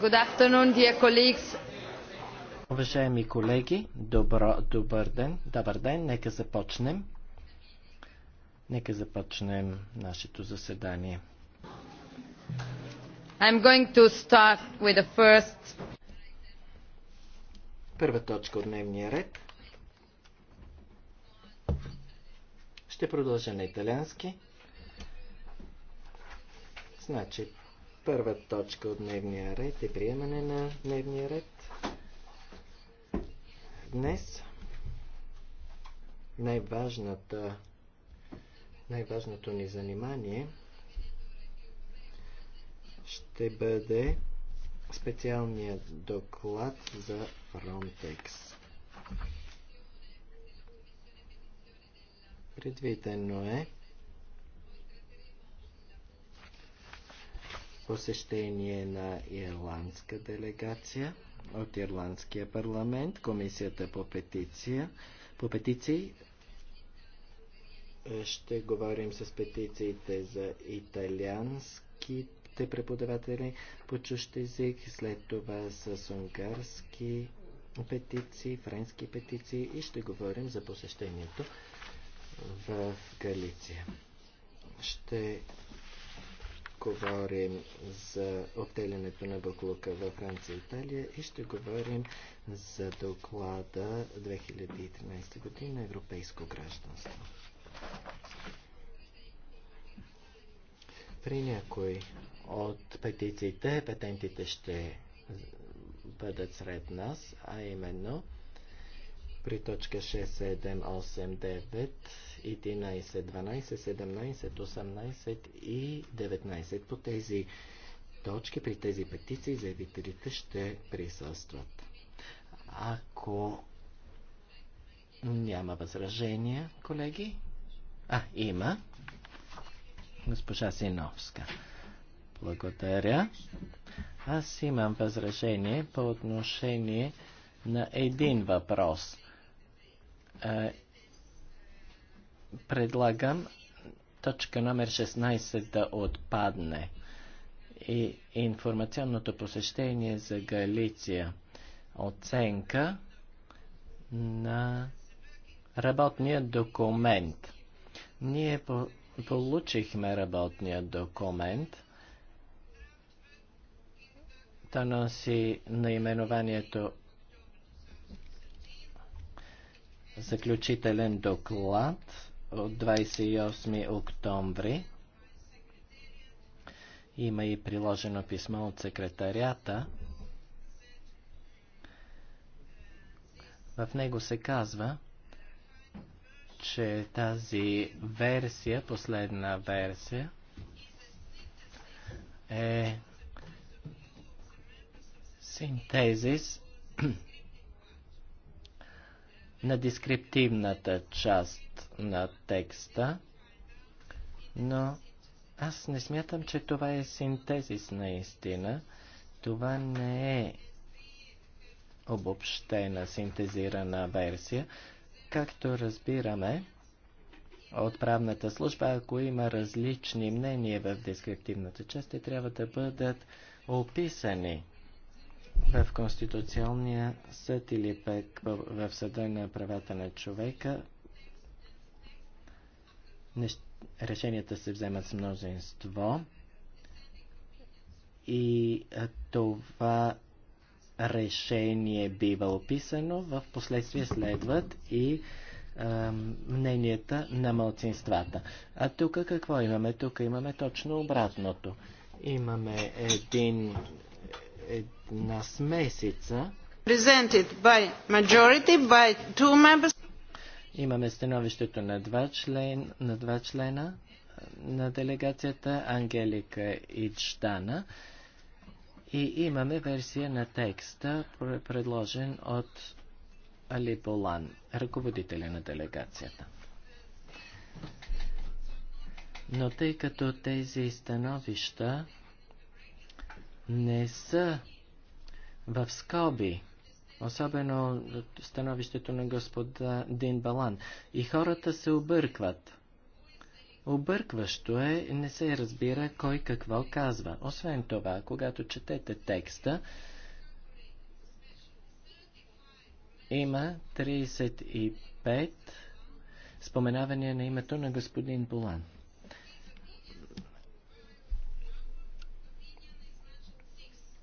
Good afternoon, dear colleagues. Уважаеми колеги, добро, добър ден, добър ден, нека започнем. Нека започнем нашето заседание. I'm going to start with the first... Първа точка от дневния ред. Ще продължа на италиански. Значи, Първа точка от дневния ред е приемане на дневния ред. Днес най-важната, най-важното ни занимание ще бъде специалният доклад за Frontex. Предвидено е посещение на ирландска делегация от Ирландския парламент, Комисията по, петиция, по петиции. Е, ще говорим с петициите за италианските преподаватели по чущ език, след това с унгарски петиции, френски петиции и ще говорим за посещението в Галиция. Ще говорим за отделянето на Баклука във Франция и Италия и ще говорим за доклада 2013 година Европейско гражданство. При някои от петициите петентите ще бъдат сред нас, а именно при точка 6, 7, 8, 9 11, 12, 17, 18 и 19. По тези точки, при тези петиции, заявителите ще присъстват. Ако няма възражения, колеги. А, има. Госпожа Синовска. Благодаря. Аз имам възражение по отношение на един въпрос. Е, предлагам точка номер 16 да отпадне и информационното посещение за Галиция. Оценка на работния документ. Ние по получихме работния документ. Та носи наименованието заключителен доклад от 28 октомври. Има и приложено писмо от секретарията. В него се казва, че тази версия, последна версия, е синтезис на дескриптивната част на текста, но аз не смятам, че това е синтезис наистина. Това не е обобщена, синтезирана версия. Както разбираме, от правната служба, ако има различни мнения в дескриптивната част, те трябва да бъдат описани в Конституционния съд или пък в Съда на правата на човека решенията се вземат с мнозинство и това решение бива описано, в последствие следват и мненията на мълцинствата. А тук какво имаме? Тук имаме точно обратното. Имаме един една смесица. By majority, by two members. Имаме становището на два, член, на два члена на делегацията Ангелика и Чтана. И имаме версия на текста, предложен от Али Болан, ръководителя на делегацията. Но тъй като тези становища не са в скоби. Особено становището на господа Дин Балан. И хората се объркват. Объркващо е, не се разбира кой какво казва. Освен това, когато четете текста, има 35 споменавания на името на господин Булан.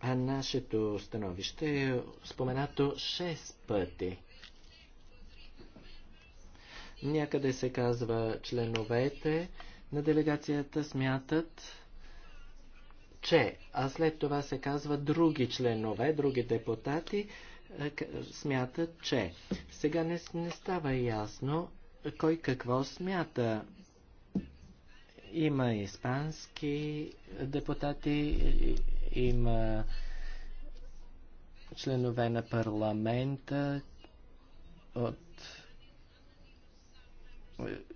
А нашето становище е споменато 6 пъти. Някъде се казва, членовете на делегацията смятат, че, а след това се казва други членове, други депутати, е, смятат, че. Сега не, не става ясно кой какво смята. Има испански депутати, има членове на парламента от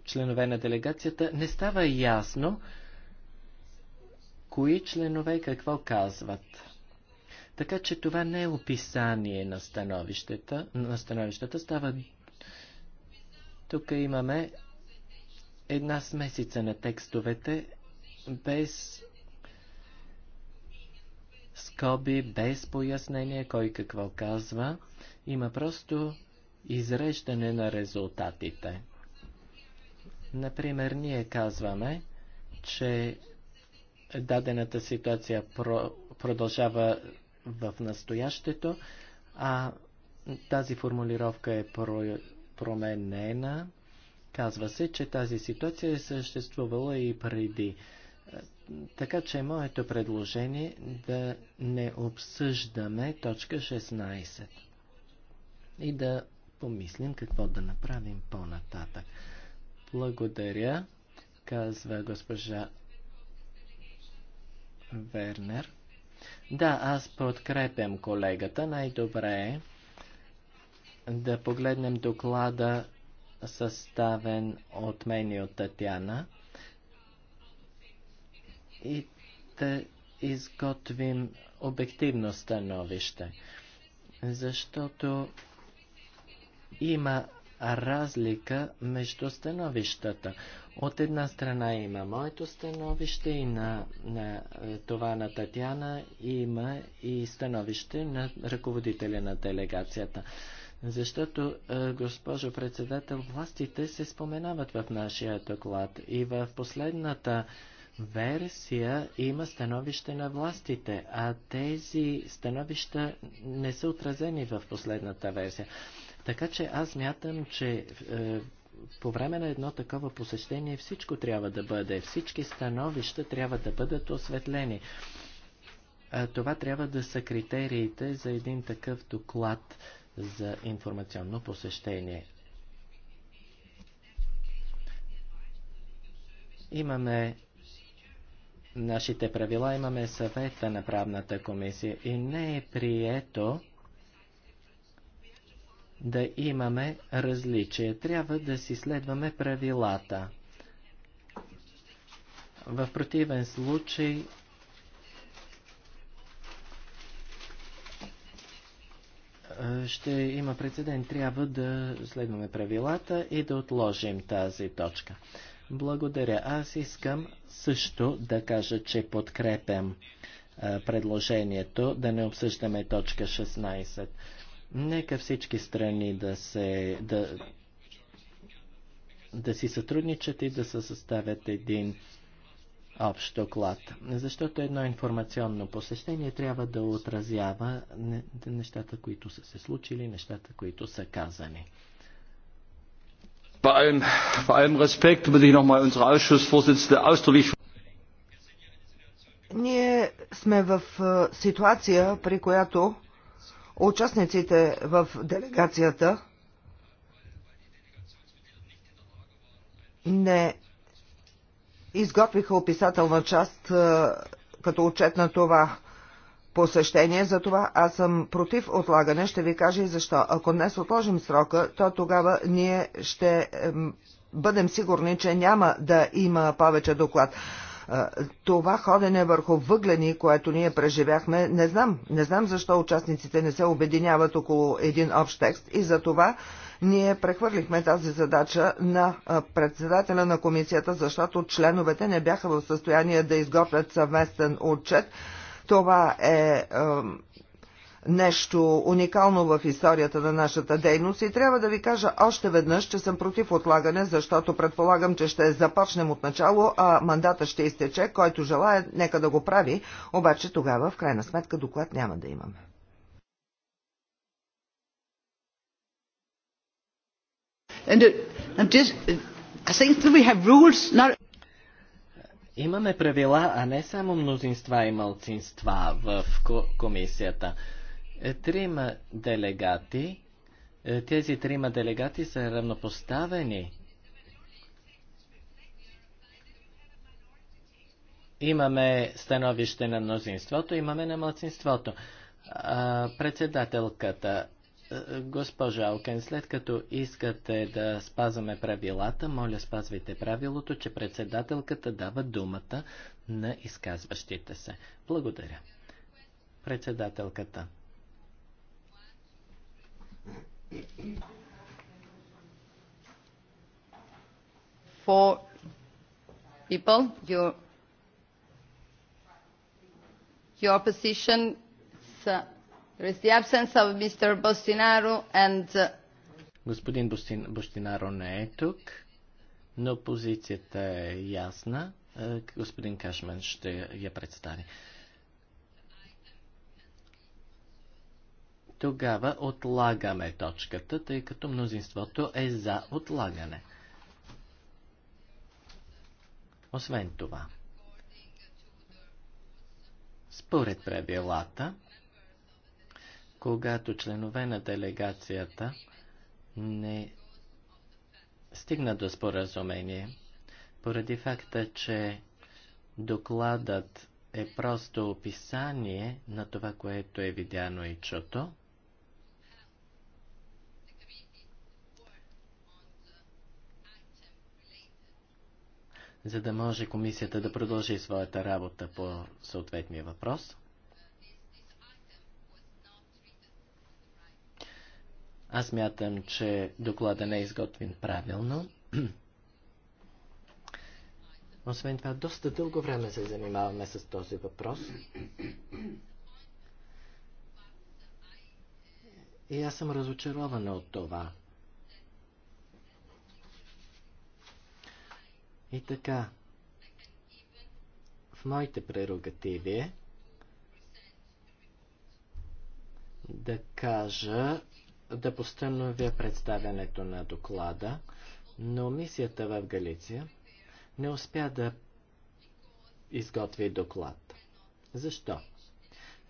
членове на делегацията. Не става ясно кои членове какво казват. Така че това не е описание на становищата. На становищата става... Тук имаме една смесица на текстовете без скоби, без пояснение кой какво казва. Има просто изреждане на резултатите. Например, ние казваме, че дадената ситуация про продължава в настоящето, а тази формулировка е про променена. Казва се, че тази ситуация е съществувала и преди така че моето предложение е да не обсъждаме точка 16 и да помислим какво да направим по-нататък. Благодаря, казва госпожа Вернер. Да, аз подкрепям колегата. Най-добре е да погледнем доклада, съставен от мен и от Татяна и да изготвим обективно становище, защото има разлика между становищата. От една страна има моето становище и на, на е, това на Татяна има и становище на ръководителя на делегацията. Защото, е, госпожо председател, властите се споменават в нашия доклад и в последната версия има становище на властите, а тези становища не са отразени в последната версия. Така че аз мятам, че е, по време на едно такова посещение всичко трябва да бъде, всички становища трябва да бъдат осветлени. Е, това трябва да са критериите за един такъв доклад за информационно посещение. Имаме нашите правила имаме съвета на правната комисия и не е прието да имаме различие. Трябва да си следваме правилата. В противен случай ще има прецедент. Трябва да следваме правилата и да отложим тази точка. Благодаря. Аз искам също да кажа, че подкрепям предложението да не обсъждаме точка 16. Нека всички страни да се. Да, да си сътрудничат и да се съставят един общ доклад. Защото едно информационно посещение трябва да отразява нещата, които са се случили, нещата, които са казани bei allem Respekt will ich nochmal unsere Ausschussvorsitzende ausdrücklich. Ние сме в е, ситуация, при която участниците в делегацията не изготвиха описателна част е, като отчет на това, посещение, това аз съм против отлагане. Ще ви кажа и защо. Ако днес отложим срока, то тогава ние ще бъдем сигурни, че няма да има повече доклад е, това ходене върху въглени, което ние преживяхме, не знам. Не знам защо участниците не се обединяват около един общ текст и за това ние прехвърлихме тази задача на е, председателя на комисията, защото членовете не бяха в състояние да изготвят съвместен отчет това е нещо уникално в историята на нашата дейност и трябва да ви кажа още веднъж, че съм против отлагане, защото предполагам, че ще започнем от начало, а мандата ще изтече, който желая, нека да го прави, обаче тогава в крайна сметка доклад няма да имаме. And, uh, I'm just, uh, I think that we have rules, not... Имаме правила, а не само мнозинства и малцинства в комисията. Е, трима делегати, е, тези трима делегати са равнопоставени. Имаме становище на мнозинството, имаме на малцинството. Председателката, е, госпожа Алкен, след като искате да спазваме правилата, моля спазвайте правилото, че председателката дава думата на изказващите се. Благодаря. Председателката. For people, your, your position Uh, господин Бостинаро не е тук, но позицията е ясна. Е, господин Кашман ще я представи. Тогава отлагаме точката, тъй като мнозинството е за отлагане. Освен това, според правилата, когато членове на делегацията не стигна до споразумение, поради факта, че докладът е просто описание на това, което е видяно и чуто, за да може комисията да продължи своята работа по съответния въпрос. Аз мятам, че доклада не е изготвен правилно. Освен това, доста дълго време се занимаваме с този въпрос. И аз съм разочарована от това. И така, в моите прерогативи е да кажа да постановя представянето на доклада, но мисията в Галиция не успя да изготви доклад. Защо?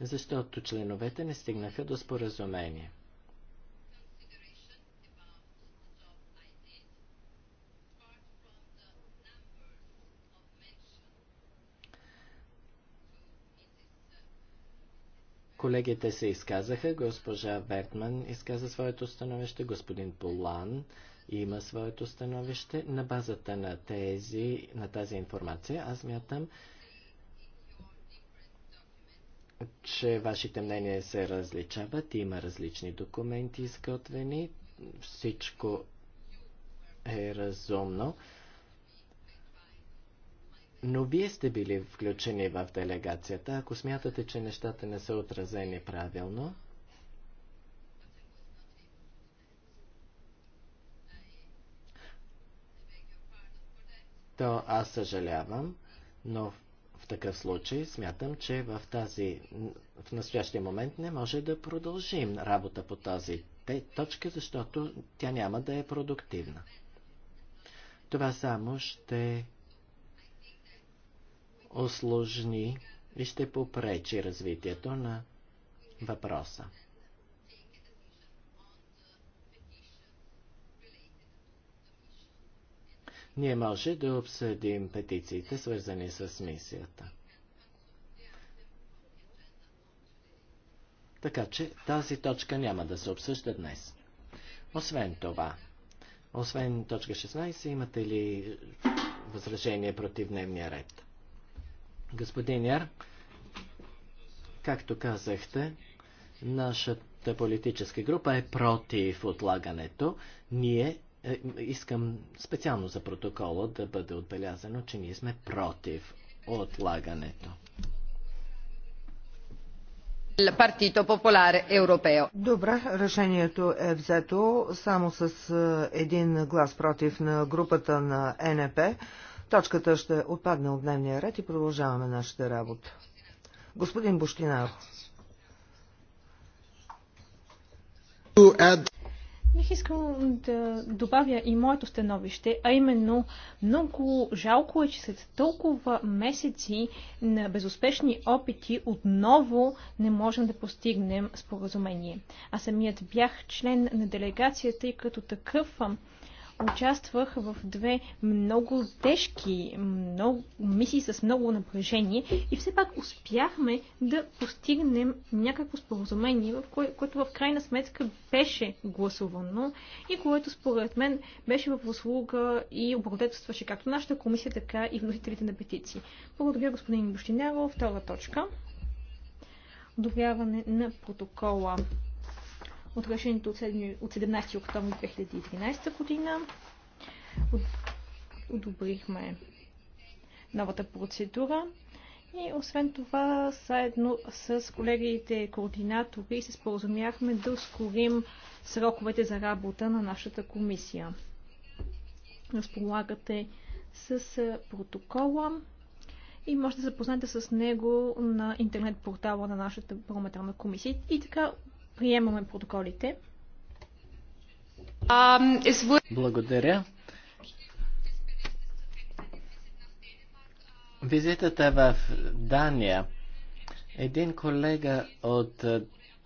Защото членовете не стигнаха до споразумение. Колегите се изказаха. Госпожа Бертман изказа своето становище, господин Полан има своето становище. На базата на, тези, на тази информация аз мятам, че вашите мнения се различават, има различни документи изготвени, всичко е разумно. Но вие сте били включени в делегацията. Ако смятате, че нещата не са отразени правилно, то аз съжалявам, но в такъв случай смятам, че в тази, в настоящия момент не може да продължим работа по тази точка, защото тя няма да е продуктивна. Това само ще осложни и ще попречи развитието на въпроса. Ние може да обсъдим петициите, свързани с мисията. Така че тази точка няма да се обсъжда днес. Освен това, освен точка 16, имате ли възражение против дневния ред? Господин Яр, както казахте, нашата политическа група е против отлагането. Ние е, искам специално за протокола да бъде отбелязано, че ние сме против отлагането. Партито Популаре Европео. Добре, решението е взето само с е, един глас против на групата на НП. Точката ще отпадне от дневния ред и продължаваме нашата работа. Господин Бушкинар. Бих искал да добавя и моето становище, а именно много жалко е, че след толкова месеци на безуспешни опити отново не можем да постигнем споразумение. Аз самият бях член на делегацията и като такъв участвах в две много тежки много, мисии с много напрежение и все пак успяхме да постигнем някакво споразумение, в кое, което в крайна сметка беше гласувано и което според мен беше в услуга и облагодетелстваше както нашата комисия, така и вносителите на петиции. Благодаря господин Бощиняров. Втора точка. Одобряване на протокола от решението от 17 октомври 2013 година. Одобрихме новата процедура. И освен това, заедно с колегите координатори се споразумяхме да ускорим сроковете за работа на нашата комисия. Разполагате с протокола и можете да запознаете с него на интернет портала на нашата парламентарна комисия. И така Приемаме протоколите. Благодаря. Визитата в Дания. Един колега от,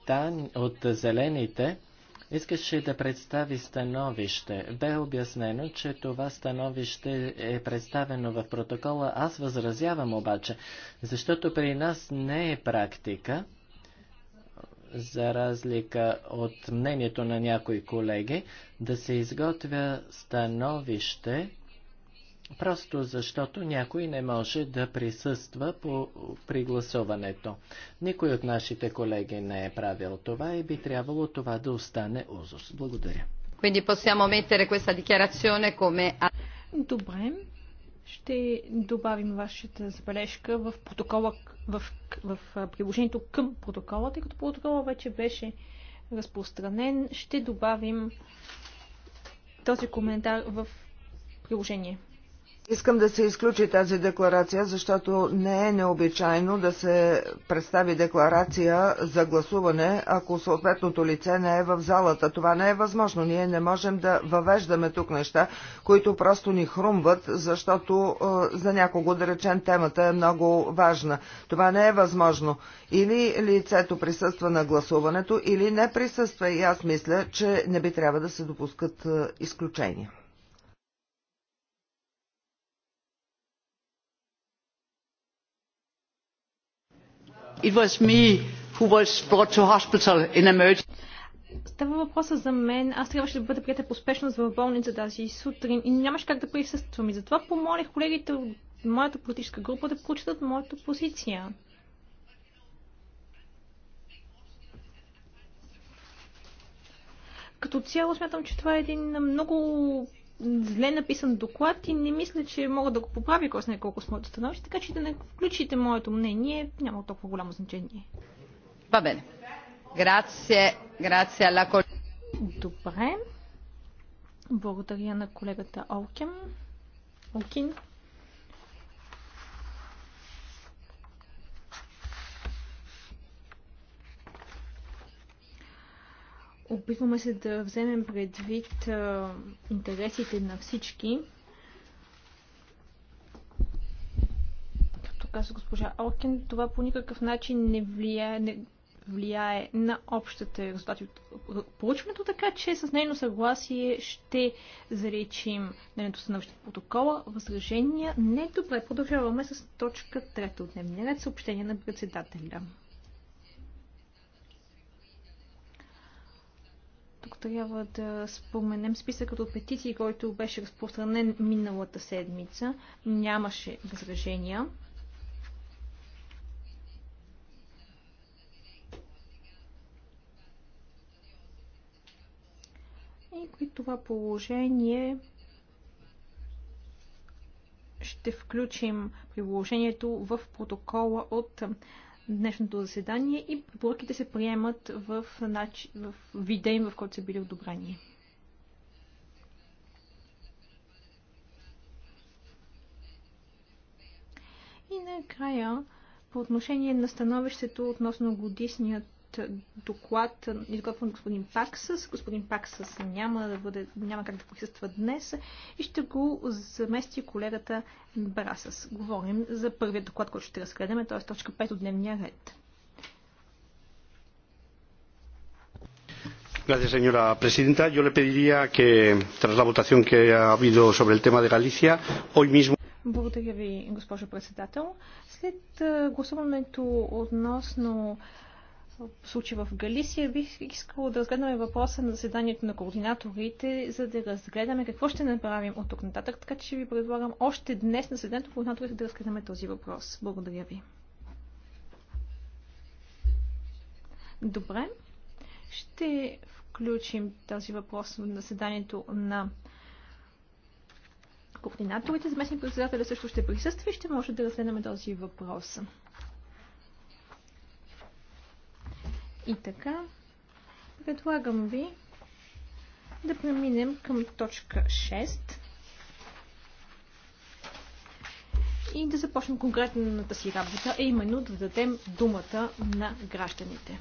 Дан... от Зелените искаше да представи становище. Бе обяснено, че това становище е представено в протокола. Аз възразявам обаче, защото при нас не е практика за разлика от мнението на някои колеги, да се изготвя становище, просто защото някой не може да присъства по, при гласуването. Никой от нашите колеги не е правил това и би трябвало това да остане узус. Благодаря. Quindi possiamo mettere questa dichiarazione come... Добре, ще добавим вашата забележка в протокола, в, в, в приложението към протокола, тъй като протокола вече беше разпространен. Ще добавим този коментар в приложение. Искам да се изключи тази декларация, защото не е необичайно да се представи декларация за гласуване, ако съответното лице не е в залата. Това не е възможно. Ние не можем да въвеждаме тук неща, които просто ни хрумват, защото е, за някого, да речем, темата е много важна. Това не е възможно. Или лицето присъства на гласуването, или не присъства. И аз мисля, че не би трябва да се допускат е, изключения. It was me who was brought to hospital in emergency. Става въпроса за мен. Аз трябваше да бъда прията поспешност в болница тази сутрин и нямаш как да присъствам. И затова помолих колегите от моята политическа група да прочитат моята позиция. Като цяло смятам, че това е един много зле написан доклад и не мисля, че мога да го поправя кой знае колко с моето становище, така че да не включите моето мнение няма толкова голямо значение. Va bene. Грация, grazie alla Добре. Благодаря на колегата Олкин. Олкин. Опитваме се да вземем предвид интересите на всички. Както каза госпожа Алкин, това по никакъв начин не влияе, не влияе на общите резултати от получването, така че с нейно съгласие ще заречим нейното становище протокола. Възражения не добре. Продължаваме с точка 3 от дневния ред съобщение на председателя. ако трябва да споменем списъкът от петиции, който беше разпространен миналата седмица, нямаше възражения. И при това положение ще включим приложението в протокола от днешното заседание и препоръките се приемат в, нач... в вида им, в който са били одобрени. И накрая, по отношение на становището относно годишният доклад, изготвен от господин Паксас. Господин Паксас няма, да бъде, няма как да присъства днес и ще го замести колегата Брасас. Говорим за първият доклад, който ще разгледаме, т.е. точка 5 от дневния ред. señora presidenta yo le pediría que tras la votación que ha habido sobre el tema de galicia hoy mismo Благодаря ви, госпожо председател. След гласуването относно случай в Галисия, бих искала да разгледаме въпроса на заседанието на координаторите, за да разгледаме какво ще направим от тук нататък. Така че ви предлагам още днес на заседанието на координаторите да разгледаме този въпрос. Благодаря ви. Добре. Ще включим този въпрос на заседанието на координаторите. Заместник председателя също ще присъства и ще може да разгледаме този въпрос. И така, предлагам ви да преминем към точка 6 и да започнем конкретната си работа, а именно да дадем думата на гражданите.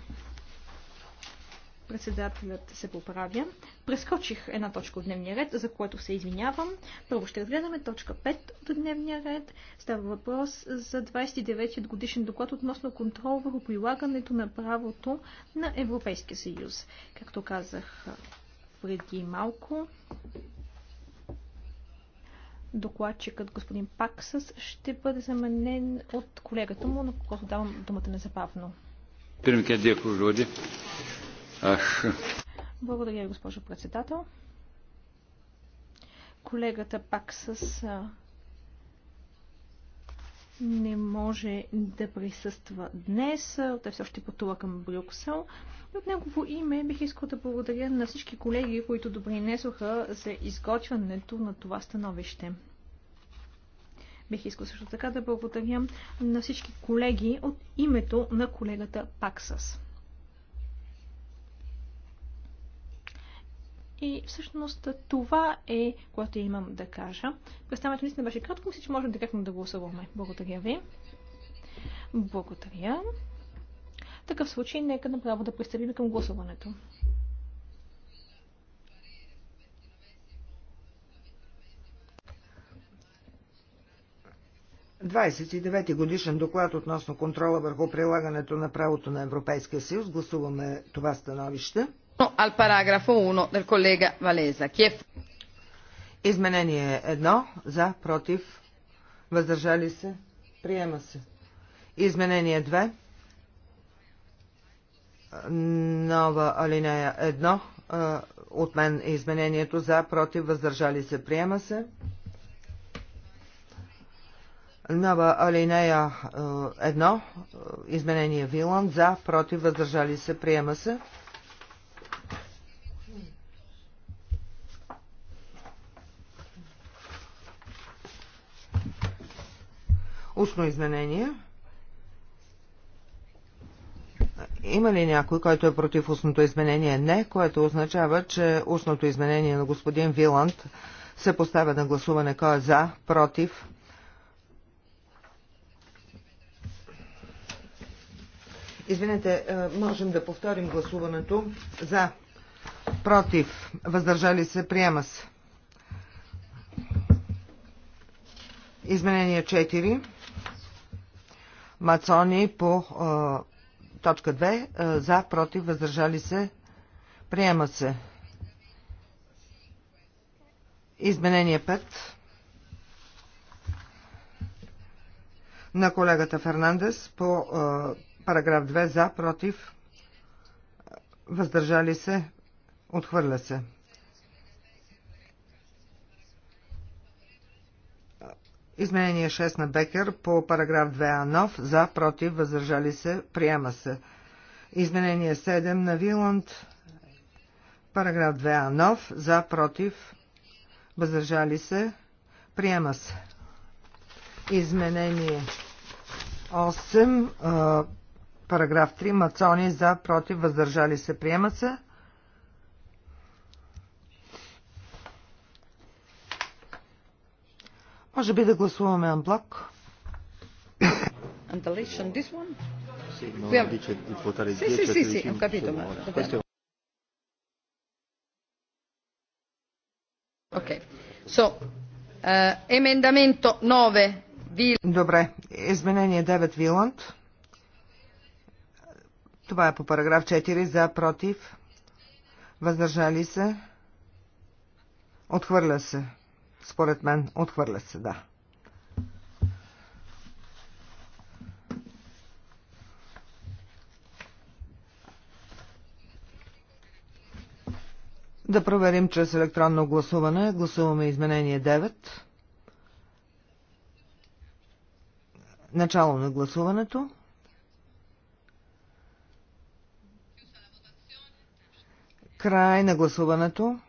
Председателят се поправя. Прескочих една точка от дневния ред, за което се извинявам. Първо ще разгледаме точка 5 от дневния ред. Става въпрос за 29 ят годишен доклад относно контрол върху прилагането на правото на Европейския съюз. Както казах преди малко, докладчикът господин Паксас ще бъде заменен от колегата му, на когото давам думата незабавно. Pirmininkė, dėkui už благодаря, госпожо председател. Колегата пак с не може да присъства днес. Той все още пътува към Брюксел. И от негово име бих искал да благодаря на всички колеги, които допринесоха за изготвянето на това становище. Бих искал също така да благодаря на всички колеги от името на колегата Паксас. И всъщност това е, което имам да кажа. Представянето наистина беше кратко, че можем директно да гласуваме. Благодаря ви. Благодаря. В такъв случай, нека направо да пристъпим към гласуването. Двадесет и девети годишен доклад относно контрола върху прилагането на правото на Европейския съюз. Гласуваме това становище al параграфу 1 del collega Валеза. Изменение едно, за, против, въздържали се, приема се. Изменение 2 нова алинея едно. от мен е изменението за, против, въздържали се, приема се. Нова алинея едно, изменение Вилан, за, против, въздържали се, приема се. Устно изменение. Има ли някой, който е против устното изменение? Не, което означава, че устното изменение на господин Виланд се поставя на гласуване кой е за, против. Извинете, е, можем да повторим гласуването. За, против, въздържали се, приема се. Изменение 4. Мацони по точка 2. За, против, въздържали се. Приема се. Изменение 5 на колегата Фернандес по параграф 2 за, против, въздържали се, отхвърля се. Изменение 6 на Бекер по параграф 2а нов. За, против, въздържали се, приема се. Изменение 7 на Виланд. Параграф 2а нов. За, против, въздържали се, приема се. Изменение 8. Параграф 3. Мацони за, против, въздържали се, приема се. Може би да гласуваме анблок. Добре, изменение 9 Виланд. Това е по параграф 4. За, против, въздържали се, отхвърля се според мен. Отхвърля се, да. Да проверим чрез електронно гласуване. Гласуваме изменение 9. Начало на гласуването. Край на гласуването.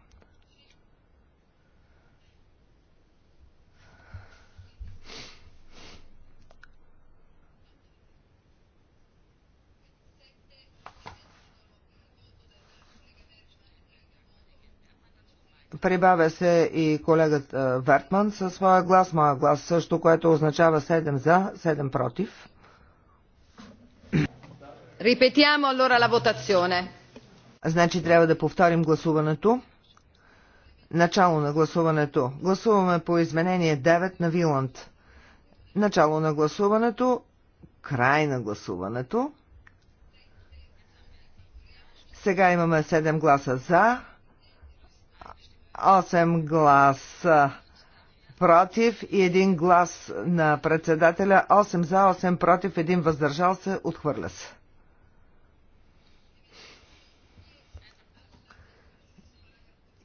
Прибавя се и колегата Вертман със своя глас, моя глас също, което означава 7 за, 7 против. Ripetiamo allora la votazione. Значи трябва да повторим гласуването. Начало на гласуването. Гласуваме по изменение 9 на Виланд. Начало на гласуването. Край на гласуването. Сега имаме 7 гласа за, 8 гласа против и 1 глас на председателя, 8 за, 8 против, 1 въздържал се, отхвърля се.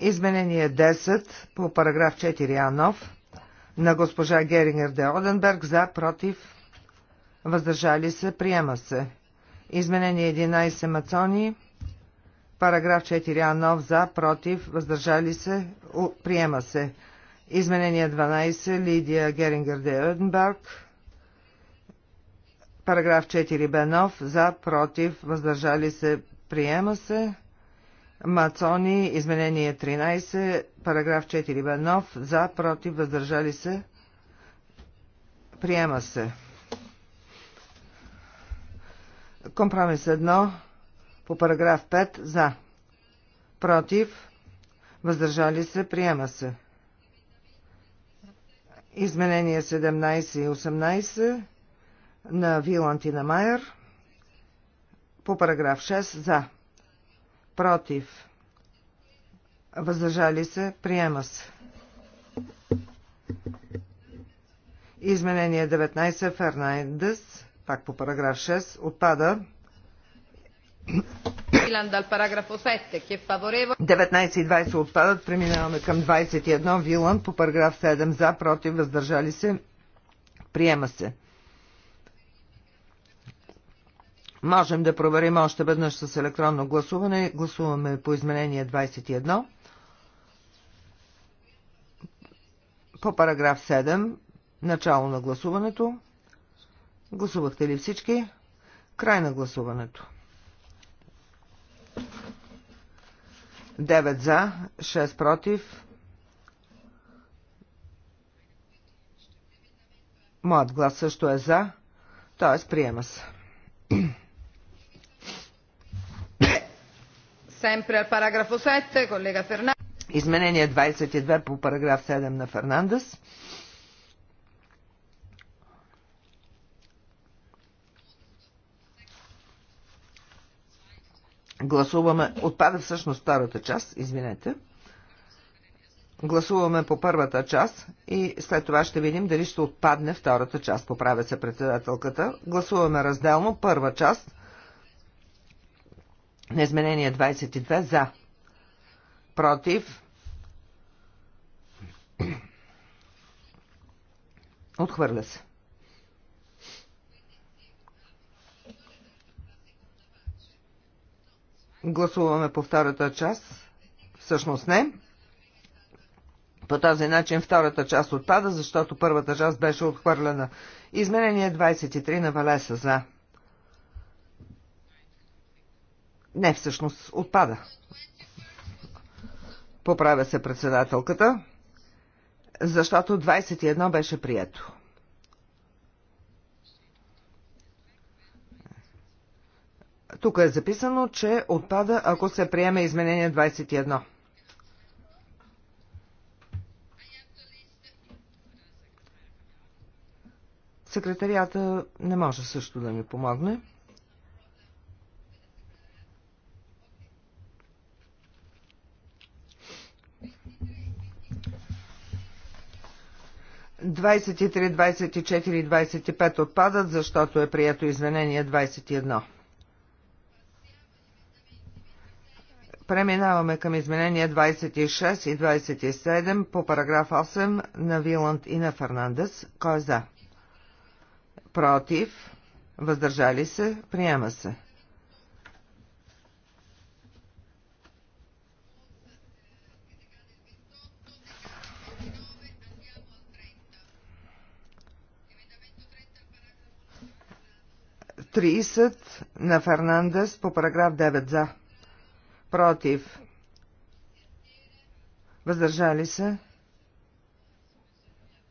Изменение 10 по параграф 4 Анов на госпожа Герингер де Оденберг за, против, въздържали се, приема се. Изменение 11 Мацони Параграф 4а нов за, против, въздържали се, приема се. Изменение 12, Лидия Герингер де Оденберг. Параграф 4б нов за, против, въздържали се, приема се. Мацони, изменение 13, параграф 4б нов за, против, въздържали се, приема се. Компромис 1 по параграф 5 за. Против. Въздържали се. Приема се. Изменения 17 и 18 на Виланд и на Майер. По параграф 6 за. Против. Въздържали се. Приема се. Изменение 19 Фернайдес. пак по параграф 6, отпада. 19 е и 20 отпадат. Преминаваме към 21. Вилан по параграф 7 за, против, въздържали се. Приема се. Можем да проверим още веднъж с електронно гласуване. Гласуваме по изменение 21. По параграф 7. Начало на гласуването. Гласувахте ли всички? Край на гласуването. 9 за, 6 против. Моят глас също е за, т.е. приема се. Sempre al paragrafo 7, collega Fernandez. Изменение 22 по параграф 7 на Фернандес. Гласуваме. Отпада всъщност втората част, извинете. Гласуваме по първата част и след това ще видим дали ще отпадне втората част. Поправя се председателката. Гласуваме разделно първа част на изменение 22 за. Против. Отхвърля се. Гласуваме по втората част. Всъщност не. По този начин втората част отпада, защото първата част беше отхвърлена. Изменение 23 на Валеса за. Не, всъщност отпада. Поправя се председателката, защото 21 беше прието. Тук е записано, че отпада, ако се приеме изменение 21. Секретарията не може също да ми помогне. Двадесет и три, двадесет и четири двадесет и пет отпадат, защото е прието изменение двадесет и едно. Преминаваме към изменения 26 и 27 по параграф 8 на Виланд и на Фернандес. Кой е за? Против? Въздържали се? Приема се. Тридесет на Фернандес по параграф 9 за против, въздържали се.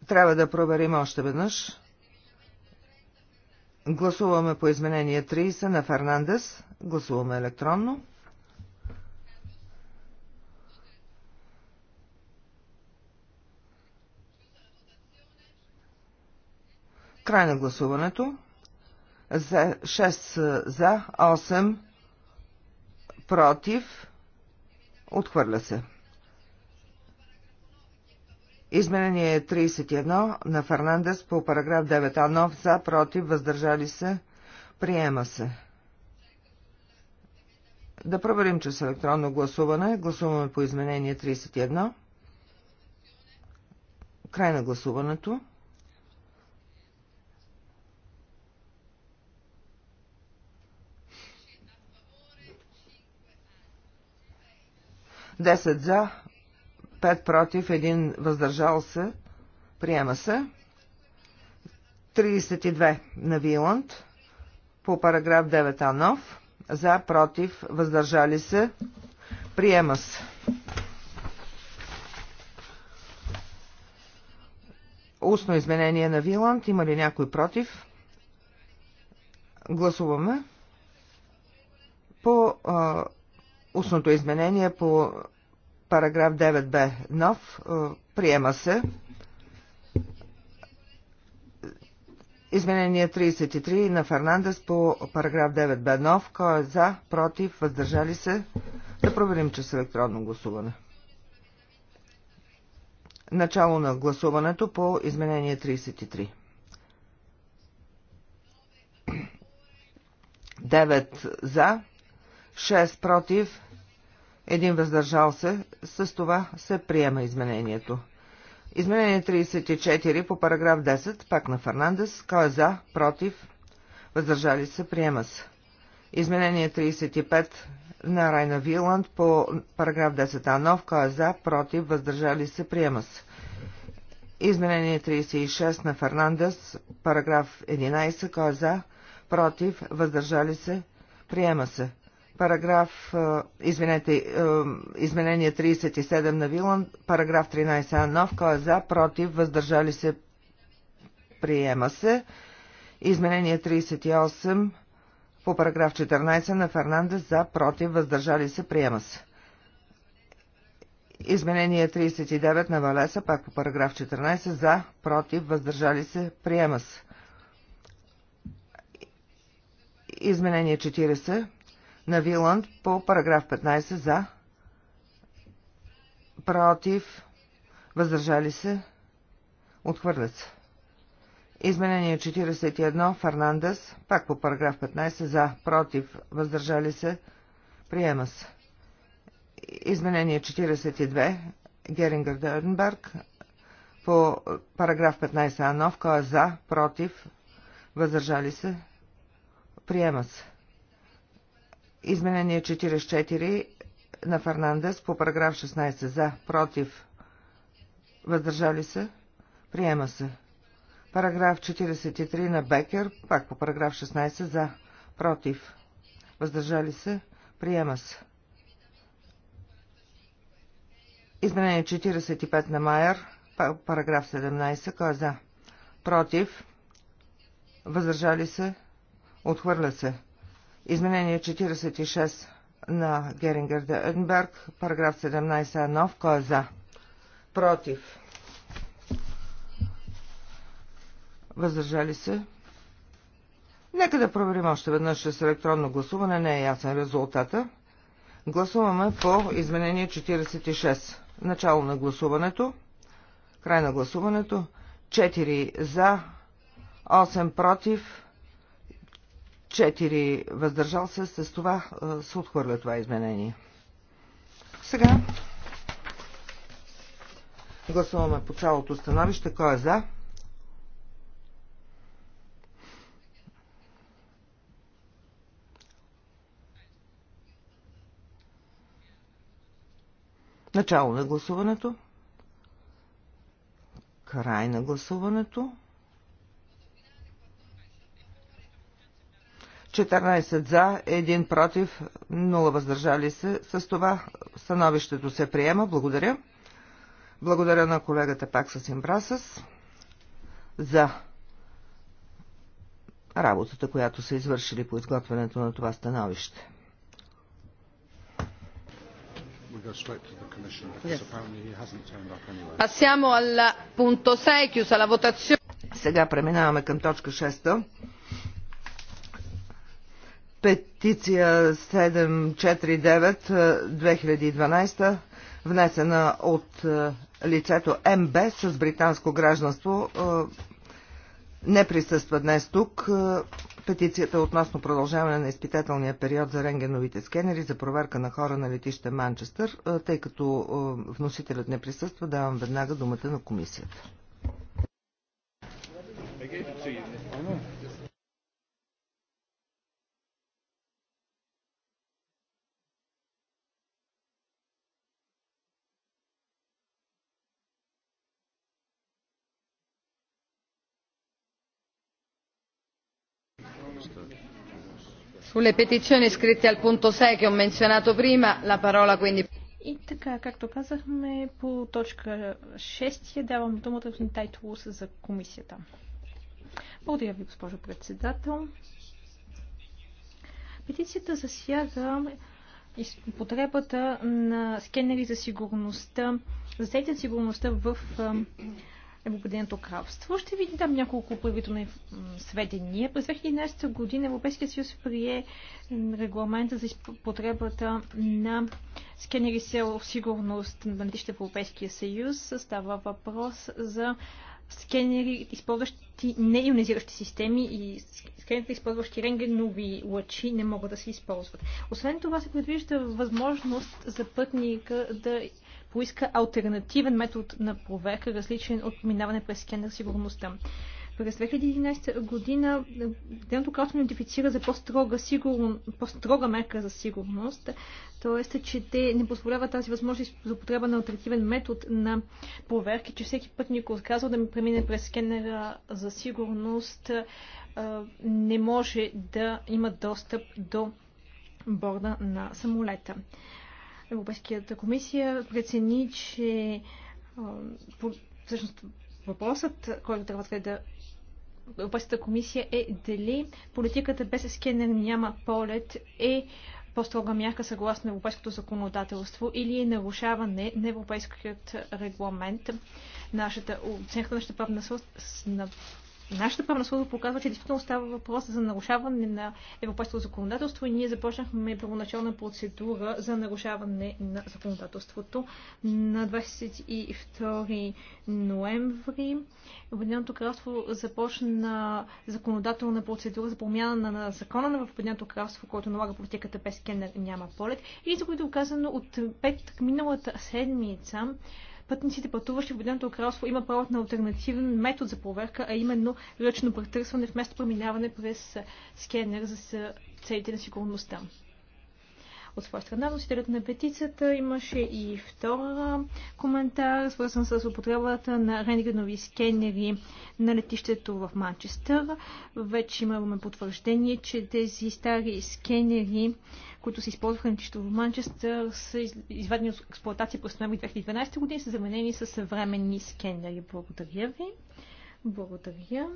Трябва да проверим още веднъж. Гласуваме по изменение 30 на Фернандес. Гласуваме електронно. Край на гласуването. За 6 за, 8 против, отхвърля се. Изменение 31 на Фернандес по параграф 9А нов за, против, въздържали се, приема се. Да проверим, че с електронно гласуване гласуваме по изменение 31. Край на гласуването. 10 за, 5 против, 1 въздържал се. Приема се. 32 на Виланд по параграф 9 анов. За, против, въздържали се. Приема се. Устно изменение на Виланд. Има ли някой против? Гласуваме. По а, Устното изменение по параграф 9б нов е, приема се. Изменение 33 на Фернандес по параграф 9б нов. Кой е за, против, въздържали се? Да проверим, че с електронно гласуване. Начало на гласуването по изменение 33. 9 за, 6 против, един въздържал се, с това се приема изменението. Изменение 34 по параграф 10, пак на Фернандес, кой е за, против, въздържали се, приема се. Изменение 35 на Райна Виланд по параграф 10а нов, кой е за, против, въздържали се, приема се. Изменение 36 на Фернандес, параграф 11, кой е за, против, въздържали се, приема се. Параграф, извинете, изменение 37 на Вилан, параграф 13а нов, е за, против, въздържали се, приема се. Изменение 38 по параграф 14 на Фернандес за, против, въздържали се, приема се. Изменение 39 на Валеса, пак по параграф 14, за, против, въздържали се, приема се. Изменение 40 на Виланд по параграф 15 за, против, въздържали се, отхвърлят се. Изменение 41, Фернандес, пак по параграф 15, за, против, въздържали се, приема се. Изменение 42, Герингър Дърнберг, по параграф 15, Анов, кой е за, против, въздържали се, приема се. Изменение 44 на Фернандес по параграф 16 за, против, въздържали се, приема се. Параграф 43 на Бекер, пак по параграф 16 за, против, въздържали се, приема се. Изменение 45 на Майер, параграф 17, кой е за? Против, въздържали се, отхвърля се. Изменение 46 на Герингер де Еденберг, параграф 17 е нов. Кой е за? Против. Въздържали се? Нека да проверим още веднъж с електронно гласуване. Не е ясен резултата. Гласуваме по изменение 46. Начало на гласуването. Край на гласуването. 4 за, 8 против, 4 въздържал се, с това се отхвърля това изменение. Сега гласуваме по цялото становище. Кой е за? Начало на гласуването. Край на гласуването. 14 за, 1 против, 0 въздържали се. С това становището се приема. Благодаря. Благодаря на колегата пак с за работата, която са извършили по изготвянето на това становище. Сега преминаваме към точка 6 петиция 749-2012, е, внесена от е, лицето МБ с британско гражданство, е, не присъства днес тук. Петицията относно продължаване на изпитателния период за рентгеновите скенери за проверка на хора на летище Манчестър, тъй като вносителят не присъства, давам веднага думата на комисията. Sulle petizioni scritte al punto 6 che ho menzionato prima, la parola quindi... И така, както казахме, по точка 6 давам думата на Тайтулус за комисията. Благодаря ви, госпожо председател. Петицията засяга потребата на скенери за сигурността, за сигурността в е Обединеното кралство. Ще ви дам няколко правителни сведения. През 2011 година Европейския съюз прие регламента за потребата на скенери в сигурност на летище в Европейския съюз. Става въпрос за скенери, използващи неионизиращи системи и скенери, използващи рентгенови лъчи, не могат да се използват. Освен това се предвижда възможност за пътника да поиска альтернативен метод на проверка, различен от минаване през скенер сигурността. През 2011 година Дентото кралство идентифицира за по-строга, сигурно, по-строга мерка за сигурност, т.е. че те не позволяват тази възможност за употреба на альтернативен метод на проверки, че всеки път никой отказва да ми премине през скенера за сигурност, не може да има достъп до борда на самолета. Европейската комисия прецени, че всъщност въпросът, който трябва да, Европейската комисия е дали политиката без скенер няма полет е по-строга мярка съгласно европейското законодателство или е нарушаване на европейският регламент. Нашата оценка на нашата правна, на нашата правна служба показва, че действително става въпрос за нарушаване на европейското законодателство и ние започнахме първоначална процедура за нарушаване на законодателството на 22 ноември. Обединеното кралство започна законодателна процедура за промяна на закона на Обединеното кралство, който налага политиката без скенер няма полет. И за което е казано от пет миналата седмица Пътниците, пътуващи в Обединеното кралство, има право на альтернативен метод за проверка, а именно ръчно претърсване вместо преминаване през скенер за целите на сигурността. От своя страна, носителят на петицията имаше и втора коментар, свързан с употребата на рентгенови скенери на летището в Манчестър. Вече имаме потвърждение, че тези стари скенери които се използваха на чисто в Манчестър, са извадени от експлуатация през ноември 2012 година и са заменени с съвременни скенери. Благодаря ви. Благодаря.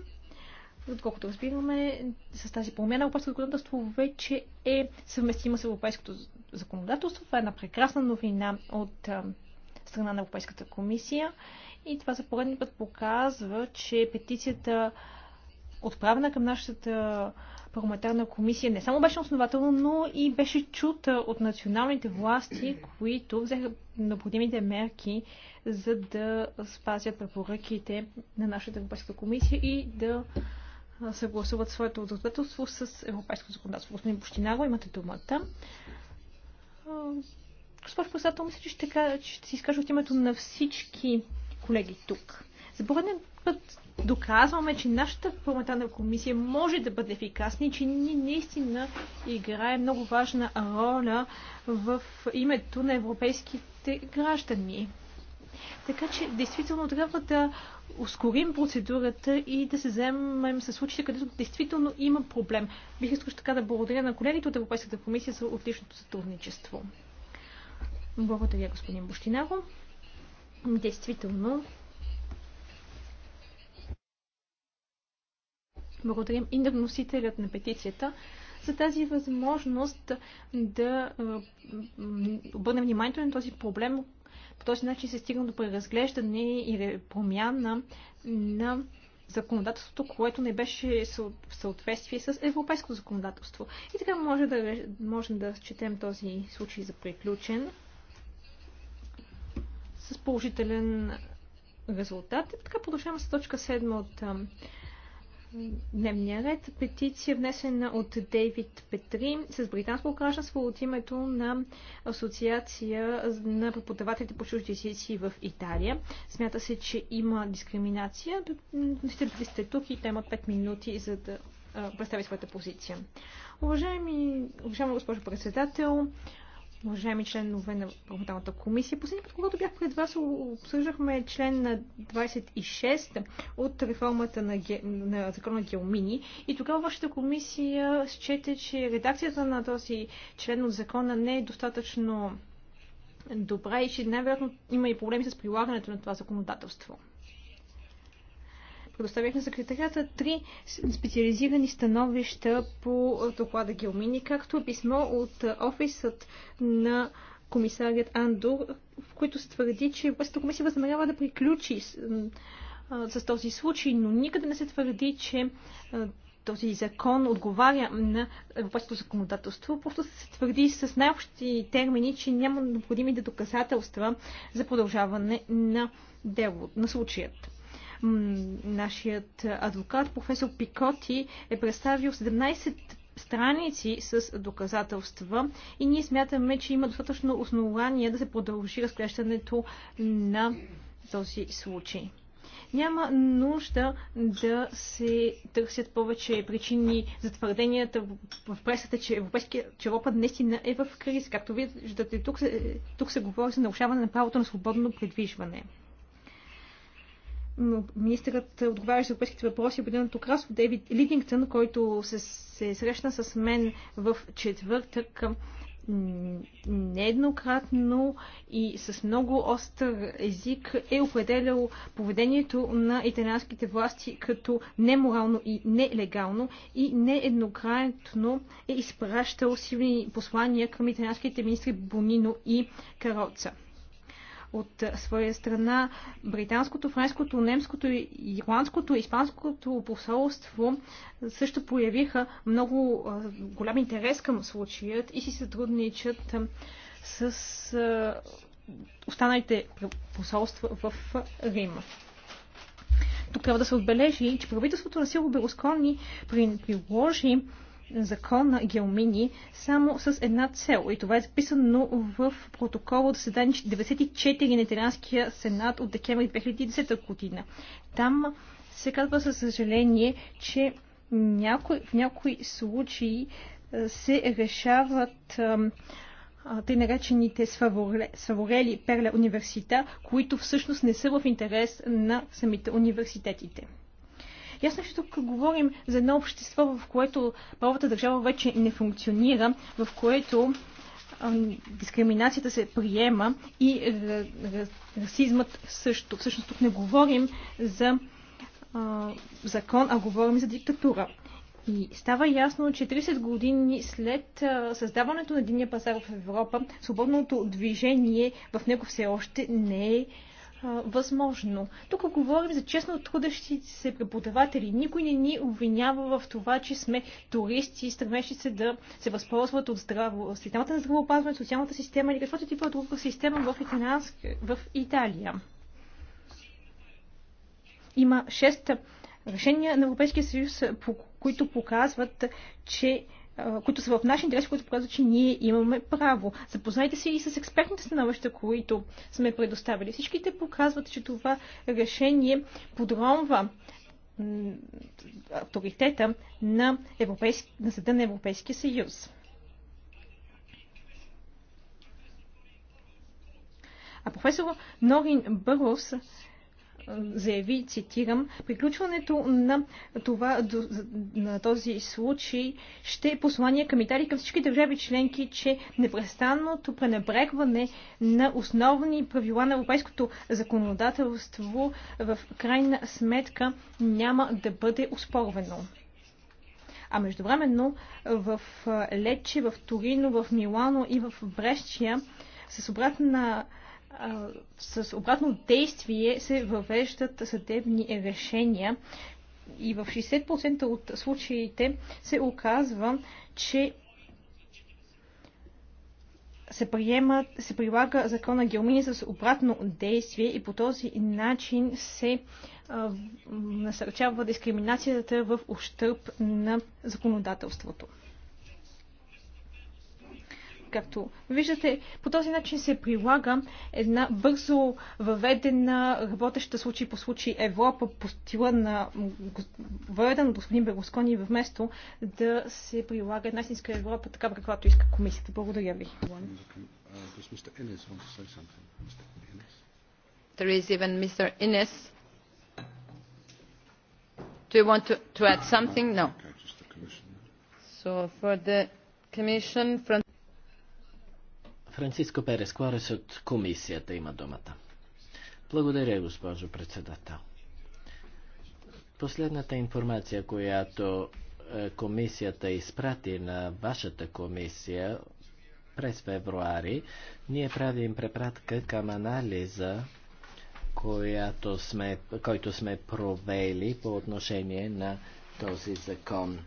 Отколкото разбираме, с тази промяна европейското законодателство вече е съвместимо с европейското законодателство. Това е една прекрасна новина от страна на Европейската комисия. И това за пореден път показва, че петицията, отправена към нашата парламентарна комисия не само беше основателно, но и беше чута от националните власти, които взеха необходимите мерки, за да спазят препоръките на нашата Европейска комисия и да съгласуват своето ответелство с европейското законодателство. Господин Бощинаго, имате думата. Госпожо председател, мисля, че ще, ще, си изкажа от името на всички колеги тук. За пореден път доказваме, че нашата парламентарна комисия може да бъде ефикасна и че ние наистина играе много важна роля в името на европейските граждани. Така че, действително, трябва да ускорим процедурата и да се вземем с случаите, където действително има проблем. Бих искал така да благодаря на колегите от Европейската комисия за отличното сътрудничество. Благодаря, господин Бощинаро. Действително, Благодарим и на вносителят на петицията за тази възможност да обърнем вниманието на този проблем. По този начин се стигна до преразглеждане и промяна на законодателството, което не беше в съответствие с европейското законодателство. И така може да, можем да четем този случай за приключен с положителен резултат. И така продължаваме с точка 7 от дневния ред. Петиция внесена от Дейвид Петри с британско гражданство от името на Асоциация на преподавателите по чужди езици в Италия. Смята се, че има дискриминация. Вносителите сте тук и те имат 5 минути за да представи своята позиция. Уважаеми, уважаема госпожо председател, Уважаеми членове на парламентарната комисия, последния път, когато бях пред вас, обсъждахме член на 26 от реформата на, ге... на закона Геомини и тогава вашата комисия счете, че редакцията на този член от закона не е достатъчно добра и че най-вероятно има и проблеми с прилагането на това законодателство. Предоставяхме секретарията три специализирани становища по доклада Гелмини, както писмо от офисът на комисарият Андур, в които се твърди, че Европейската комисия възнамерява да приключи с, с този случай, но никъде не се твърди, че този закон отговаря на европейското законодателство. Просто се твърди с най-общи термини, че няма необходими доказателства за продължаване на дело, на случаят. Нашият адвокат, професор Пикоти, е представил 17 страници с доказателства и ние смятаме, че има достатъчно основания да се продължи разглеждането на този случай. Няма нужда да се търсят повече причини за твърденията в пресата, че, че Европа наистина е в криз. Както виждате, тук се, тук се говори за нарушаване на правото на свободно предвижване министърът отговаря за европейските въпроси, е Обединеното кралство Дейвид Лидингтън, който се, се срещна с мен в четвъртък нееднократно и с много остър език е определял поведението на италианските власти като неморално и нелегално и нееднократно е изпращал силни послания към италианските министри Бонино и Кароца. От своя страна, британското, френското, немското, ирландското, испанското посолство също проявиха много голям интерес към случаят и си сътрудничат с останалите посолства в Рим. Тук трябва да се отбележи, че правителството на Силво Белоскони приложи закон на Гелмини само с една цел. И това е записано в протокола от заседание 94 на Италианския сенат от декември 2010 година. Там се казва със съжаление, че някой, в някои случаи се решават тъй наречените сваворели перля университа, които всъщност не са в интерес на самите университетите. Ясно, е, че тук говорим за едно общество, в което правата държава вече не функционира, в което дискриминацията се приема и расизмът също. Всъщност тук не говорим за а, закон, а говорим за диктатура. И става ясно, че 30 години след създаването на единния пазар в Европа, свободното движение в него все още не е възможно. Тук говорим за честно трудещи се преподаватели. Никой не ни обвинява в това, че сме туристи, стремещи се да се възползват от здраво, системата на здравеопазване, социалната система или каквото типа друга система в, Италянск, в Италия. Има шест решения на Европейския съюз, които показват, че които са в наши интерес, които показват, че ние имаме право. Запознайте се и с експертните становища, които сме предоставили. Всичките показват, че това решение подронва авторитета на, Европейски, на Съда на Европейския съюз. А професор Норин Бърлс заяви, цитирам, приключването на, това, на този случай ще е послание към Италия и към всички държави членки, че непрестанното пренебрегване на основни правила на европейското законодателство в крайна сметка няма да бъде успорвено. А междувременно в Лече, в Торино, в Милано и в Брещия с обратна с обратно действие се въвеждат съдебни решения и в 60% от случаите се оказва, че се, приема, се прилага закона геомини с обратно действие и по този начин се а, насърчава дискриминацията в ущърп на законодателството. Както виждате, по този начин се прилага една бързо въведена работеща случай по случай Европа по стила на въведен от господин Берлускони, вместо да се прилага една истинска Европа, така каквато иска комисията. Благодаря ви. There is even Mr. Innes. Do you want to, to add something? No. Okay, just the commission. So for the Commission, from Франциско Перес Куарес от комисията има думата. Благодаря, госпожо председател. Последната информация, която е, комисията изпрати на вашата комисия през февруари, ние правим препратка към анализа, която сме, който сме провели по отношение на този закон.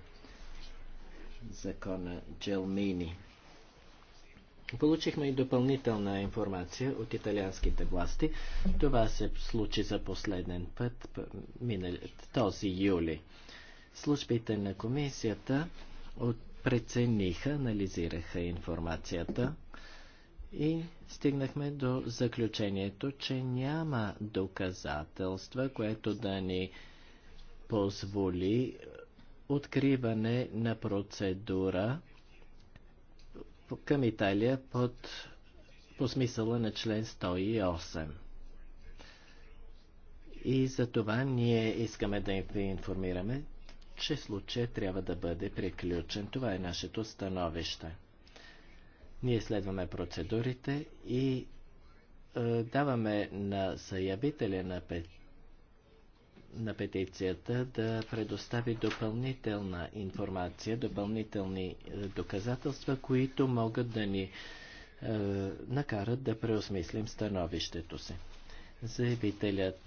Закона Джелмини. Получихме и допълнителна информация от италианските власти. Това се случи за последен път минали, този юли. Службите на комисията прецениха, анализираха информацията и стигнахме до заключението, че няма доказателства, което да ни позволи откриване на процедура към Италия под, по смисъла на член 108. И за това ние искаме да ви информираме, че случай трябва да бъде приключен. Това е нашето становище. Ние следваме процедурите и е, даваме на заявителя на петиция на петицията да предостави допълнителна информация, допълнителни е, доказателства, които могат да ни е, накарат да преосмислим становището си. Заявителят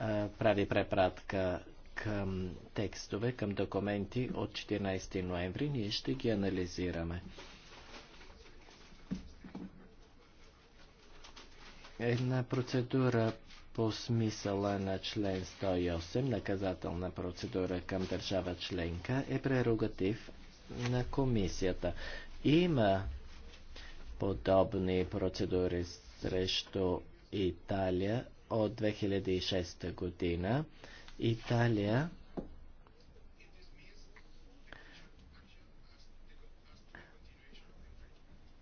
е, прави препратка към текстове, към документи от 14 ноември. Ние ще ги анализираме. една процедура по смисъла на член 108, наказателна процедура към държава членка, е прерогатив на комисията. Има подобни процедури срещу Италия от 2006 година. Италия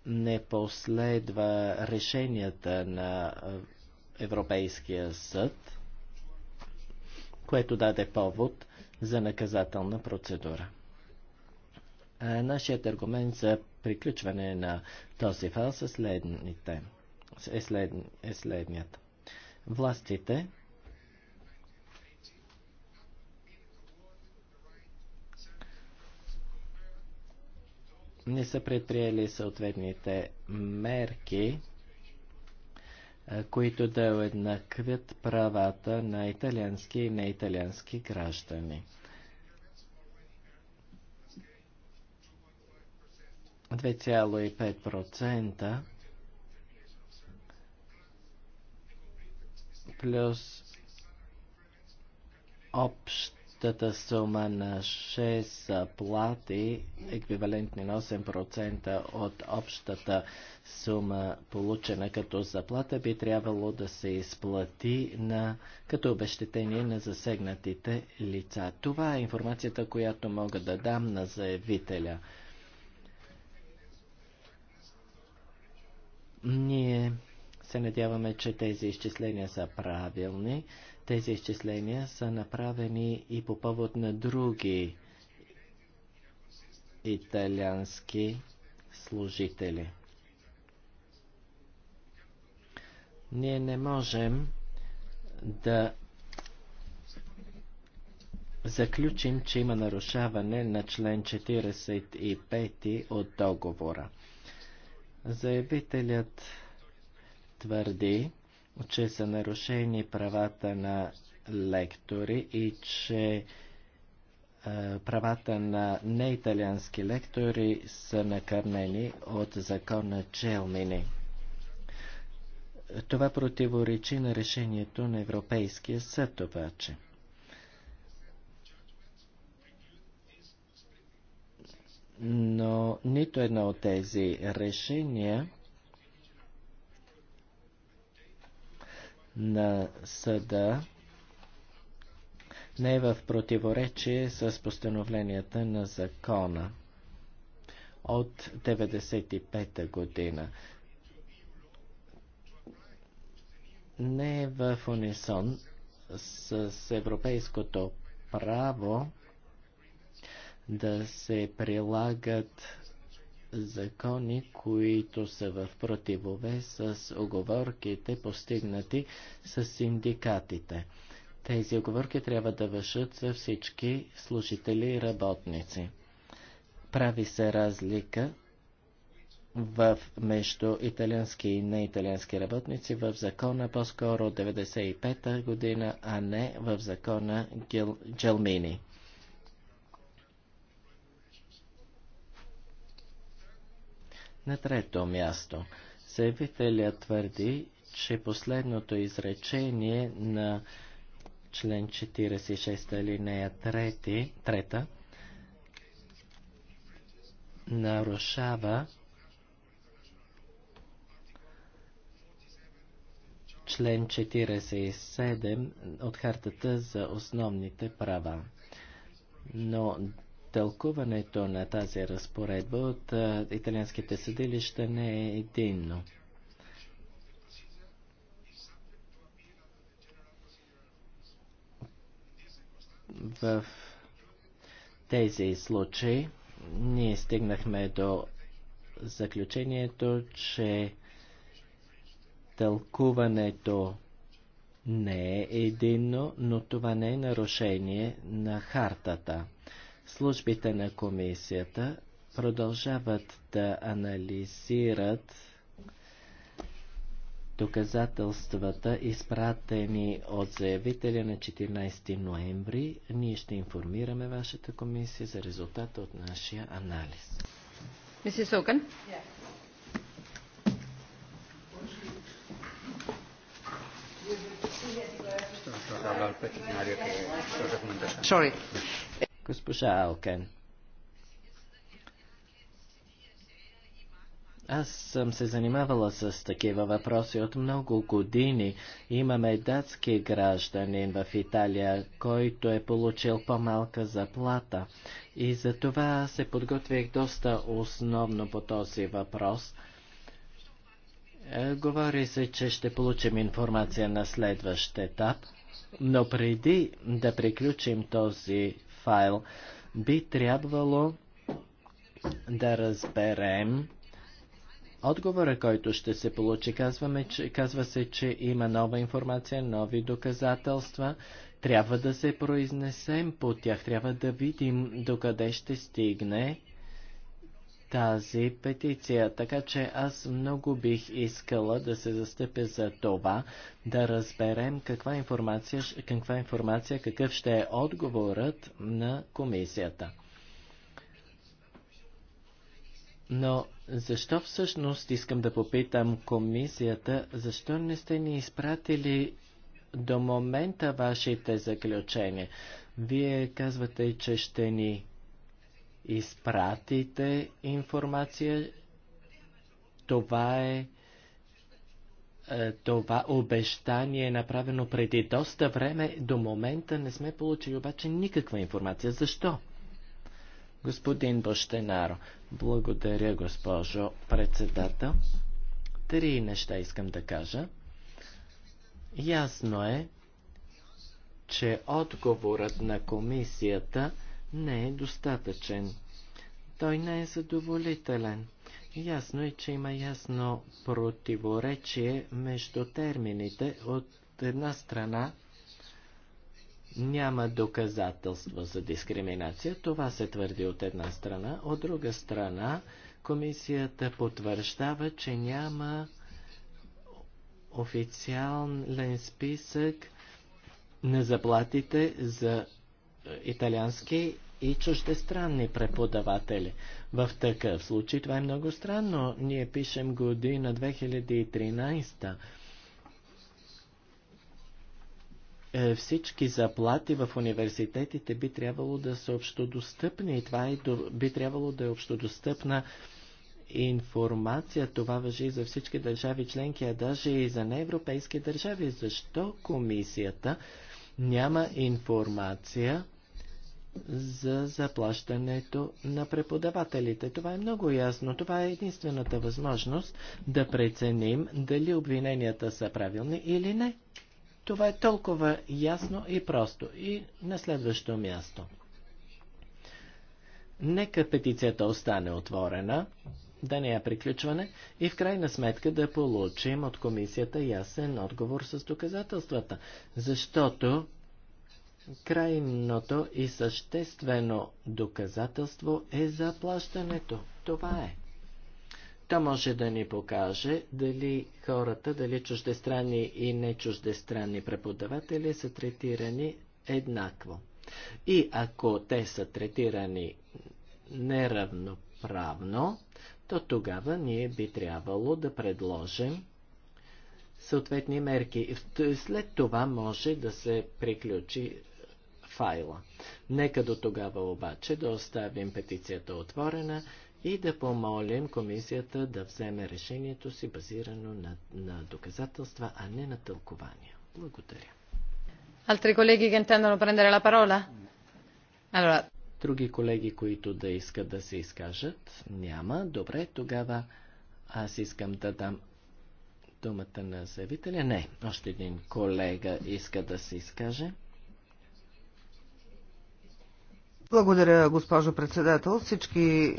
не последва решенията на Европейския съд, което даде повод за наказателна процедура. Нашият аргумент за приключване на този фал е, след, е следният. Властите не са предприели съответните мерки, които да уеднаквят правата на италиански и неиталиански граждани. 2,5% плюс общ общата сума на 6 заплати, еквивалентни на 8% от общата сума, получена като заплата, би трябвало да се изплати на, като обещетение на засегнатите лица. Това е информацията, която мога да дам на заявителя. Ние се надяваме, че тези изчисления са правилни. Тези изчисления са направени и по повод на други италиански служители. Ние не можем да заключим, че има нарушаване на член 45 от договора. Заявителят твърди, че са нарушени правата на лектори и че правата на неиталиански лектори са накърнени от закона Челмини. Това противоречи на решението на Европейския съд обаче. Но нито едно от тези решения на съда не е в противоречие с постановленията на закона от 95-та година. Не е в унисон с европейското право да се прилагат закони, които са в противове с оговорките, постигнати с синдикатите. Тези оговорки трябва да вършат за всички служители и работници. Прави се разлика в, между италиански и неиталиански работници в закона по-скоро 95-та година, а не в закона Джелмини. Джелмини. На трето място, заявителя твърди, че последното изречение на член 46 алинея 3 нарушава член 47 от Хартата за основните права. Но тълкуването на тази разпоредба от италианските съдилища не е единно. В тези случаи ние стигнахме до заключението, че тълкуването не е единно, но това не е нарушение на хартата. Службите на комисията продължават да анализират доказателствата, изпратени от заявителя на 14 ноември. Ние ще информираме вашата комисия за резултата от нашия анализ. Миси Сокън? Sorry. Госпожа Алкен. Аз съм се занимавала с такива въпроси от много години. Имаме датски гражданин в Италия, който е получил по-малка заплата. И за това се подготвих доста основно по този въпрос. Е, говори се, че ще получим информация на следващ етап, но преди да приключим този файл. Би трябвало да разберем отговора, който ще се получи. Казваме, че, казва се, че има нова информация, нови доказателства. Трябва да се произнесем по тях, трябва да видим докъде ще стигне тази петиция. Така че аз много бих искала да се застъпя за това, да разберем каква информация, каква информация какъв ще е отговорът на комисията. Но защо всъщност искам да попитам комисията, защо не сте ни изпратили до момента вашите заключения? Вие казвате, че ще ни изпратите информация. Това е, е това обещание е направено преди доста време. До момента не сме получили обаче никаква информация. Защо? Господин Бощенаро, благодаря, госпожо председател. Три неща искам да кажа. Ясно е, че отговорът на комисията – не е достатъчен. Той не е задоволителен. Ясно е, че има ясно противоречие между термините. От една страна няма доказателства за дискриминация, това се твърди от една страна. От друга страна комисията потвърждава, че няма официален списък на заплатите за италиански и чуждестранни преподаватели. В такъв случай това е много странно. Ние пишем година 2013. Е, всички заплати в университетите би трябвало да са общодостъпни и това е, би трябвало да е общодостъпна информация. Това въжи за всички държави членки, а даже и за неевропейски държави. Защо комисията няма информация за заплащането на преподавателите. Това е много ясно. Това е единствената възможност да преценим дали обвиненията са правилни или не. Това е толкова ясно и просто. И на следващо място. Нека петицията остане отворена, да не е приключване и в крайна сметка да получим от комисията ясен отговор с доказателствата. Защото Крайното и съществено доказателство е заплащането. Това е. Та може да ни покаже дали хората, дали чуждестранни и не чуждестранни преподаватели са третирани еднакво. И ако те са третирани неравноправно, то тогава ние би трябвало да предложим съответни мерки. След това може да се приключи файла. Нека до тогава обаче да оставим петицията отворена и да помолим комисията да вземе решението си базирано на, на доказателства, а не на тълкования. Благодаря. Altri colleghi che intendono prendere la parola? Allora. Други колеги, които да искат да се изкажат? Няма. Добре, тогава аз искам да дам думата на заявителя. Не, още един колега иска да се изкаже. Благодаря, госпожо председател. Всички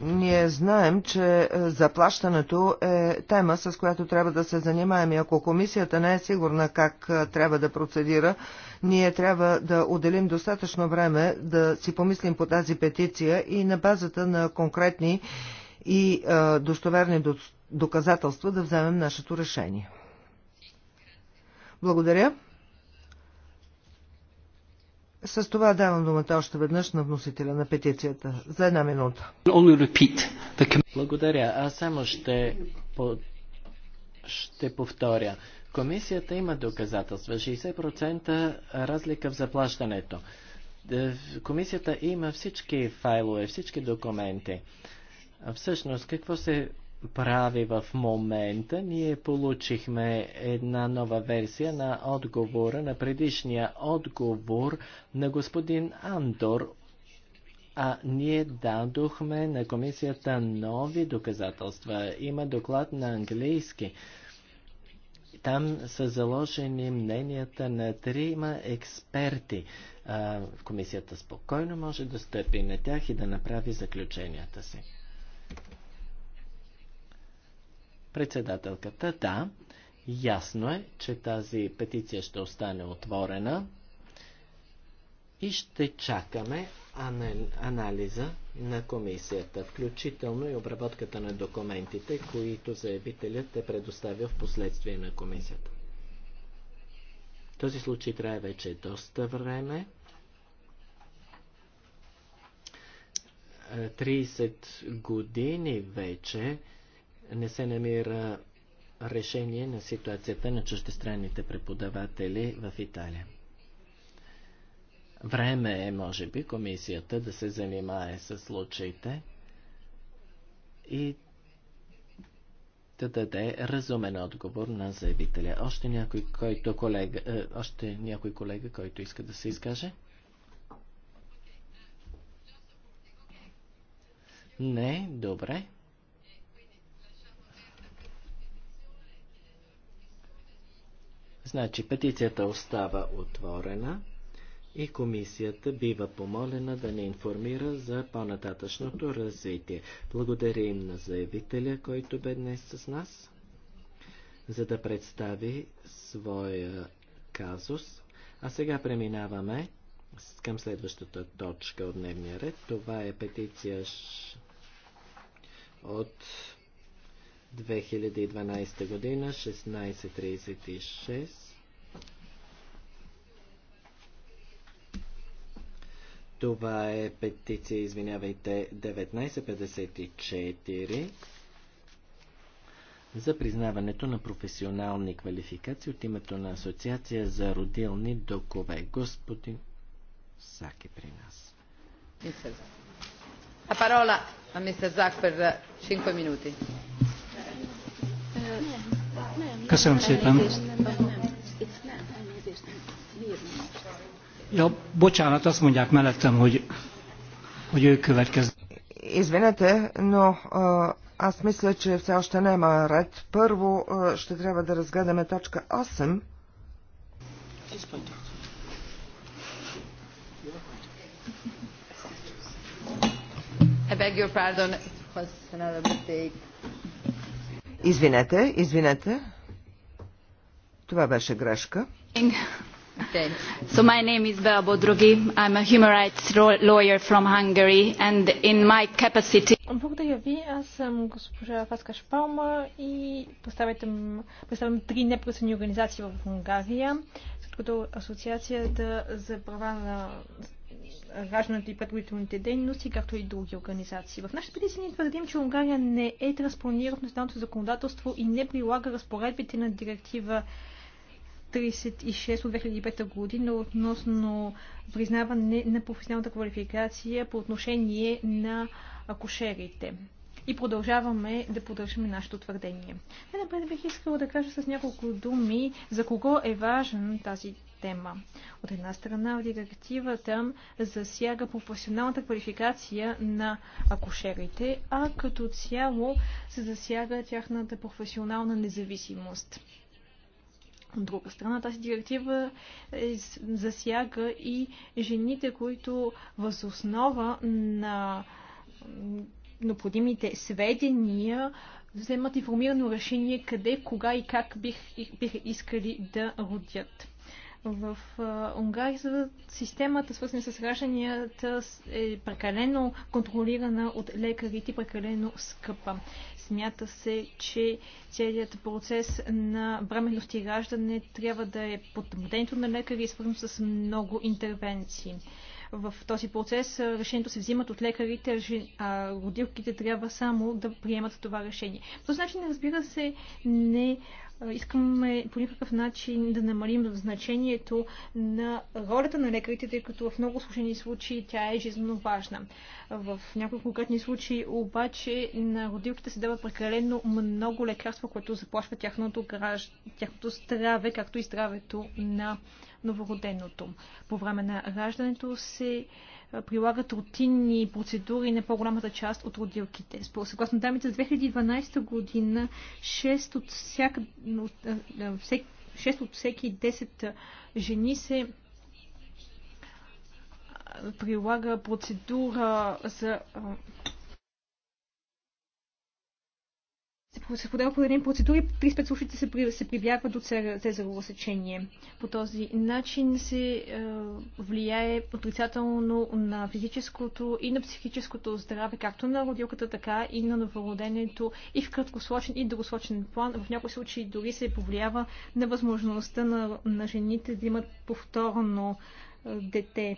ние знаем, че заплащането е тема, с която трябва да се занимаем. И ако комисията не е сигурна как трябва да процедира, ние трябва да отделим достатъчно време да си помислим по тази петиция и на базата на конкретни и достоверни доказателства да вземем нашето решение. Благодаря. С това давам думата още веднъж на вносителя на петицията. За една минута. Благодаря. Аз само ще, по... ще повторя. Комисията има доказателства. 60% разлика в заплащането. Е, комисията има всички файлове, всички документи. Всъщност, какво се прави в момента. Ние получихме една нова версия на отговора, на предишния отговор на господин Андор. А ние дадохме на комисията нови доказателства. Има доклад на английски. Там са заложени мненията на трима експерти. А, комисията спокойно може да стъпи на тях и да направи заключенията си. Председателката, да, ясно е, че тази петиция ще остане отворена и ще чакаме анализа на комисията, включително и обработката на документите, които заявителят е предоставил в последствие на комисията. Този случай трябва вече доста време. 30 години вече не се намира решение на ситуацията на чуждестранните преподаватели в Италия. Време е, може би, комисията да се занимае с случаите и да даде разумен отговор на заявителя. Още някой, който колега, е, още някой колега, който иска да се изкаже? Не, добре. Значи петицията остава отворена и комисията бива помолена да ни информира за по-нататъчното развитие. Благодарим на заявителя, който бе днес с нас, за да представи своя казус. А сега преминаваме към следващата точка от дневния ред. Това е петиция от 2012 година 1636 Това е петиция, извинявайте, 1954 за признаването на професионални квалификации от името на Асоциация за родилни докове. Господин Саки при нас. А парола на мистер Зак 5 минути. Köszönöm szépen. Ja, bocsánat, azt mondják mellettem, hogy, hogy ő következő. Извинете, но а, аз мисля, че все още няма ред. Първо а, ще трябва да разгледаме точка 8. I beg your pardon. It was another mistake. Извинете, извинете. Това беше грешка. So my name is Bea Bodrogi. I'm a human rights lawyer from Hungary and in my capacity... Благодаря ви. Аз съм госпожа Фаска Шпалма и представям, три непросени организации в Унгария, след като Асоциацията за права на гражданите и предварителните дейности, както и други организации. В нашите петиции ние твърдим, че Унгария не е транспонирана в националното законодателство и не прилага разпоредбите на директива 36 от 2005 година относно признаване на професионалната квалификация по отношение на акушерите. И продължаваме да поддържаме нашето твърдение. Не напред бих искала да кажа с няколко думи за кого е важен тази тема. От една страна, директивата засяга професионалната квалификация на акушерите, а като цяло се засяга тяхната професионална независимост. От друга страна, тази директива е засяга и жените, които възоснова на необходимите сведения вземат информирано решение къде, кога и как бих, бих искали да родят. В Унгария системата, свързана с ражданията, е прекалено контролирана от лекарите, прекалено скъпа. Смята се, че целият процес на бременност и раждане трябва да е под наблюдението на лекари и свързано с много интервенции. В този процес решението се взимат от лекарите, а родилките трябва само да приемат това решение. По този начин, разбира се, не искаме по никакъв начин да намалим значението на ролята на лекарите, тъй като в много случайни случаи тя е жизненно важна. В някои конкретни случаи обаче на родилките се дава прекалено много лекарства, което заплашва тяхното, гражд... тяхното здраве, както и здравето на новороденото. По време на раждането се прилагат рутинни процедури на по-голямата част от родилките. Съгласно данните за 2012 година, 6 от, всяка, всек, 6 от всеки 10 жени се прилага процедура за се подава по един процедури, 35 случаите се, при, се прибягва до цезарово сечение. По този начин се е, влияе отрицателно на физическото и на психическото здраве, както на родилката, така и на новороденето и в краткосрочен и дългосрочен план. В някои случаи дори се повлиява на възможността на, на жените да имат повторно е, дете.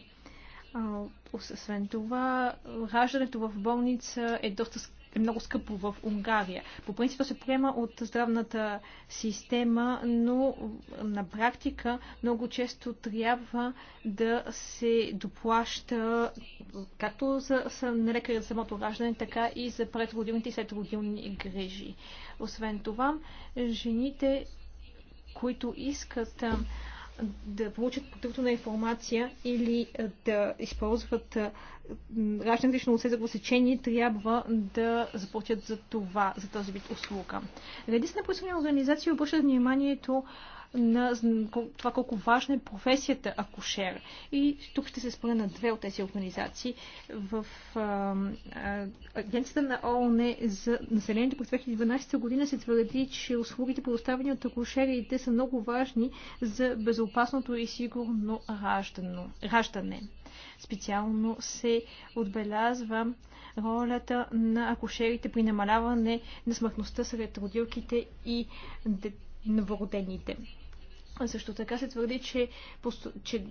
Освен това, раждането в болница е доста е много скъпо в Унгария. По принцип то се приема от здравната система, но на практика много често трябва да се доплаща както за, за на лекаря за самото раждане, така и за предродилните и следродилни грижи. Освен това, жените които искат да получат продуктовна информация или да използват граждан лично за посечение, трябва да заплатят за това, за този вид услуга. Редисна на професионални организации обръщат вниманието на това колко важна е професията акушер. И тук ще се спра на две от тези организации. В а, а, Агенцията на ООН за населението през 2012 година се твърди, че услугите, предоставени от акушерите, са много важни за безопасното и сигурно раждано, раждане. Специално се отбелязва ролята на акушерите при намаляване на смъртността сред родилките и новородените. Също така се твърди, че, че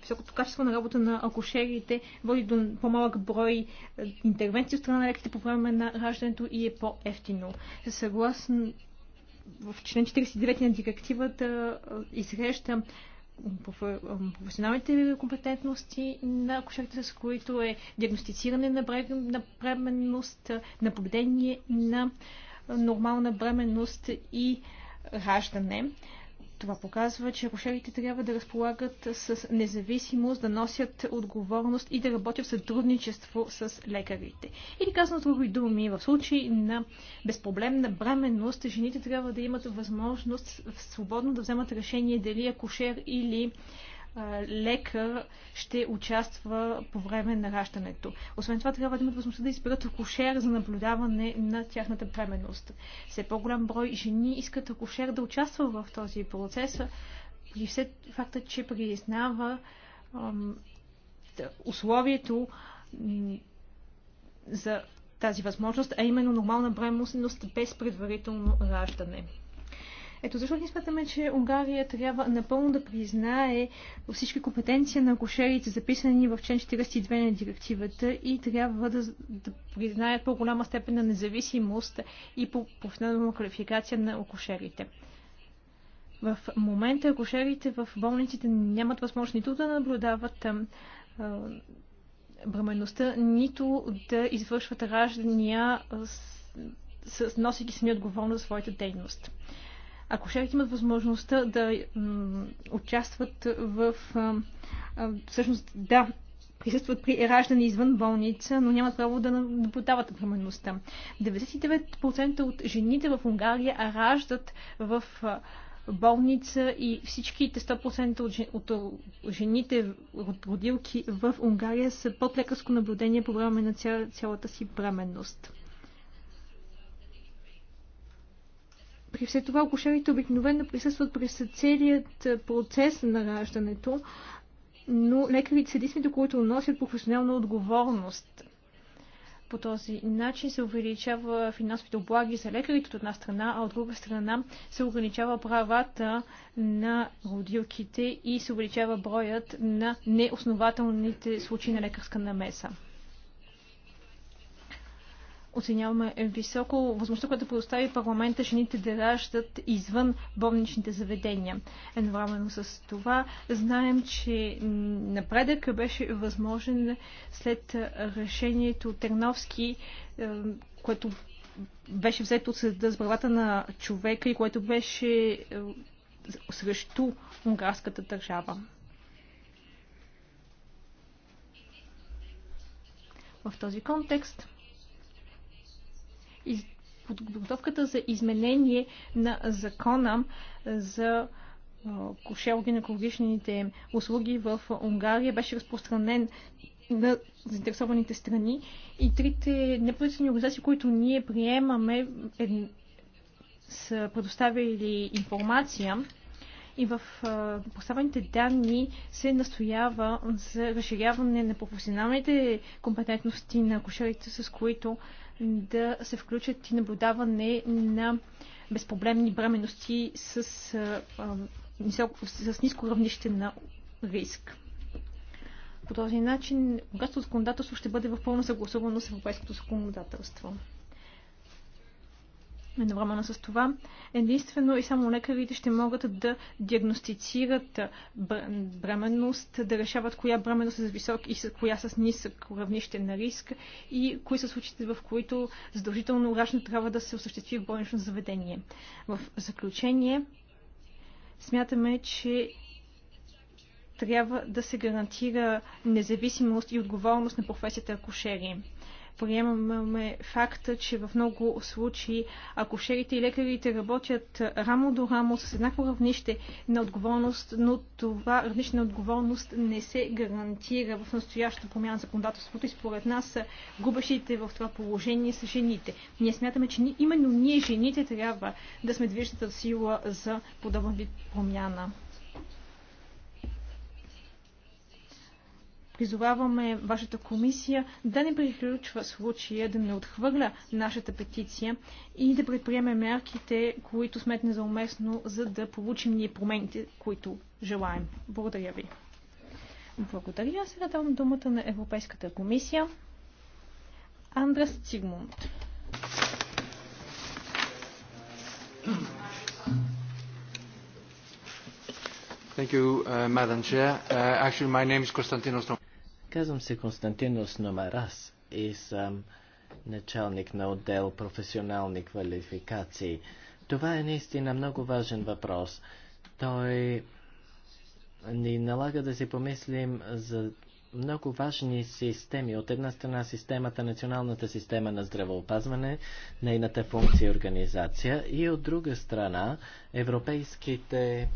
високото качество на работа на акушерите води до по-малък брой е, интервенции от страна на леките по време на раждането и е по-ефтино. Съгласно в член 49 на директивата е, изрежда е, професионалните компетентности на акушерите, с които е диагностициране на бременност, наблюдение на нормална бременност и раждане. Това показва, че акушерите трябва да разполагат с независимост, да носят отговорност и да работят в сътрудничество с лекарите. Или казано други думи, в случай на безпроблемна бременност, жените трябва да имат възможност свободно да вземат решение дали акушер е или лекар ще участва по време на раждането. Освен това, трябва да имат възможността да изберат акушер за наблюдаване на тяхната бременност. Все по-голям брой жени искат акушер да участва в този процес, при все факта, че признава условието за тази възможност, а именно нормална бременност без предварително раждане. Ето защо ние смятаме, че Унгария трябва напълно да признае всички компетенции на акушерите, записани в член 42 на директивата и трябва да, да признаят по-голяма степен на независимост и по професионална квалификация на акушерите. В момента акушерите в болниците нямат възможност нито да наблюдават бременността, нито да извършват раждания, носики сами отговорно за своята дейност ако шефите имат възможността да участват в... всъщност, да, присъстват при раждане извън болница, но нямат право да наблюдават бременността. 99% от жените в Унгария раждат в болница и всичките 100% от, жените от родилки в Унгария са под лекарско наблюдение по време на цялата си бременност. При все това акушерите обикновено присъстват през целият е, процес на раждането, но лекарите са единствените, които носят професионална отговорност. По този начин се увеличава финансовите облаги за лекарите от една страна, а от друга страна се ограничава правата на родилките и се увеличава броят на неоснователните случаи на лекарска намеса оценяваме високо възможността, която предостави парламента жените да раждат извън болничните заведения. Едновременно с това знаем, че напредък беше възможен след решението Терновски, е, което беше взето от съда с правата на човека и което беше е, срещу унгарската държава. В този контекст подготовката за изменение на закона за кошерогинекологичните услуги в Унгария беше разпространен на заинтересованите страни и трите непредседни организации, които ние приемаме, е, са предоставили информация и в е, поставените данни се настоява за разширяване на професионалните компетентности на кошерите, с които да се включат и наблюдаване на безпроблемни бременности с, с ниско равнище на риск. По този начин, когато законодателство ще бъде в пълна съгласуваност с европейското законодателство. Едновременно с това, единствено и само лекарите ще могат да диагностицират бременност, да решават коя бременност е с висок и с коя с нисък равнище на риск и кои са случаите, в които задължително урачно трябва да се осъществи в болнично заведение. В заключение, смятаме, че трябва да се гарантира независимост и отговорност на професията акушерия приемаме факта, че в много случаи акушерите и лекарите работят рамо до рамо с еднакво равнище на отговорност, но това равнище на отговорност не се гарантира в настоящата промяна на законодателството и според нас губещите в това положение са жените. Ние смятаме, че именно ние жените трябва да сме движещата сила за подобна вид промяна. призоваваме вашата комисия да не приключва случая, да не отхвърля нашата петиция и да предприеме мерките, които сметне за уместно, за да получим ние промените, които желаем. Благодаря ви. Благодаря. Сега давам думата на Европейската комисия. Андрес Цигмунд. Thank you, uh, Madam Chair. Uh, actually, my name is Konstantinos Казвам се Константинос Номарас и съм началник на отдел професионални квалификации. Това е наистина много важен въпрос. Той ни налага да си помислим за много важни системи. От една страна системата, националната система на здравеопазване, нейната функция и организация и от друга страна европейските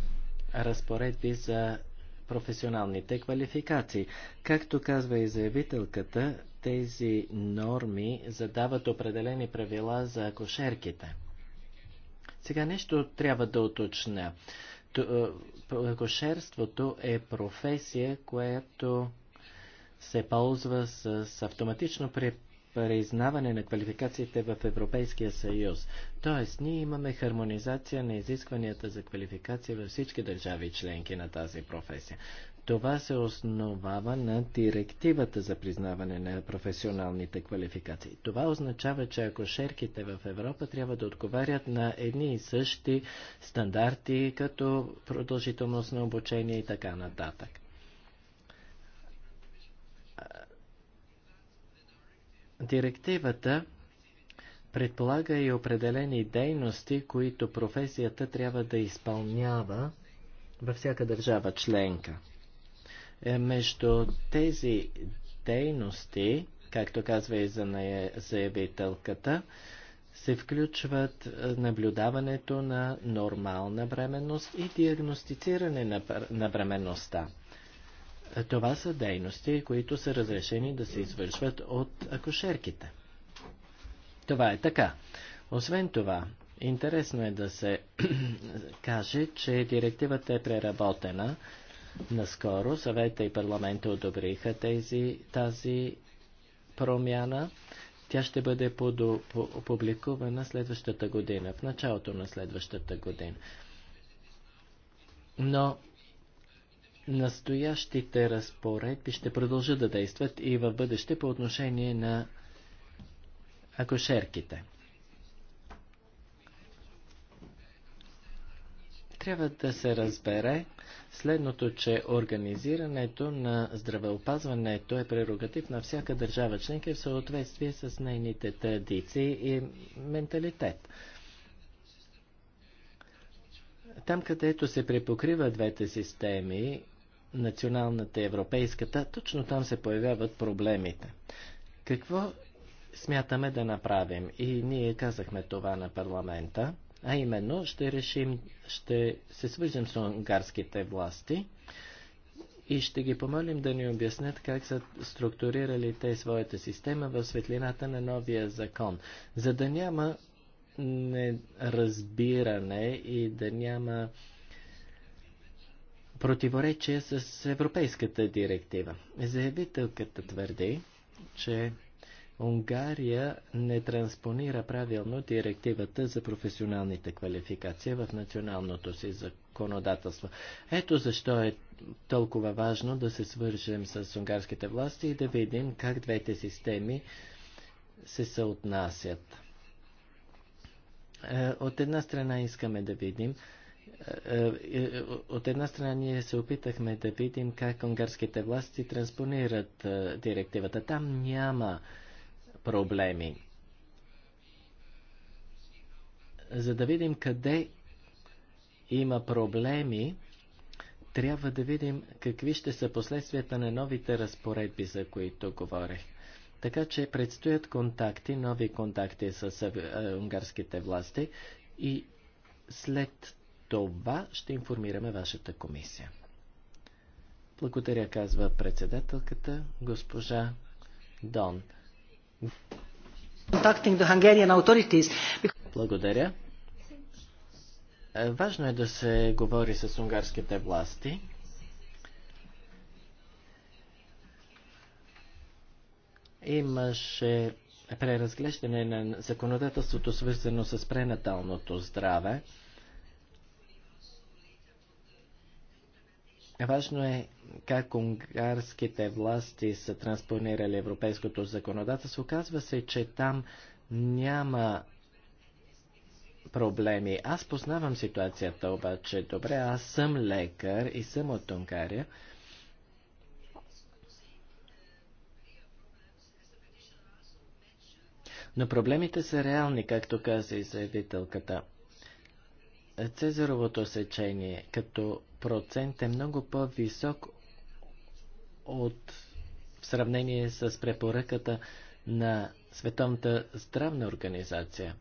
разпоредби за професионалните квалификации. Както казва и заявителката, тези норми задават определени правила за акушерките. Сега нещо трябва да уточня. Е, акушерството е професия, която се ползва с автоматично признаване на квалификациите в Европейския съюз. Тоест, ние имаме хармонизация на изискванията за квалификация във всички държави членки на тази професия. Това се основава на директивата за признаване на професионалните квалификации. Това означава, че ако шерките в Европа трябва да отговарят на едни и същи стандарти, като продължителност на обучение и така нататък. Директивата предполага и определени дейности, които професията трябва да изпълнява във всяка държава членка. Е, между тези дейности, както казва и заявителката, се включват е, наблюдаването на нормална бременност и диагностициране на, на бременността. Това са дейности, които са разрешени да се извършват от акушерките. Това е така. Освен това, интересно е да се каже, че директивата е преработена. Наскоро съвета и парламента одобриха тези, тази промяна. Тя ще бъде опубликувана следващата година, в началото на следващата година. Но настоящите разпоредби ще продължат да действат и в бъдеще по отношение на акушерките. Трябва да се разбере следното, че организирането на здравеопазването е прерогатив на всяка държава членка в съответствие с нейните традиции и менталитет. Там, където се препокриват двете системи, националната и европейската, точно там се появяват проблемите. Какво смятаме да направим? И ние казахме това на парламента, а именно ще решим, ще се свържем с унгарските власти и ще ги помолим да ни обяснят как са структурирали те своята система в светлината на новия закон, за да няма неразбиране и да няма противоречие с Европейската директива. Заявителката твърди, че Унгария не транспонира правилно директивата за професионалните квалификации в националното си законодателство. Ето защо е толкова важно да се свържем с унгарските власти и да видим как двете системи се съотнасят. Е, от една страна искаме да видим е, е, от една страна ние се опитахме да видим как унгарските власти транспонират е, директивата. Там няма проблеми. За да видим къде има проблеми, трябва да видим какви ще са последствията на новите разпоредби, за които говорех. Така че предстоят контакти, нови контакти с унгарските власти и след това ще информираме вашата комисия. Благодаря, казва председателката, госпожа Дон. Благодаря. Важно е да се говори с унгарските власти. Имаше преразглеждане на законодателството, свързано с пренаталното здраве. Важно е как унгарските власти са транспонирали европейското законодателство. Оказва се, че там няма проблеми. Аз познавам ситуацията обаче добре. Аз съм лекар и съм от Унгария. Но проблемите са реални, както каза и заявителката. Цезаровото сечение като процент е много по-висок от в сравнение с препоръката на Световната здравна организация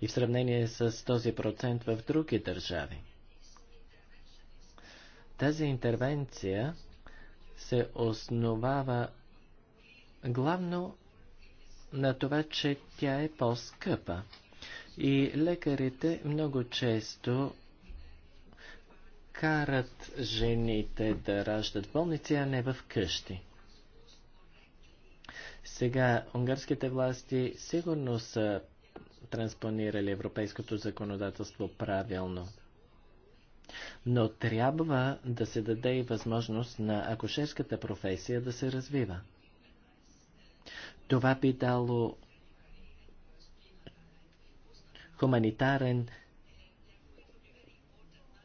и в сравнение с този процент в други държави. Тази интервенция се основава главно на това, че тя е по-скъпа. И лекарите много често карат жените да раждат в болници, а не в къщи. Сега, унгарските власти сигурно са транспонирали европейското законодателство правилно. Но трябва да се даде и възможност на акушерската професия да се развива. Това би дало хуманитарен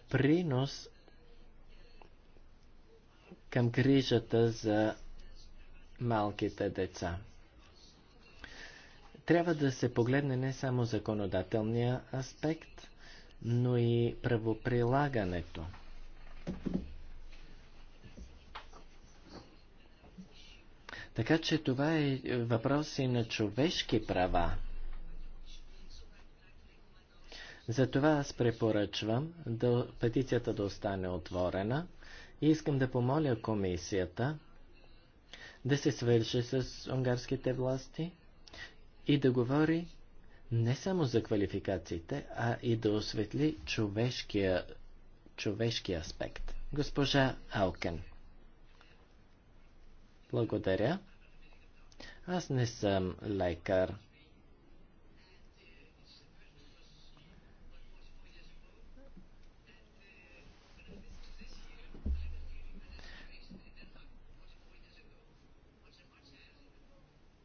принос към грижата за малките деца. Трябва да се погледне не само законодателния аспект, но и правоприлагането. Така че това е въпрос и на човешки права. Затова аз препоръчвам да, петицията да остане отворена и искам да помоля комисията да се свърши с унгарските власти и да говори не само за квалификациите, а и да осветли човешкия, човешкия аспект. Госпожа Алкен. Благодаря. Аз не съм лекар.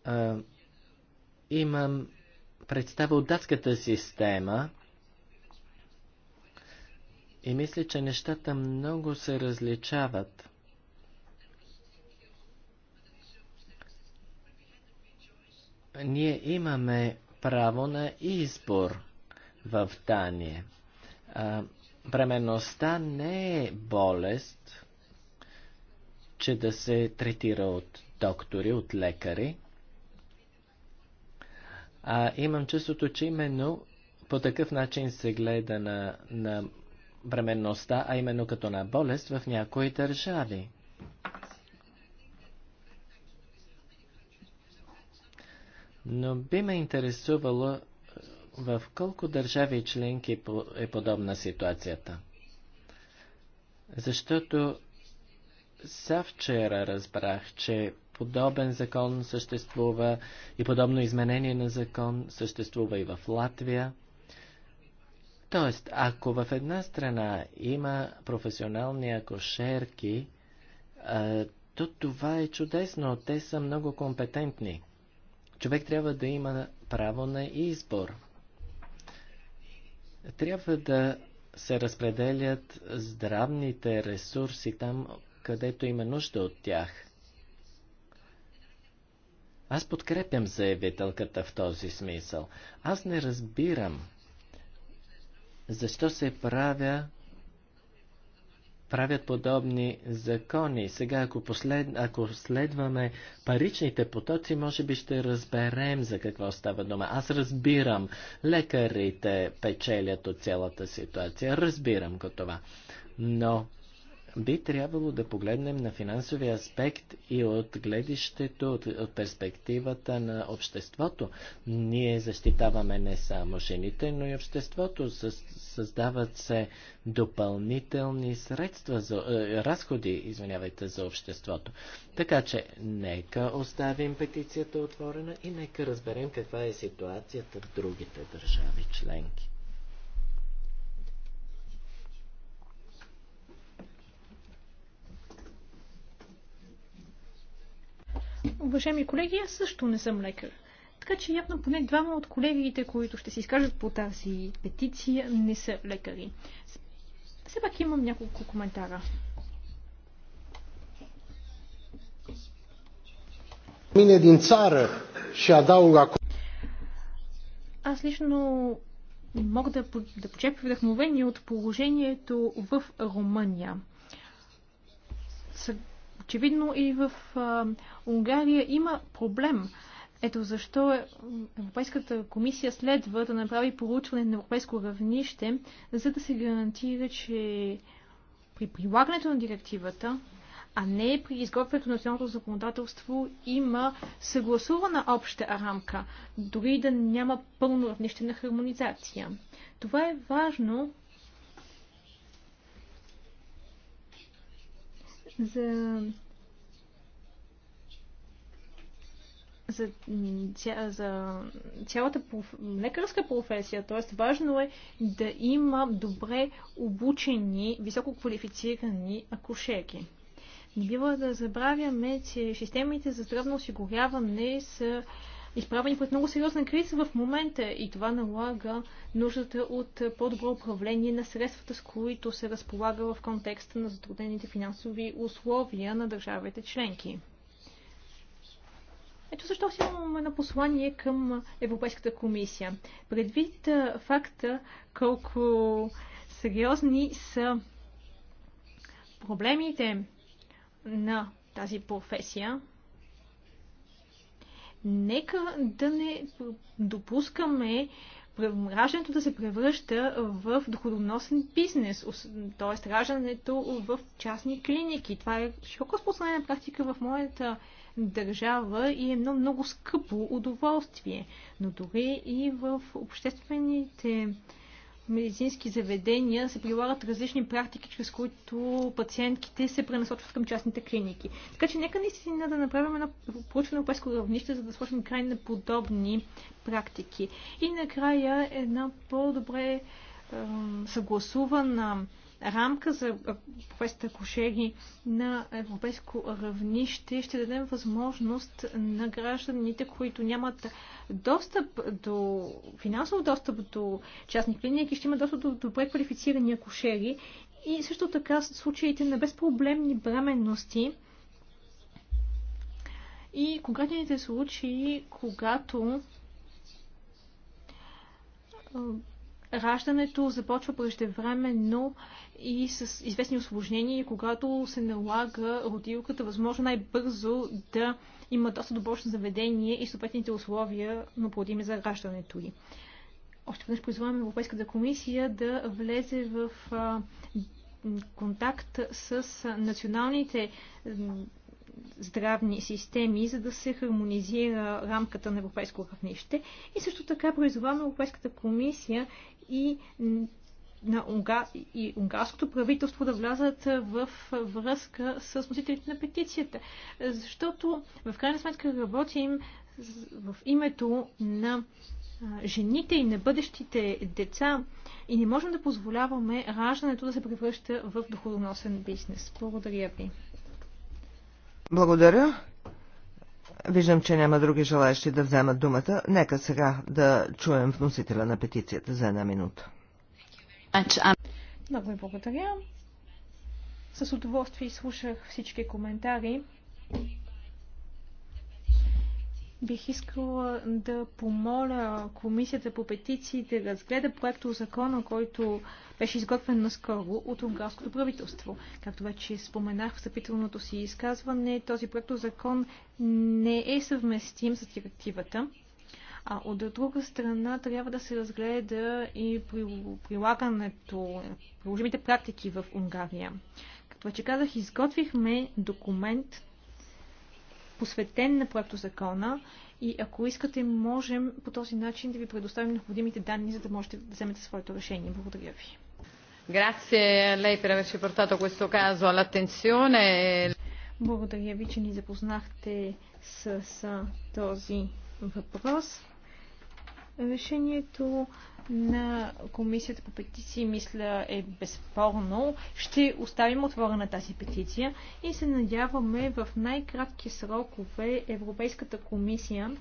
а, имам представа от датската система и мисля, че нещата много се различават. Ние имаме право на избор в Дания. бременността не е болест, че да се третира от доктори, от лекари. А, имам чувството, че именно по такъв начин се гледа на, на временността, а именно като на болест в някои държави. Но би ме интересувало е, в колко държави членки е подобна ситуацията. Защото са вчера разбрах, че подобен закон съществува и подобно изменение на закон съществува и в Латвия. Тоест, ако в една страна има професионални акошерки, то това е чудесно. Те са много компетентни. Човек трябва да има право на избор. Трябва да се разпределят здравните ресурси там, където има нужда от тях. Аз подкрепям заявителката в този смисъл. Аз не разбирам защо се правя правят подобни закони. Сега, ако, послед, ако следваме паричните потоци, може би ще разберем за какво става дума. Аз разбирам, лекарите печелят от цялата ситуация, разбирам го това. Но би трябвало да погледнем на финансовия аспект и от гледището, от, от перспективата на обществото. Ние защитаваме не само жените, но и обществото. Създават се допълнителни средства, за, е, разходи, извинявайте, за обществото. Така че, нека оставим петицията отворена и нека разберем каква е ситуацията в другите държави членки. Уважаеми колеги, аз също не съм лекар. Така че явно поне двама от колегите, които ще се изкажат по тази петиция, не са лекари. Все пак имам няколко коментара. Мине din țară și adaug Аз лично мога да, да почерпя вдъхновение от положението в Румъния Очевидно и в а, Унгария има проблем. Ето защо е, Европейската комисия следва да направи проучване на европейско равнище, за да се гарантира, че при прилагането на директивата, а не при изготвянето на националното законодателство, има съгласувана обща рамка, дори да няма пълно равнище на хармонизация. Това е важно, за за, ця, за цялата проф... лекарска професия. Т.е. важно е да има добре обучени, високо квалифицирани акушерки. Не бива да забравяме, че системите за здравно осигуряване са изправени пред много сериозна криза в момента и това налага нуждата от по-добро управление на средствата, с които се разполага в контекста на затруднените финансови условия на държавите членки. Ето защо си имаме на послание към Европейската комисия. Предвид факта колко сериозни са проблемите на тази професия, нека да не допускаме раждането да се превръща в доходоносен бизнес, т.е. раждането в частни клиники. Това е широко разпространена практика в моята държава и е много, много скъпо удоволствие. Но дори и в обществените медицински заведения се прилагат различни практики, чрез които пациентките се пренасочват към частните клиники. Така че нека наистина да направим едно проучване на европейско равнище, за да сложим край на подобни практики. И накрая една по-добре съгласувана рамка за професията кошери на европейско равнище ще дадем възможност на гражданите, които нямат достъп до финансов достъп до частни клиники, ще имат достъп до добре квалифицирани акушери и също така случаите на безпроблемни бременности и конкретните случаи, когато раждането започва преждевременно и с известни осложнения, когато се налага родилката, възможно най-бързо да има доста добро заведение и съответните условия, необходими за раждането й. Още веднъж призваме Европейската комисия да влезе в контакт с националните здравни системи, за да се хармонизира рамката на европейско равнище. И също така призоваваме Европейската комисия и на унга... и унгарското правителство да влязат в връзка с носителите на петицията. Защото в крайна сметка работим в името на жените и на бъдещите деца и не можем да позволяваме раждането да се превръща в доходоносен бизнес. Благодаря ви. Благодаря. Виждам, че няма други желаящи да вземат думата. Нека сега да чуем вносителя на петицията за една минута. Много ви благодаря. С удоволствие слушах всички коментари. Бих искала да помоля Комисията по петиции да разгледа проекто закона, който беше изготвен наскоро от унгарското правителство. Както вече споменах в съпителното си изказване, този проекто закон не е съвместим с директивата. А от друга страна трябва да се разгледа и прилагането, приложимите практики в Унгария. Както вече казах, изготвихме документ, посветен на проекто закона и ако искате, можем по този начин да ви предоставим необходимите данни, за да можете да вземете своето решение. Благодаря ви. Grazie a lei per averci portato questo caso all'attenzione. Благодаря ви, че ни запознахте с, с този въпрос. Решението на комисията по петиции, мисля, е безспорно. Ще оставим отворена тази петиция и се надяваме в най-кратки срокове Европейската комисия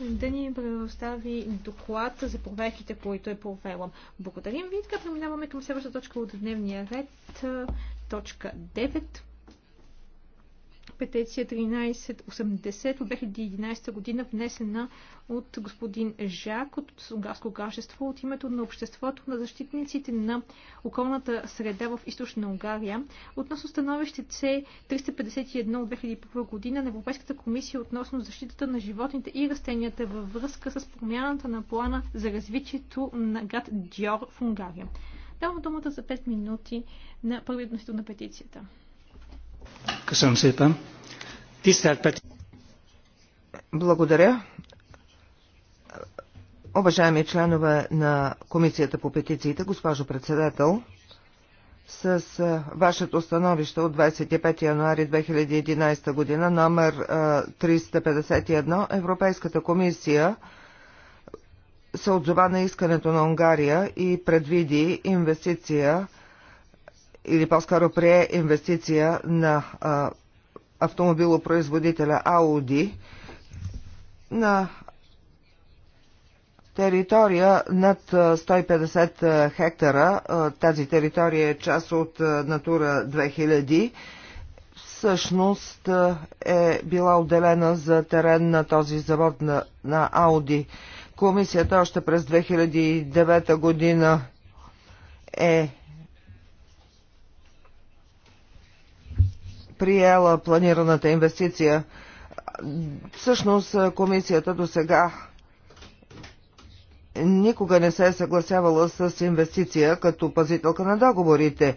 да ни предостави доклад за проверките, които е провела. Благодарим ви. Така преминаваме към следващата точка от дневния ред, точка 9 петиция 1380 от 2011 година, внесена от господин Жак от Сунгарско гражданство от името на обществото на защитниците на околната среда в източна Унгария относно становище с 351 от 2001 година на Европейската комисия относно защитата на животните и растенията във връзка с промяната на плана за развитието на град Диор в Унгария. Давам думата за 5 минути на първият на петицията. Köszönöm szépen. Tisztelt Peti. Благодаря. Уважаеми членове на Комисията по петициите, госпожо председател, с вашето становище от 25 януари 2011 година, номер 351, Европейската комисия се отзова на искането на Унгария и предвиди инвестиция или по-скоро прие инвестиция на а, автомобилопроизводителя Ауди на територия над 150 хектара. Тази територия е част от Натура 2000. Всъщност е била отделена за терен на този завод на, на Ауди. Комисията още през 2009 година е приела планираната инвестиция. Всъщност комисията до сега никога не се е съгласявала с инвестиция като пазителка на договорите е,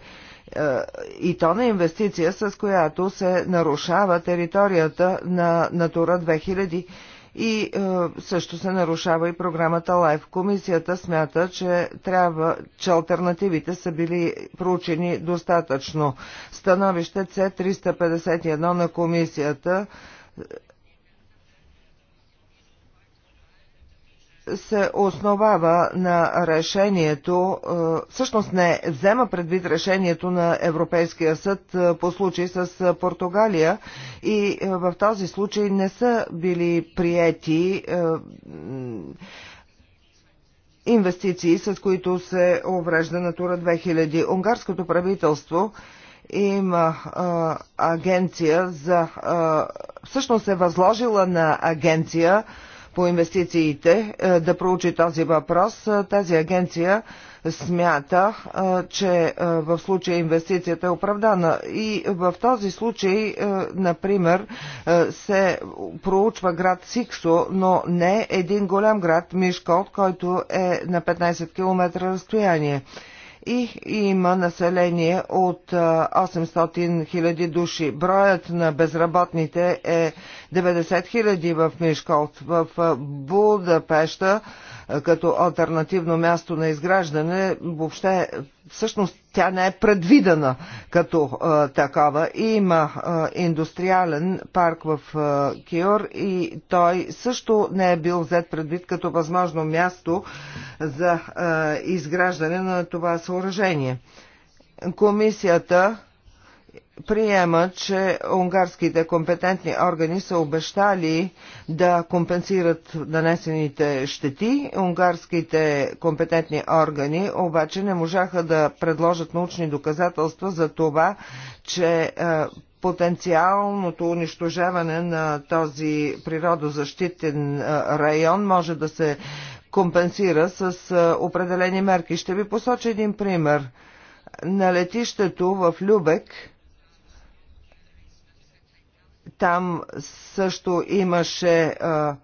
и то на инвестиция, с която се нарушава територията на Натура 2000 и е, също се нарушава и програмата ЛАЙФ. Комисията смята, че, трябва, че альтернативите са били проучени достатъчно. Становище С351 на комисията се основава на решението, е, всъщност не взема предвид решението на Европейския съд е, по случай с е, Португалия и в този случай не са били приети инвестиции, с които се уврежда Натура 2000. Унгарското правителство има агенция за... всъщност е възложила на агенция по инвестициите е, да проучи този въпрос. Е, тази агенция смята, е, че в случая инвестицията е оправдана. И в този случай, например, се проучва град Сиксо, но не един голям град Мишко, който е на 15 км разстояние и има население от 800 000 души. Броят на безработните е 90 000 в Мишколт. В Будапешта като альтернативно място на изграждане въобще всъщност тя не е предвидена като а, е, такава. И има а, е, индустриален парк в а, е, Киор и той също не е бил взет предвид като възможно място за а, изграждане на това съоръжение. Комисията приема, че унгарските компетентни органи са обещали да компенсират нанесените щети. Унгарските компетентни органи обаче не можаха да предложат научни доказателства за това, че е, потенциалното унищожаване на този природозащитен е, район може да се компенсира с е, определени мерки. Ще ви посоча един пример. На летището в Любек там също имаше а,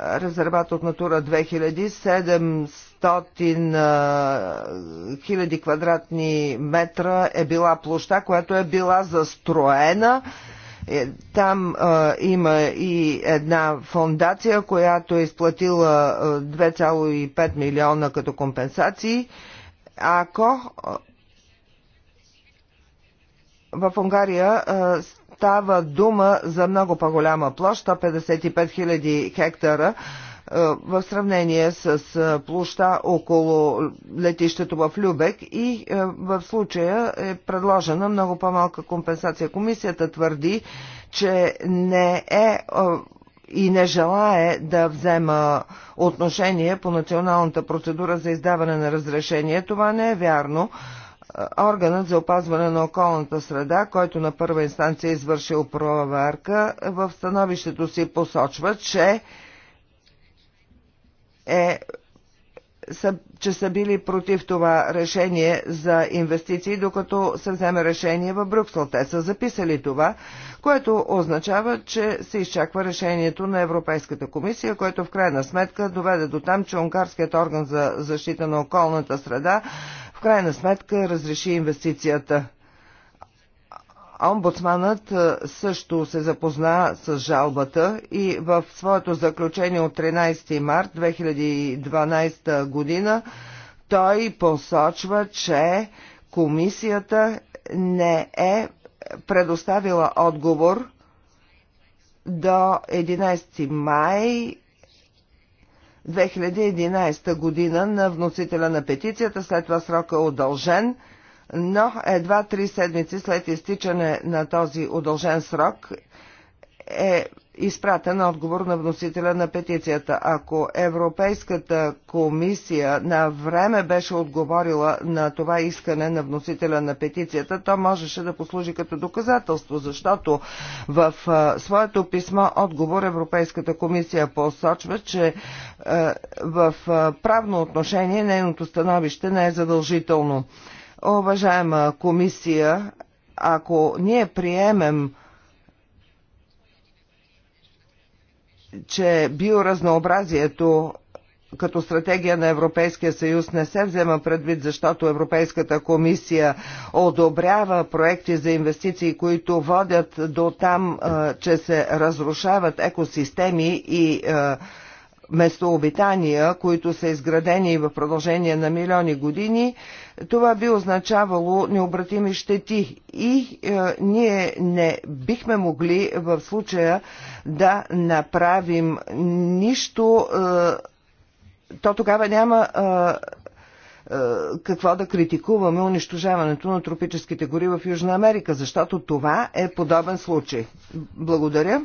резерват от Натура 2000, 700 хиляди квадратни метра е била площа, която е била застроена. Е, там а, има и една фондация, която е изплатила 2,5 милиона като компенсации. Ако в Унгария става дума за много по-голяма площ, 155 000 хектара, е, в сравнение с е, площа около летището в Любек и е, в случая е предложена много по-малка компенсация. Комисията твърди, че не е и не желае да взема отношение по националната процедура за издаване на разрешение. Това не е вярно органът за опазване на околната среда, който на първа инстанция е извършил проверка, в становището си посочва, че е са, че са били против това решение за инвестиции, докато се вземе решение в Брюксел. Те са записали това, което означава, че се изчаква решението на Европейската комисия, което в крайна сметка доведе до там, че унгарският орган за защита на околната среда в крайна сметка разреши инвестицията. Омбудсманът също се запозна с жалбата и в своето заключение от 13 март 2012 година той посочва, че комисията не е предоставила отговор до 11 май 2011 година на вносителя на петицията, след това срока е удължен, но едва три седмици след изтичане на този удължен срок е изпратен отговор на вносителя на петицията. Ако Европейската комисия на време беше отговорила на това искане на вносителя на петицията, то можеше да послужи като доказателство, защото в своето писмо отговор Европейската комисия посочва, че в правно отношение нейното становище не е задължително. Уважаема комисия, ако ние приемем че биоразнообразието като стратегия на Европейския съюз не се взема предвид, защото Европейската комисия одобрява проекти за инвестиции, които водят до там, че се разрушават екосистеми и местообитания, които са изградени в продължение на милиони години, това би означавало необратими щети и е, ние не бихме могли в случая да направим нищо, е, то тогава няма е, е, какво да критикуваме унищожаването на тропическите гори в Южна Америка, защото това е подобен случай. Благодаря.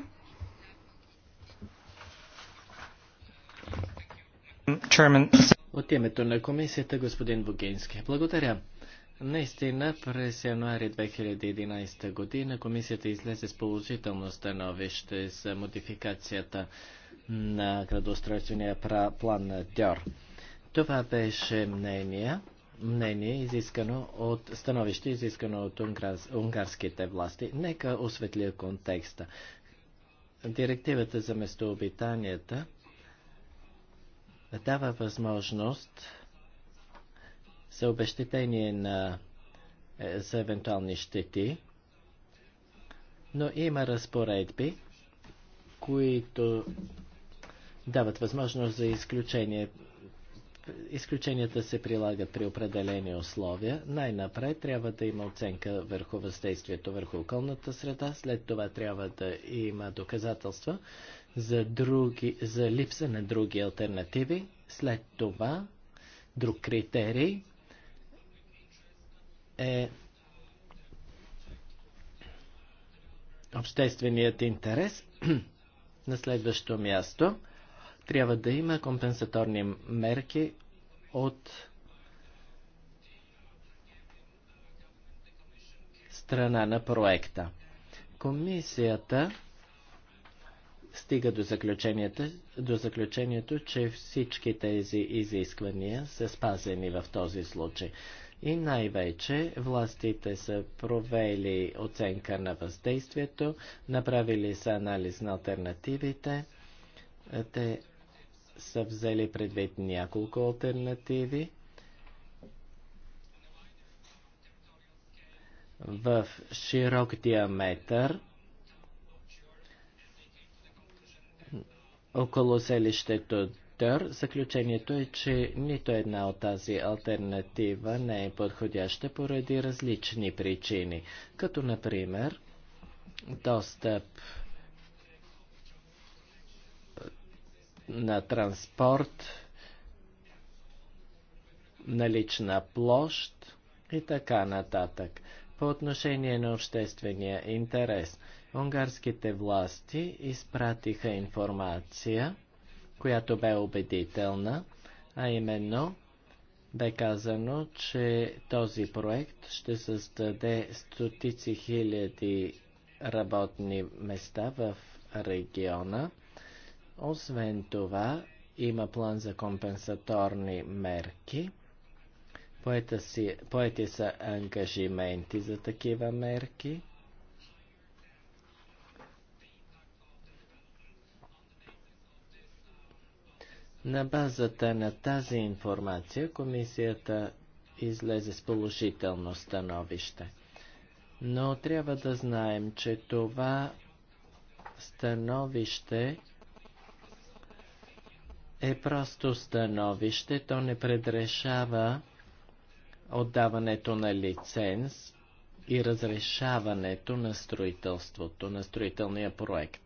Chairman. От името на комисията господин Богински. Благодаря. Наистина, през януари 2011 година комисията излезе с положително становище за модификацията на градоустройствения план на Дьор. Това беше мнение, мнение изискано от становище, изискано от унгарс, унгарските власти. Нека осветля контекста. Директивата за местообитанията дава възможност за обещетение на, е, за евентуални щети, но има разпоредби, които дават възможност за изключение. Изключенията се прилагат при определени условия. Най-напред трябва да има оценка върху въздействието върху околната среда, след това трябва да има доказателства, за, други, за липса на други альтернативи. След това, друг критерий е общественият интерес. На следващо място трябва да има компенсаторни мерки от страна на проекта. Комисията стига до заключението, до заключението, че всички тези изисквания са спазени в този случай. И най-вече властите са провели оценка на въздействието, направили са анализ на альтернативите, те са взели предвид няколко альтернативи. В широк диаметър – около селището Дър, заключението е, че нито една от тази альтернатива не е подходяща поради различни причини, като например достъп на транспорт, налична площ и така нататък. По отношение на обществения интерес – Унгарските власти изпратиха информация, която бе убедителна, а именно бе казано, че този проект ще създаде стотици хиляди работни места в региона. Освен това, има план за компенсаторни мерки. Поети са ангажименти за такива мерки. На базата на тази информация комисията излезе с положително становище. Но трябва да знаем, че това становище е просто становище, то не предрешава отдаването на лиценз и разрешаването на строителството, на строителния проект.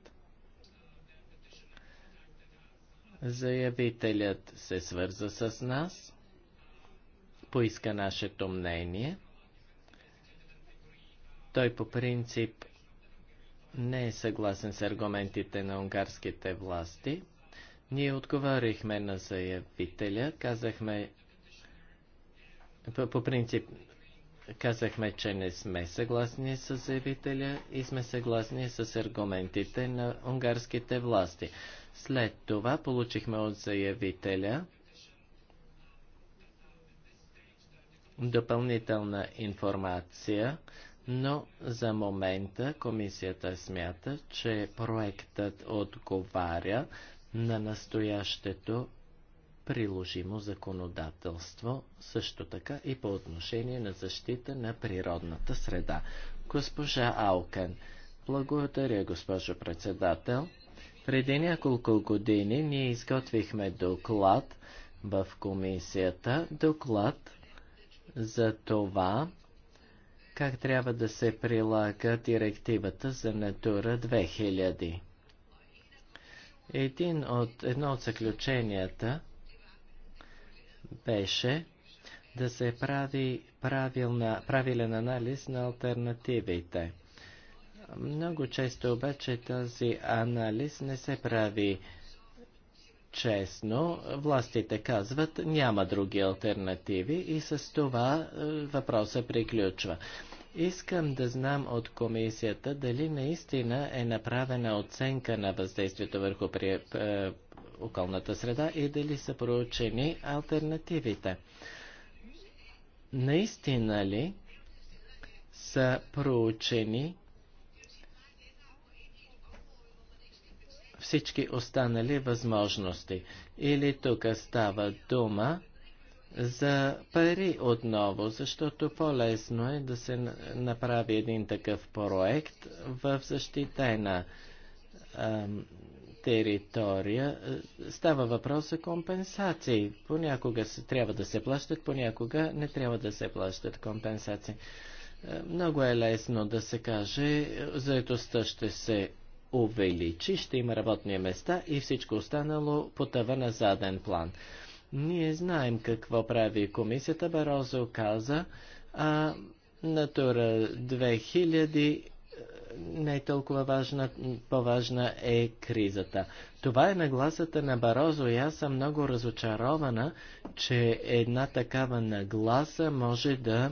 Заявителят се свърза с нас, поиска нашето мнение. Той по принцип не е съгласен с аргументите на унгарските власти. Ние отговорихме на заявителя, казахме, по, по принцип казахме, че не сме съгласни с заявителя и сме съгласни с аргументите на унгарските власти. След това получихме от заявителя допълнителна информация, но за момента комисията смята, че проектът отговаря на настоящето приложимо законодателство, също така и по отношение на защита на природната среда. Госпожа Аукен, благодаря, госпожо председател. Преди няколко години ние изготвихме доклад в комисията, доклад за това, как трябва да се прилага директивата за Натура 2000. Един от, едно от заключенията беше да се прави правилна, правилен анализ на альтернативите – много често обаче този анализ не се прави честно. Властите казват, няма други альтернативи и с това е, въпросът приключва. Искам да знам от комисията дали наистина е направена оценка на въздействието върху при, е, околната среда и дали са проучени альтернативите. Наистина ли са проучени всички останали възможности. Или тук става дума за пари отново, защото по-лесно е да се направи един такъв проект в защитена територия. Става въпрос за компенсации. Понякога се, трябва да се плащат, понякога не трябва да се плащат компенсации. Е, много е лесно да се каже, заедостта ще се увеличи, ще има работни места и всичко останало потъва на заден план. Ние знаем какво прави комисията. Барозо каза, а Натура 2000 е, не е толкова важна, по-важна е кризата. Това е нагласата на Барозо и аз съм много разочарована, че една такава нагласа може да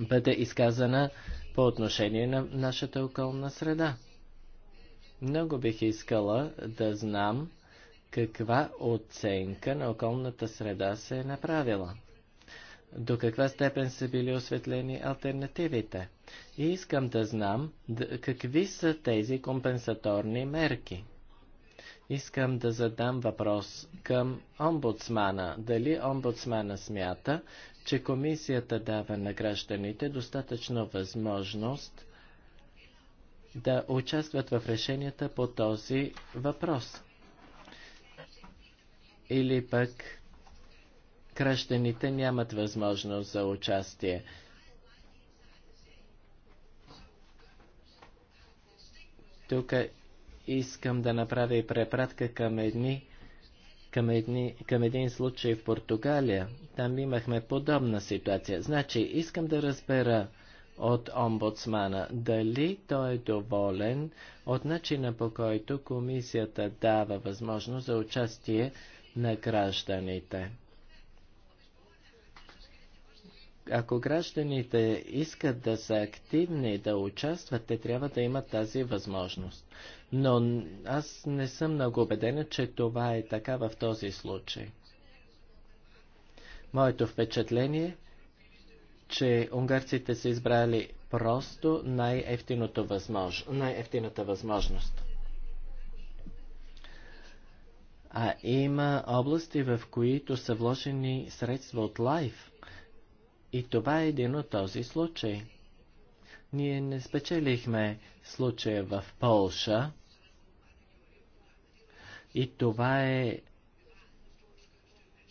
бъде изказана по отношение на нашата околна среда. Много бих искала да знам каква оценка на околната среда се е направила. До каква степен са били осветлени альтернативите? И искам да знам какви са тези компенсаторни мерки. Искам да задам въпрос към омбудсмана. Дали омбудсмана смята, че комисията дава на гражданите достатъчно възможност да участват в решенията по този въпрос. Или пък кръщените нямат възможност за участие. Тук искам да направя и препратка към едни към, едни, към един случай в Португалия. Там имахме подобна ситуация. Значи, искам да разбера от омбудсмана. Дали той е доволен от начина по който комисията дава възможност за участие на гражданите? Ако гражданите искат да са активни, да участват, те трябва да имат тази възможност. Но аз не съм много убедена, че това е така в този случай. Моето впечатление че унгарците са избрали просто най-ефтината възмож... най възможност. А има области, в които са вложени средства от лайф. И това е един от този случай. Ние не спечелихме случая в Полша. И това е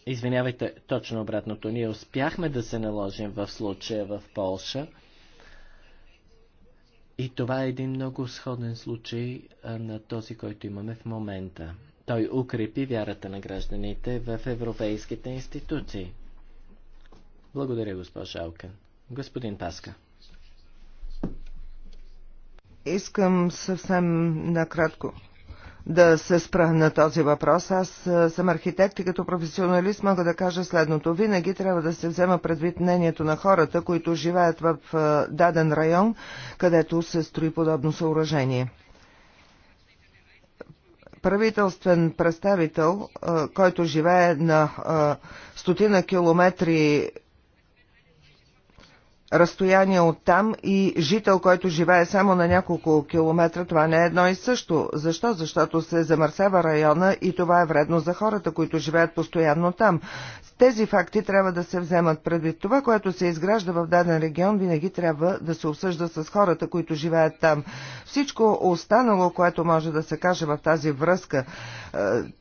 Извинявайте, точно обратното. Ние успяхме да се наложим в случая в Полша. И това е един много сходен случай на този, който имаме в момента. Той укрепи вярата на гражданите в европейските институции. Благодаря, госпожа Алкен. Господин Паска. Искам съвсем накратко да се спра на този въпрос. Аз съм архитект и като професионалист мога да кажа следното. Винаги трябва да се взема предвид мнението на хората, които живеят в даден район, където се строи подобно съоръжение правителствен представител, който живее на стотина километри разстояние от там и жител, който живее само на няколко километра, това не е едно и също. Защо? Защото се замърсява района и това е вредно за хората, които живеят постоянно там. Тези факти трябва да се вземат предвид. Това, което се изгражда в даден регион, винаги трябва да се обсъжда с хората, които живеят там. Всичко останало, което може да се каже в тази връзка,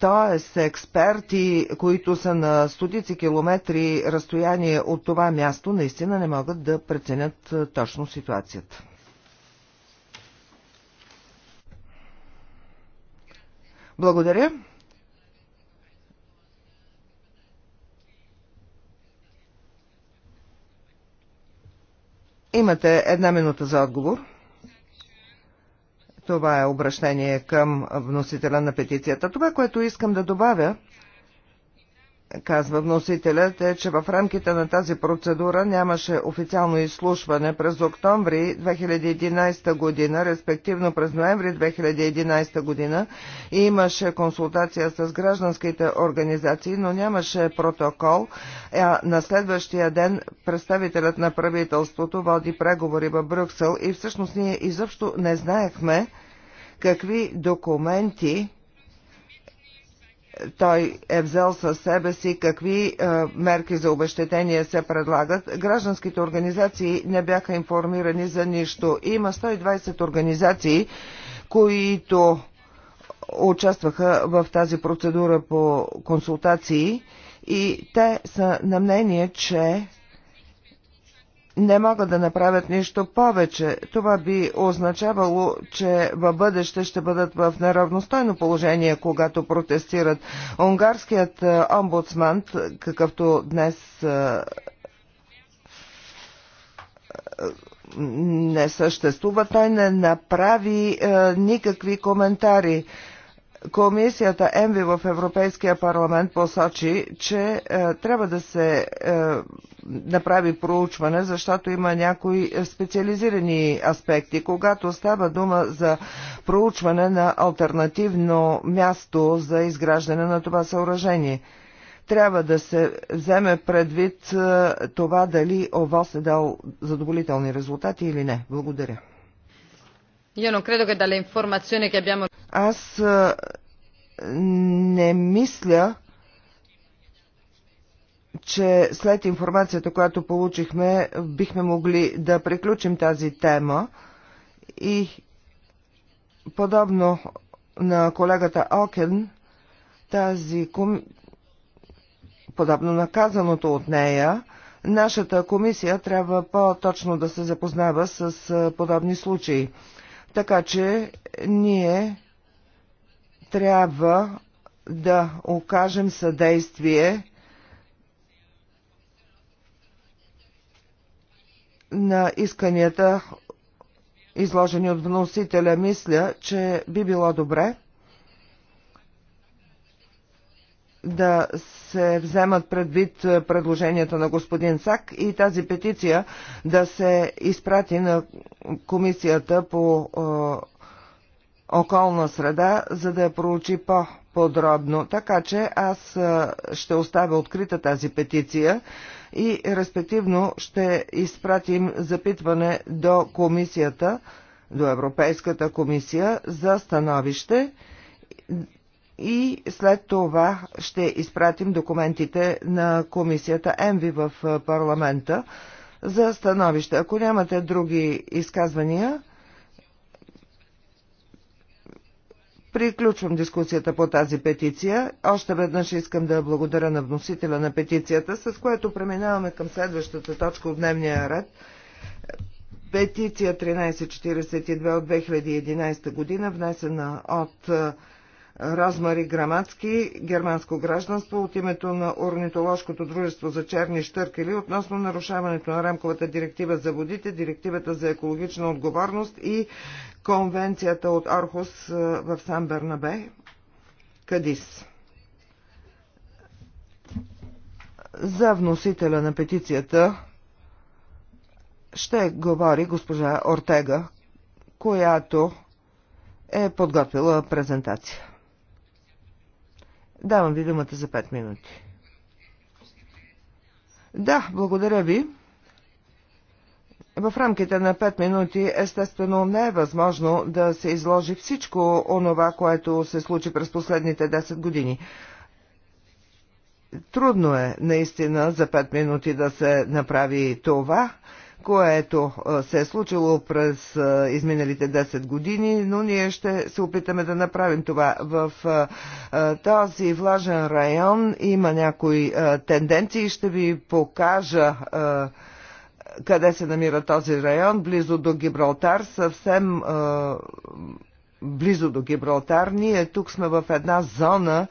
т.е. експерти, които са на стотици километри разстояние от това място, наистина не могат да преценят е, точно ситуацията. Благодаря. Имате една минута за отговор. Това е обращение към вносителя на петицията. Това, което искам да добавя, казва вносителят, е, че в рамките на тази процедура нямаше официално изслушване през октомври 2011 година, респективно през ноември 2011 година и имаше консултация с гражданските организации, но нямаше протокол. А на следващия ден представителят на правителството води преговори в Брюксел и всъщност ние изобщо не знаехме какви документи той е взел със себе си, какви е, мерки за обещетение се предлагат. Гражданските организации не бяха информирани за нищо. Има 120 организации, които участваха в тази процедура по консултации и те са на мнение, че не могат да направят нищо повече. Това би означавало, че във бъдеще ще бъдат в неравностойно положение, когато протестират. Унгарският е, омбудсман, какъвто днес е, е, не съществува, той не направи никакви коментари. Комисията ЕМВИ в Европейския парламент посочи, че е, трябва да се е, направи проучване, защото има някои специализирани аспекти. Когато става дума за проучване на альтернативно място за изграждане на това съоръжение, трябва да се вземе предвид е, това дали ОВОС е дал задоволителни резултати или не. Благодаря. Аз не мисля, че след информацията, която получихме, бихме могли да приключим тази тема и подобно на колегата Окен, тази ком... подобно на казаното от нея, нашата комисия трябва по-точно да се запознава с подобни случаи. Така че ние трябва да окажем съдействие на исканията, изложени от вносителя. Мисля, че би било добре да се вземат предвид е, предложенията на господин Сак и тази петиция да се изпрати на комисията по е, околна среда, за да я проучи по-подробно. Така че аз е, ще оставя открита тази петиция и респективно ще изпратим запитване до комисията, до Европейската комисия за становище и след това ще изпратим документите на комисията ЕМВИ в парламента за становище. Ако нямате други изказвания, Приключвам дискусията по тази петиция. Още веднъж искам да благодаря на вносителя на петицията, с което преминаваме към следващата точка от дневния ред. Петиция 1342 от 2011 година, внесена от Розмари Грамацки, германско гражданство от името на Орнитоложкото дружество за черни штъркели относно нарушаването на рамковата директива за водите, директивата за екологична отговорност и конвенцията от Орхус в Сан Бернабе, Кадис. За вносителя на петицията ще говори госпожа Ортега, която е подготвила презентация. Давам ви думата за 5 минути. Да, благодаря ви. В рамките на 5 минути естествено не е възможно да се изложи всичко онова, което се случи през последните 10 години. Трудно е наистина за 5 минути да се направи това което се е случило през изминалите 10 години, но ние ще се опитаме да направим това. В този влажен район има някои тенденции. Ще ви покажа къде се намира този район, близо до Гибралтар, съвсем близо до Гибралтар. Ние тук сме в една зона,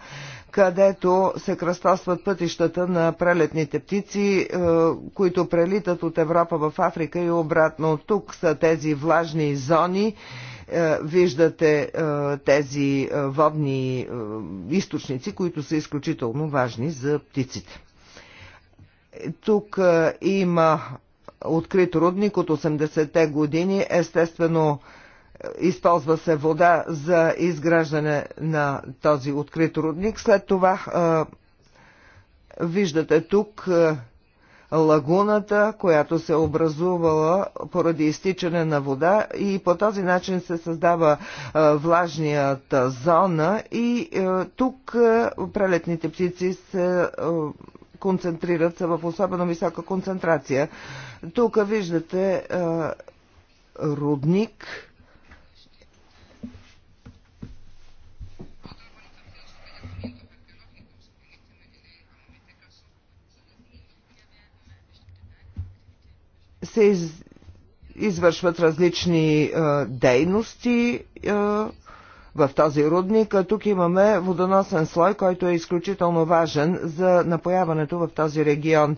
където се кръстосват пътищата на прелетните птици, е, които прелитат от Европа в Африка и обратно. Тук са тези влажни зони. Е, виждате е, тези водни източници, които са изключително важни за птиците. Тук има открит рудник от 80-те години. Естествено, използва се вода за изграждане на този открит родник. След това е, виждате тук е, лагуната, която се образувала поради изтичане на вода и по този начин се създава е, влажнията зона и е, тук е, прелетните птици се е, концентрират се в особено висока концентрация. Тук виждате е, родник, се из, извършват различни а, дейности а, в този рудник. тук имаме водоносен слой, който е изключително важен за напояването в този регион.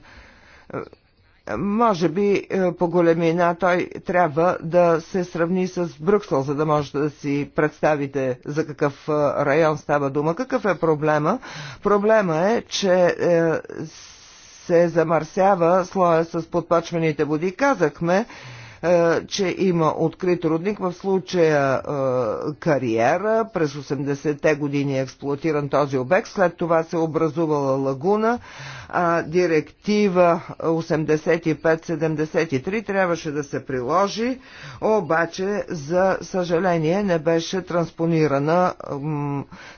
Може би по големина той трябва да се сравни с Брюксел, за да можете да си представите за какъв район става дума. Какъв е проблема? Проблема е, че е, се замърсява слоя с подпочвените води. Казахме, е, че има открит родник, в случая е, кариера, през 80-те години е експлуатиран този обект, след това се е образувала лагуна, а директива 85-73 трябваше да се приложи, обаче за съжаление не беше транспонирана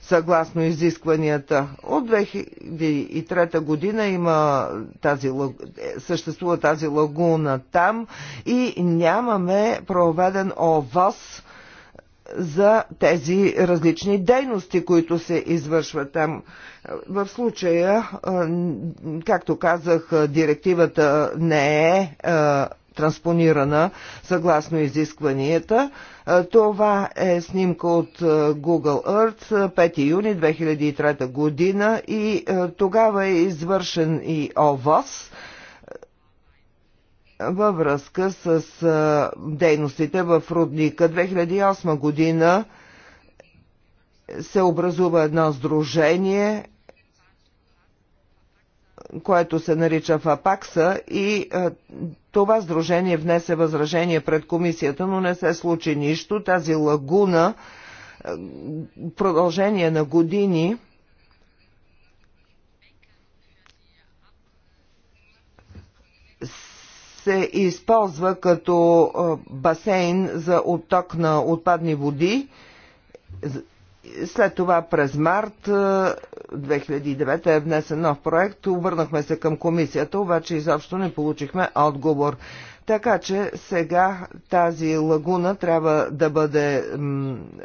съгласно изискванията. От 2003 година има тази, съществува тази лагуна там и нямаме проведен ОВОС за тези различни дейности, които се извършват там. В случая, е, както казах, директивата не е, е транспонирана съгласно изискванията. Е, това е снимка от Google Earth 5 юни 2003 година и тогава е извършен и ОВОС във връзка с дейностите в Рудника. 2008 година се образува едно сдружение, което се нарича ФАПАКСА и а, това сдружение внесе възражение пред комисията, но не се случи нищо. Тази лагуна а, продължение на години се използва като басейн за отток на отпадни води след това през март 2009 е внесен нов проект. Обърнахме се към комисията, обаче изобщо не получихме отговор. Така че сега тази лагуна трябва да бъде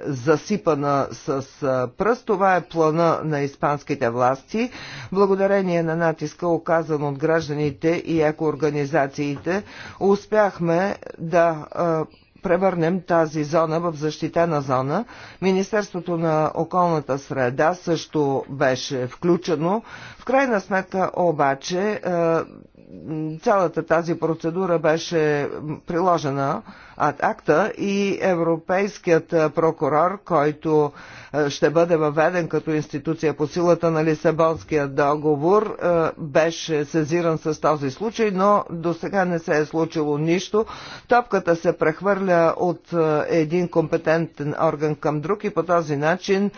засипана с пръст. Това е плана на испанските власти. Благодарение на натиска, оказан от гражданите и екоорганизациите, успяхме да превърнем тази зона в защитена зона. Министерството на околната среда също беше включено. В крайна сметка обаче е, цялата тази процедура беше приложена от акта и европейският прокурор, който е, ще бъде въведен като институция по силата на Лисабонския договор, е, беше сезиран с този случай, но до сега не се е случило нищо. Топката се прехвърля от е, един компетентен орган към друг и по този начин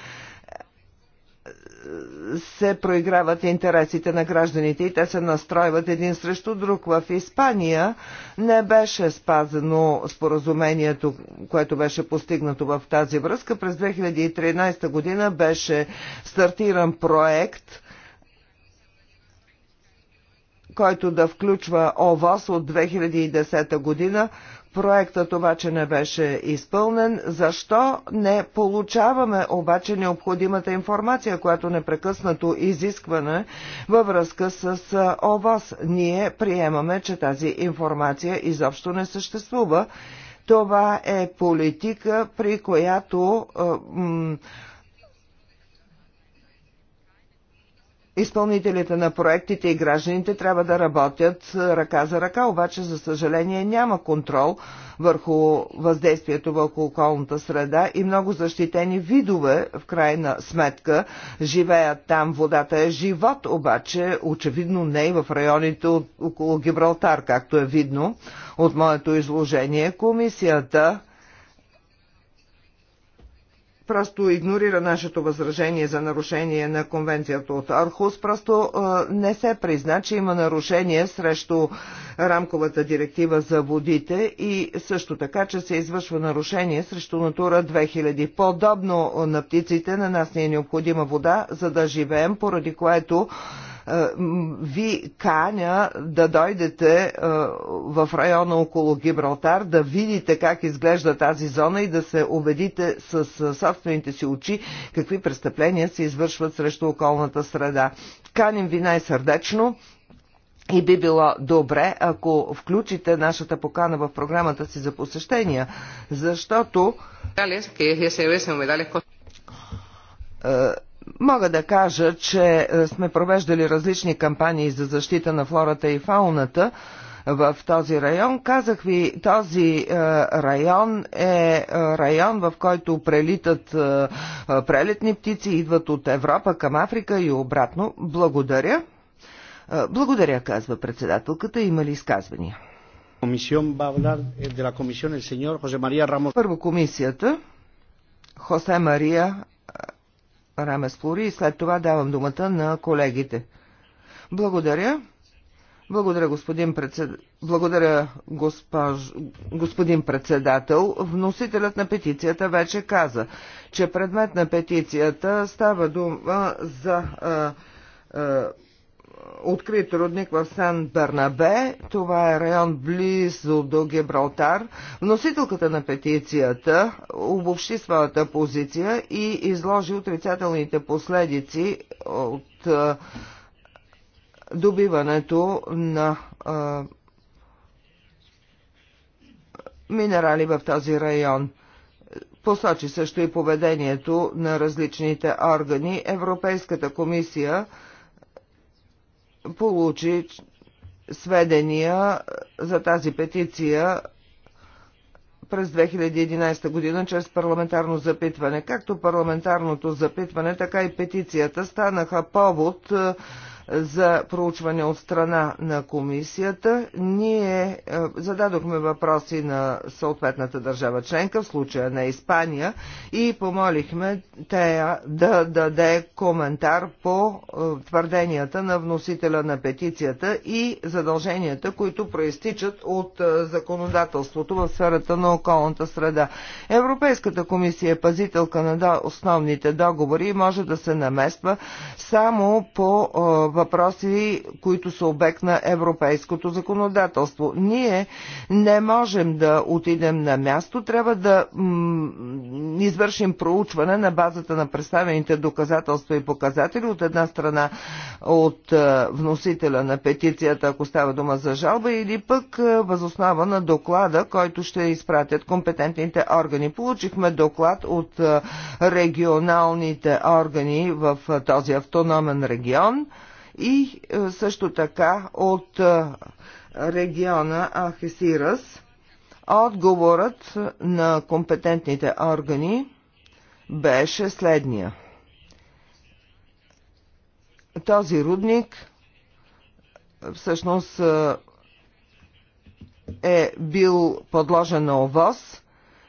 се проиграват интересите на гражданите и те се настройват един срещу друг. В Испания не беше спазено споразумението, което беше постигнато в тази връзка. През 2013 година беше стартиран проект – който да включва ОВОС от 2010 година, Проектът обаче не беше изпълнен. Защо не получаваме обаче необходимата информация, която непрекъснато изискване във връзка с ОВАС? Ние приемаме, че тази информация изобщо не съществува. Това е политика, при която изпълнителите на проектите и гражданите трябва да работят ръка за ръка, обаче за съжаление няма контрол върху въздействието върху околната среда и много защитени видове в крайна сметка живеят там. Водата е живот, обаче очевидно не и в районите около Гибралтар, както е видно от моето изложение. Комисията просто игнорира нашето възражение за нарушение на конвенцията от Орхус, просто а, не се призна, че има нарушение срещу рамковата директива за водите и също така, че се извършва нарушение срещу Натура 2000. Подобно на птиците, на нас не е необходима вода, за да живеем, поради което е, ви каня да дойдете е, в района около Гибралтар, да видите как изглежда тази зона и да се убедите с собствените си очи какви престъпления се извършват срещу околната среда. Каним ви най-сърдечно. И би било добре, ако включите нашата покана в програмата си за посещения, защото Мога да кажа, че е, сме провеждали различни кампании за защита на флората и фауната в този район. Казах ви, този е, район е, е район, в който прелитат прелетни птици, идват от Европа към Африка и обратно. Благодаря. Благодаря, казва председателката. Има ли изказвания? Първо комисията. Хосе Мария Рамес Флори и след това давам думата на колегите. Благодаря. Благодаря, господин председател. Благодаря, госпож... господин председател. Вносителят на петицията вече каза, че предмет на петицията става дума за а, а, открит родник в Сан Бернабе. Това е район близо до Гибралтар. Носителката на петицията обобщи своята позиция и изложи отрицателните последици от добиването на минерали в този район. Посочи също и поведението на различните органи. Европейската комисия получи сведения за тази петиция през 2011 година чрез парламентарно запитване. Както парламентарното запитване, така и петицията станаха повод за проучване от страна на комисията. Ние е, зададохме въпроси на съответната държава членка, в случая на Испания, и помолихме тея да даде коментар по е, твърденията на вносителя на петицията и задълженията, които проистичат от е, законодателството в сферата на околната среда. Европейската комисия е пазителка на основните договори и може да се намества само по въпроси, които са обект на европейското законодателство. Ние не можем да отидем на място, трябва да извършим проучване на базата на представените доказателства и показатели от една страна от е, вносителя на петицията, ако става дума за жалба, или пък е, възоснова на доклада, който ще изпратят компетентните органи. Получихме доклад от е, регионалните органи в този автономен регион – и е, също така от е, региона Ахесирас. Отговорът на компетентните органи беше следния. Този рудник всъщност е, е бил подложен на овоз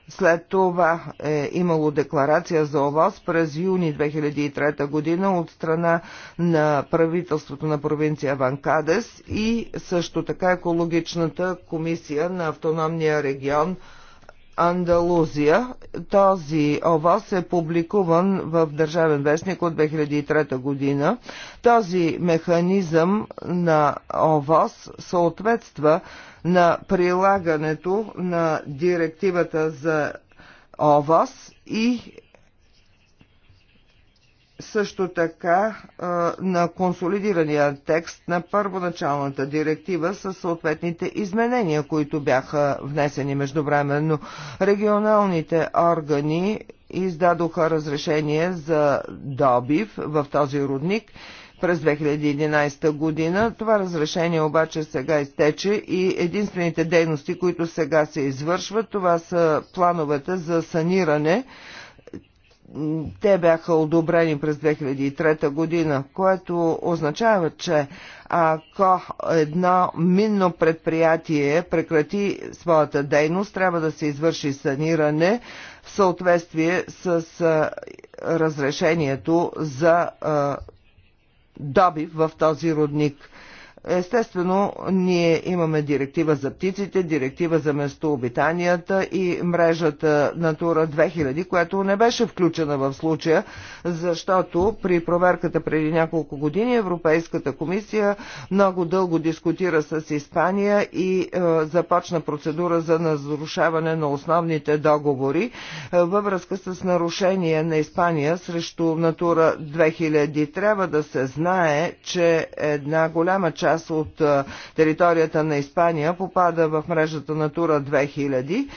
след това е имало декларация за ОВОС през юни 2003 година от страна на правителството на провинция Ванкадес и също така екологичната комисия на автономния регион Андалузия. Този овоз е публикуван в Държавен вестник от 2003 година. Този механизъм на овоз съответства на прилагането на директивата за овоз и също така на консолидирания текст на първоначалната директива с съответните изменения, които бяха внесени междувременно. Регионалните органи издадоха разрешение за добив в този родник през 2011 година. Това разрешение обаче сега изтече и единствените дейности, които сега се извършват, това са плановете за саниране те бяха одобрени през 2003 година, което означава, че ако едно минно предприятие прекрати своята дейност, трябва да се извърши саниране в съответствие с разрешението за добив в този родник. Естествено, ние имаме директива за птиците, директива за местообитанията и мрежата Натура 2000, която не беше включена в случая, защото при проверката преди няколко години Европейската комисия много дълго дискутира с Испания и е, започна процедура за нарушаване на основните договори е, във връзка с нарушение на Испания срещу Натура 2000. Трябва да се знае, че една голяма част част от територията на Испания попада в мрежата Натура 2000.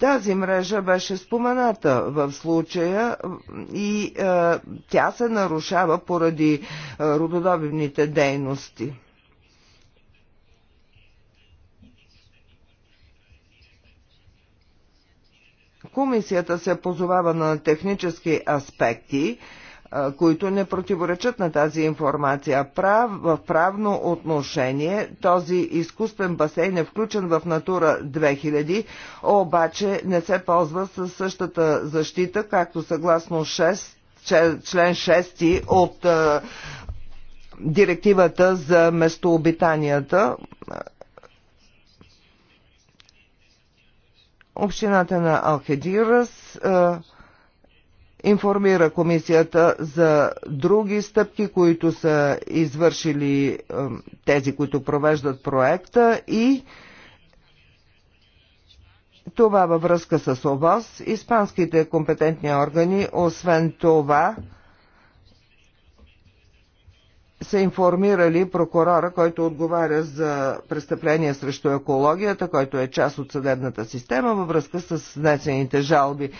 Тази мрежа беше спомената в случая и е, тя се нарушава поради е, рододобивните дейности. Комисията се позовава на технически аспекти, които не противоречат на тази информация. Прав, в правно отношение този изкуствен басейн е включен в Натура 2000, обаче не се ползва със същата защита, както съгласно 6, член 6 от директивата за местообитанията. Общината на Алхедирас информира комисията за други стъпки, които са извършили тези, които провеждат проекта и това във връзка с ОВОС. Испанските компетентни органи, освен това, са информирали прокурора, който отговаря за престъпления срещу екологията, който е част от съдебната система във връзка с внесените жалби.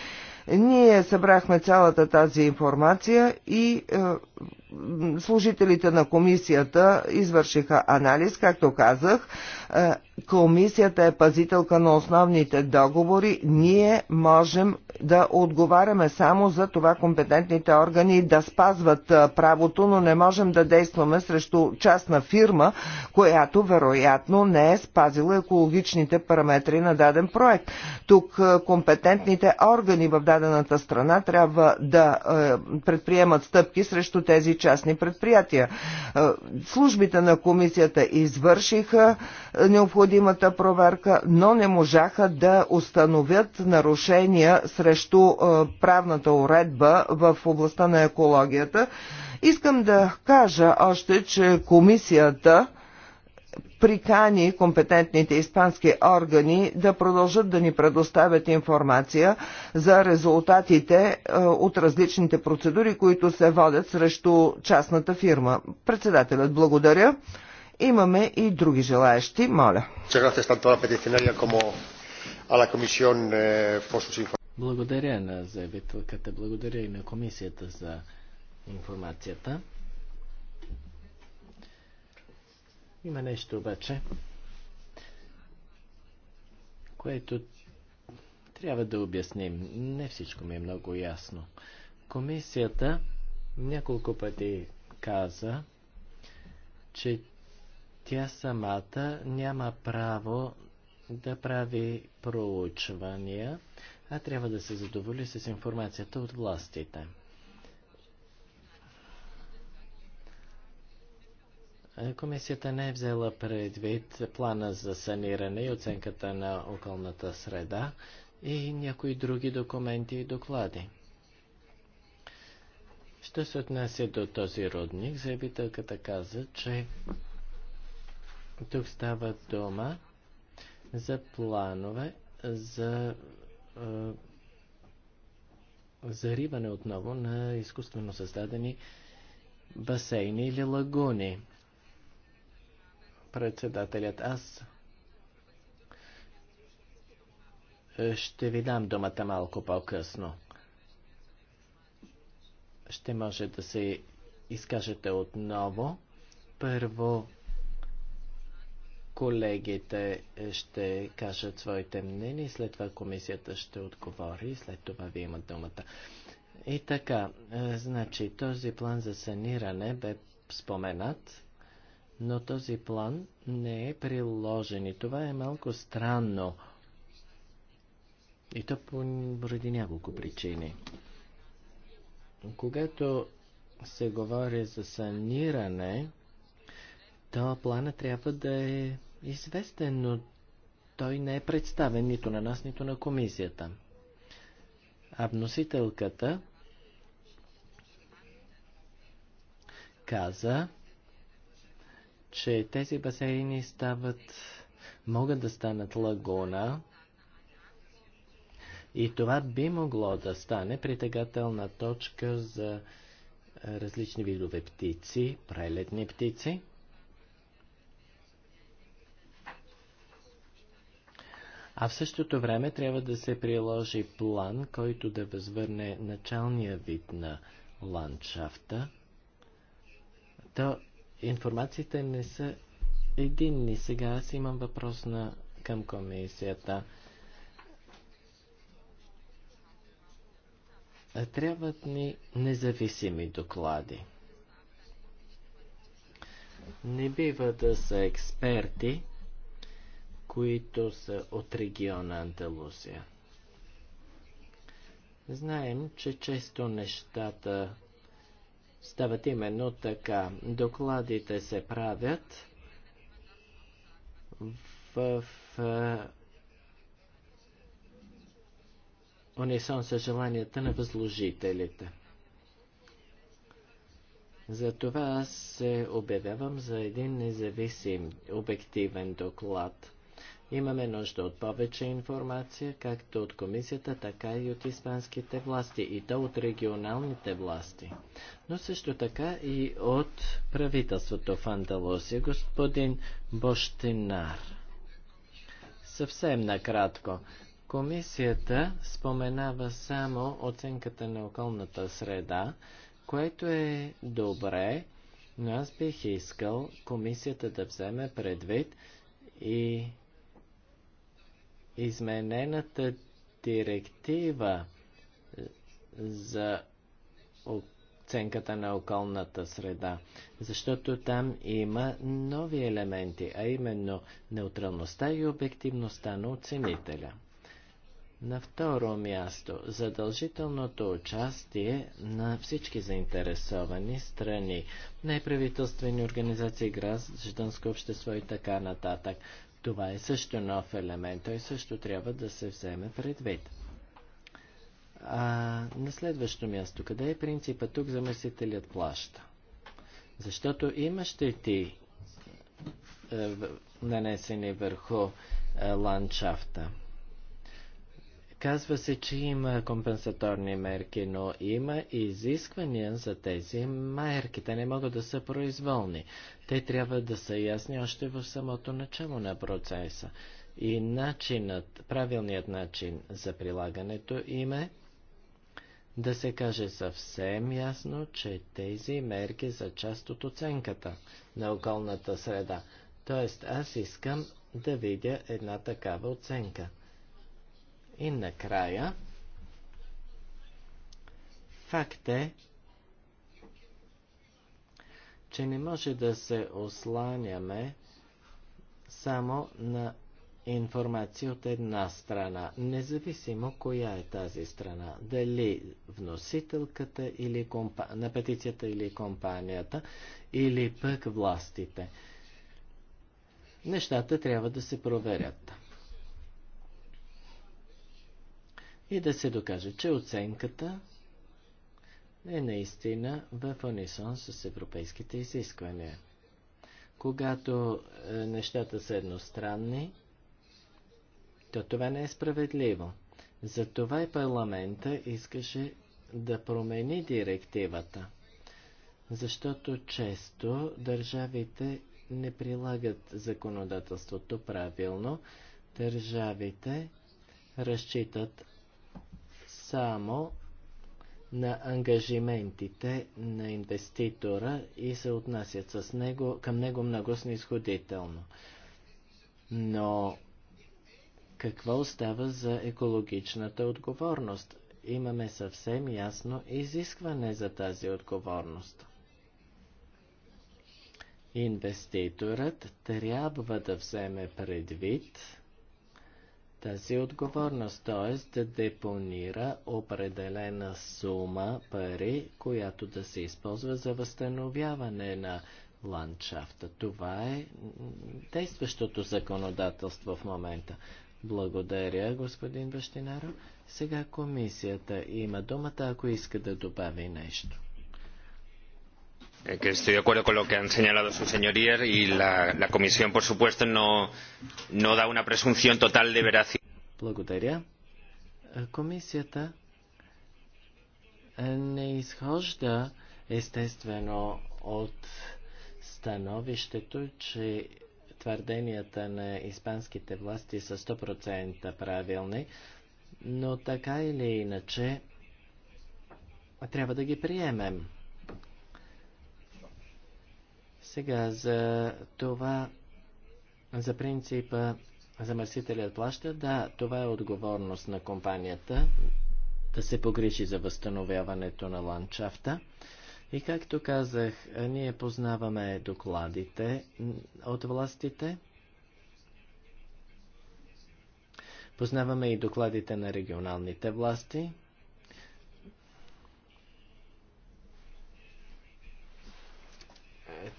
Ние събрахме цялата тази информация и е, служителите на комисията извършиха анализ, както казах. Е, комисията е пазителка на основните договори. Ние можем да отговаряме само за това компетентните органи да спазват е, правото, но не можем да действаме срещу частна фирма, която вероятно не е спазила екологичните параметри на даден проект. Тук е, компетентните органи в дадената страна трябва да предприемат стъпки срещу тези частни предприятия. Е, службите на комисията извършиха е, необходимата проверка, но не можаха да установят нарушения срещу е, правната уредба в областта на екологията. Искам да кажа още, че комисията прикани компетентните испански органи да продължат да ни предоставят информация за резултатите е, от различните процедури, които се водят срещу частната фирма. Председателят благодаря. Имаме и други желаящи. Моля. Eh, благодаря на заявителката, благодаря и на комисията за информацията. Има нещо обаче, което трябва да обясним. Не всичко ми е много ясно. Комисията няколко пъти каза, че тя самата няма право да прави проучвания, а трябва да се задоволи с информацията от властите. Е, комисията не е взела предвид плана за саниране и оценката на околната среда и някои други документи и доклади. Що се отнася до този родник, заявителката каза, че тук става дума за планове за е, зариване отново на изкуствено създадени басейни или лагуни. Председателят, аз е, ще ви дам думата малко по-късно. Ще може да се изкажете отново. Първо, колегите е, ще кажат своите мнения, след това комисията ще отговори, след това ви имат думата. И така, е, значи този план за саниране бе споменат но този план не е приложен и това е малко странно. И то поради няколко причини. Когато се говори за саниране, то плана трябва да е известен, но той не е представен нито на нас, нито на комисията. А вносителката каза, че тези басейни стават, могат да станат лагуна и това би могло да стане притегателна точка за различни видове птици, прелетни птици. А в същото време трябва да се приложи план, който да възвърне началния вид на ландшафта. То информациите не са единни. Сега аз имам въпрос на, към комисията. Трябват ни независими доклади. Не бива да са експерти, които са от региона Андалусия. Знаем, че често нещата стават именно така. Докладите се правят в, в е, унисон са желанията на възложителите. Затова аз се обявявам за един независим, обективен доклад – Имаме нужда от повече информация, както от комисията, така и от испанските власти, и то от регионалните власти, но също така и от правителството в Андалусия, господин Бощинар. Съвсем накратко, комисията споменава само оценката на околната среда, което е добре, но аз бих искал комисията да вземе предвид и изменената директива за оценката на околната среда, защото там има нови елементи, а именно неутралността и обективността на оценителя. На второ място, задължителното участие на всички заинтересовани страни, неправителствени организации, гражданско общество и така нататък. Това е също нов елемент. Той също трябва да се вземе предвид. А, на следващо място, къде е принципа тук замесителят плаща? Защото има щети е, нанесени върху е, ландшафта. Казва се, че има компенсаторни мерки, но има изисквания за тези мерки. Те не могат да са произволни. Те трябва да са ясни още в самото начало на процеса. И начинът, правилният начин за прилагането им е да се каже съвсем ясно, че тези мерки са част от оценката на околната среда. Тоест аз искам да видя една такава оценка – и накрая, факт е, че не може да се осланяме само на информация от една страна, независимо коя е тази страна, дали вносителката или компа... на петицията или компанията, или пък властите. Нещата трябва да се проверят. и да се докаже, че оценката е наистина в унисон с европейските изисквания. Когато е, нещата са едностранни, то това не е справедливо. Затова и парламента искаше да промени директивата, защото често държавите не прилагат законодателството правилно, държавите разчитат само на ангажиментите на инвеститора и се отнасят с него, към него много снисходително. Но какво остава за екологичната отговорност? Имаме съвсем ясно изискване за тази отговорност. Инвеститорът трябва да вземе предвид тази отговорност, т.е. да депонира определена сума пари, която да се използва за възстановяване на ландшафта. Това е действащото законодателство в момента. Благодаря, господин Бащинаро. Сега комисията има думата, ако иска да добави нещо. Е, que estoy de acuerdo con lo que han señalado sus señorías y la, la Comisión, por supuesto, no, no da una presunción total de veracidad. Благодаря. Комисията е, не изхожда естествено от становището, че твърденията на испанските власти са 100% правилни, но така или иначе трябва да ги приемем. Сега за това, за принципа замърсителят плаща, да, това е отговорност на компанията да се погрижи за възстановяването на ландшафта. И както казах, ние познаваме докладите от властите. Познаваме и докладите на регионалните власти.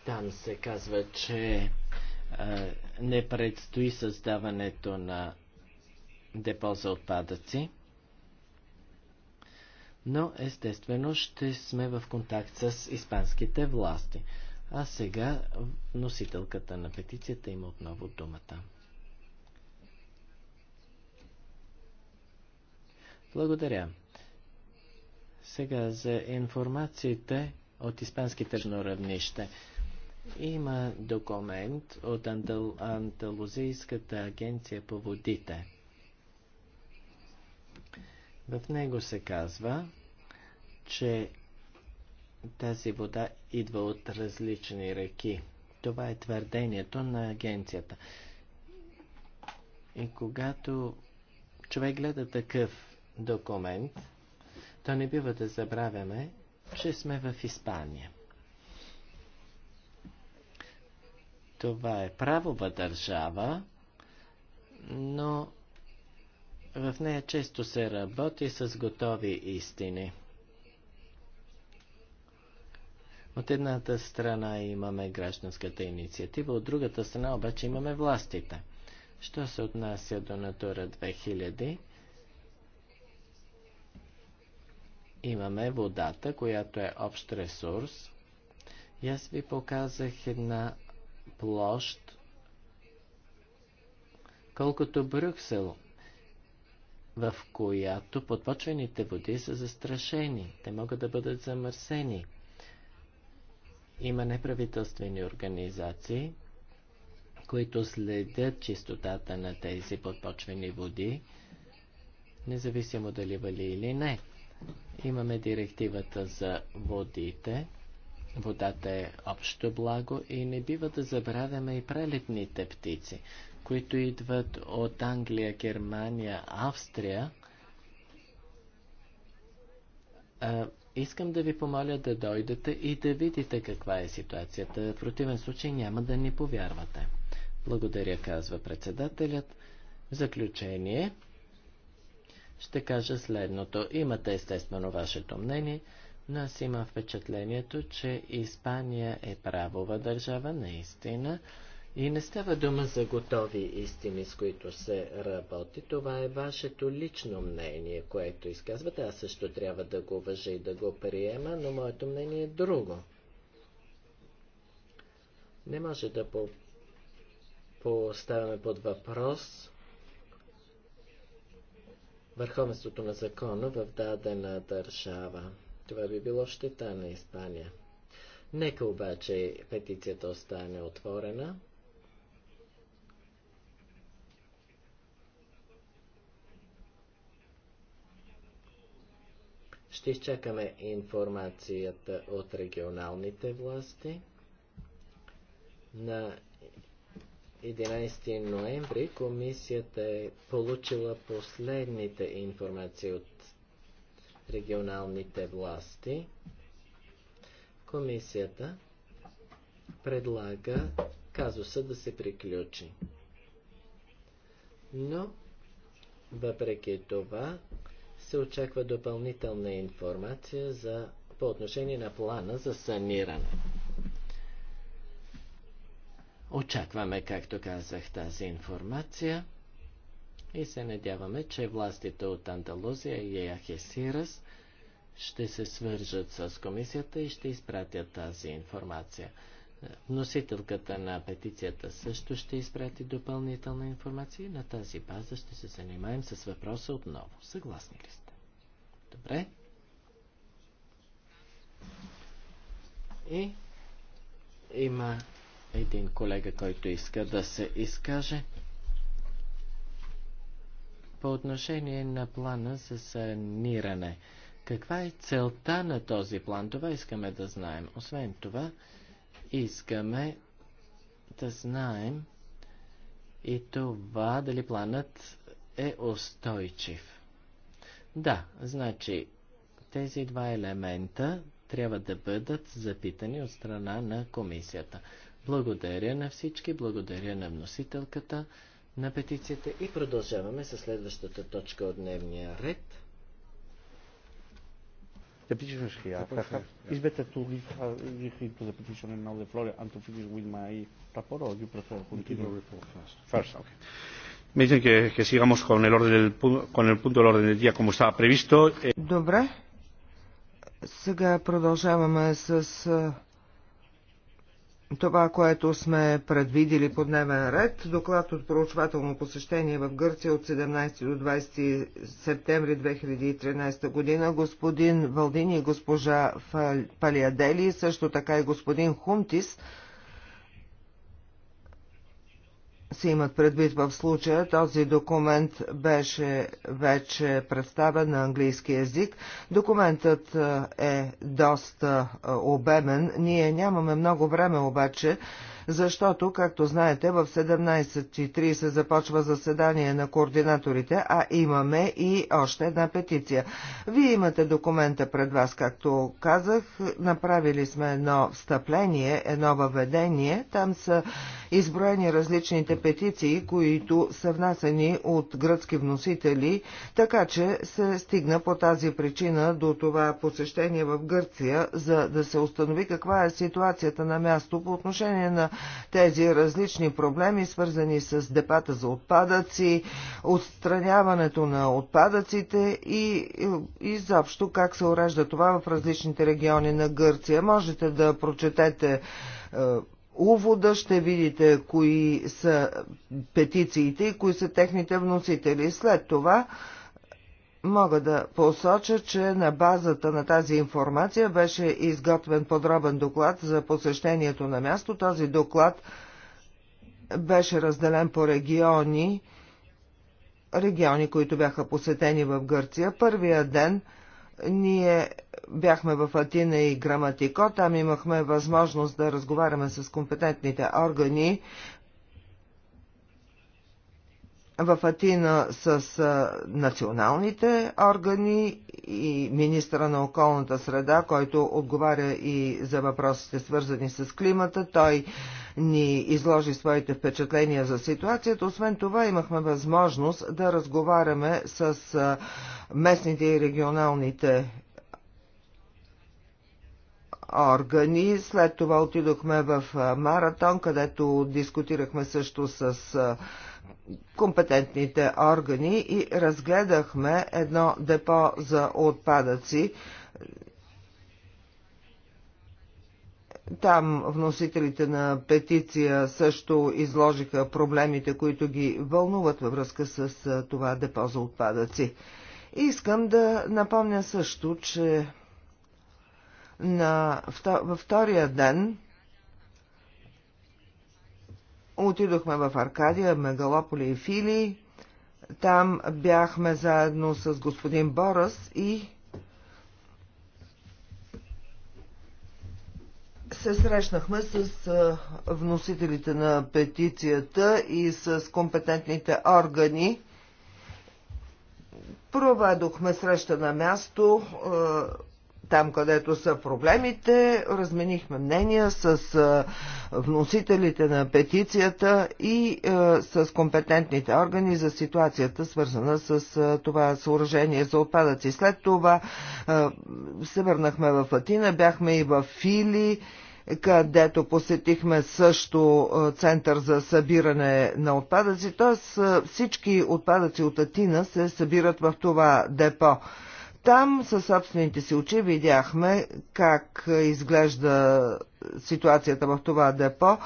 Там се казва, че не предстои създаването на депо за отпадъци, но естествено ще сме в контакт с испанските власти. А сега носителката на петицията има отново думата. Благодаря. Сега за информациите от испанските равнище. Има документ от Андал... Андалузийската агенция по водите. В него се казва, че тази вода идва от различни реки. Това е твърдението на агенцията. И когато човек гледа такъв документ, то не бива да забравяме, че сме в Испания. Това е правова държава, но в нея често се работи с готови истини. От едната страна имаме гражданската инициатива, от другата страна обаче имаме властите. Що се отнася до Натура 2000? Имаме водата, която е общ ресурс. И аз ви показах една площ, колкото Брюксел, в която подпочвените води са застрашени. Те могат да бъдат замърсени. Има неправителствени организации, които следят чистотата на тези подпочвени води, независимо дали вали или не. Имаме директивата за водите – Водата е общо благо и не бива да забравяме и прелетните птици, които идват от Англия, Германия, Австрия. А, искам да ви помоля да дойдете и да видите каква е ситуацията. В противен случай няма да ни повярвате. Благодаря, казва председателят. В заключение ще кажа следното. Имате естествено вашето мнение но аз имам впечатлението, че Испания е правова държава, наистина, и не става дума за готови истини, с които се работи. Това е вашето лично мнение, което изказвате. Аз също трябва да го уважа и да го приема, но моето мнение е друго. Не може да по поставяме под въпрос върховенството на закона в дадена държава. Това би било щета на Испания. Нека обаче петицията остане отворена. Ще изчакаме информацията от регионалните власти. На 11 ноември комисията е получила последните информации от регионалните власти. Комисията предлага казуса да се приключи. Но, въпреки това, се очаква допълнителна информация за, по отношение на плана за саниране. Очакваме, както казах, тази информация и се надяваме, че властите от Андалузия и Ахесирас ще се свържат с комисията и ще изпратят тази информация. Носителката на петицията също ще изпрати допълнителна информация и на тази база ще се занимаем с въпроса отново. Съгласни ли сте? Добре. И има един колега, който иска да се изкаже по отношение на плана за саниране. Каква е целта на този план? Това искаме да знаем. Освен това, искаме да знаем и това дали планът е устойчив. Да, значи тези два елемента трябва да бъдат запитани от страна на комисията. Благодаря на всички, благодаря на вносителката на петицията и продължаваме с следващата точка от дневния ред. The petition is here. Perhaps it's better to leave, uh, leave it to the petition and now the floor and to finish with my report, or you prefer continue? report first. First, okay. Me dicen que, que sigamos con el, orden del, con el punto del orden del día como estaba previsto. Добре. Сега продължаваме с това, което сме предвидили по дневен ред. Доклад от проучвателно посещение в Гърция от 17 до 20 септември 2013 година. Господин Валдини и госпожа Палиадели, също така и господин Хунтис – се имат предвид в случая. Този документ беше вече представен на английски язик. Документът е, е доста е, обемен. Ние нямаме много време обаче защото, както знаете, в 17.30 започва заседание на координаторите, а имаме и още една петиция. Вие имате документа пред вас, както казах. Направили сме едно встъпление, едно въведение. Там са изброени различните петиции, които са внасени от гръцки вносители, така че се стигна по тази причина до това посещение в Гърция, за да се установи каква е ситуацията на място по отношение на тези различни проблеми, свързани с депата за отпадъци, отстраняването на отпадъците и изобщо как се урежда това в различните региони на Гърция. Можете да прочетете е, увода ще видите кои са петициите и кои са техните вносители. След това Мога да посоча, че на базата на тази информация беше изготвен подробен доклад за посещението на място. Този доклад беше разделен по региони, региони, които бяха посетени в Гърция. Първия ден ние бяхме в Атина и Граматико, там имахме възможност да разговаряме с компетентните органи в Атина с националните органи и министра на околната среда, който отговаря и за въпросите свързани с климата. Той ни изложи своите впечатления за ситуацията. Освен това имахме възможност да разговаряме с местните и регионалните органи. След това отидохме в Маратон, където дискутирахме също с компетентните органи и разгледахме едно депо за отпадъци. Там вносителите на петиция също изложиха проблемите, които ги вълнуват във връзка с това депо за отпадъци. Искам да напомня също, че на, във втория ден Отидохме в Аркадия, Мегалополи и Фили. Там бяхме заедно с господин Борас и се срещнахме с вносителите на петицията и с компетентните органи. Проведохме среща на място там, където са проблемите. Разменихме мнения с вносителите на петицията и с компетентните органи за ситуацията, свързана с това съоръжение за отпадъци. След това се върнахме в Атина, бяхме и в Фили където посетихме също център за събиране на отпадъци, т.е. всички отпадъци от Атина се събират в това депо. Там със собствените си очи видяхме как изглежда ситуацията в това депо.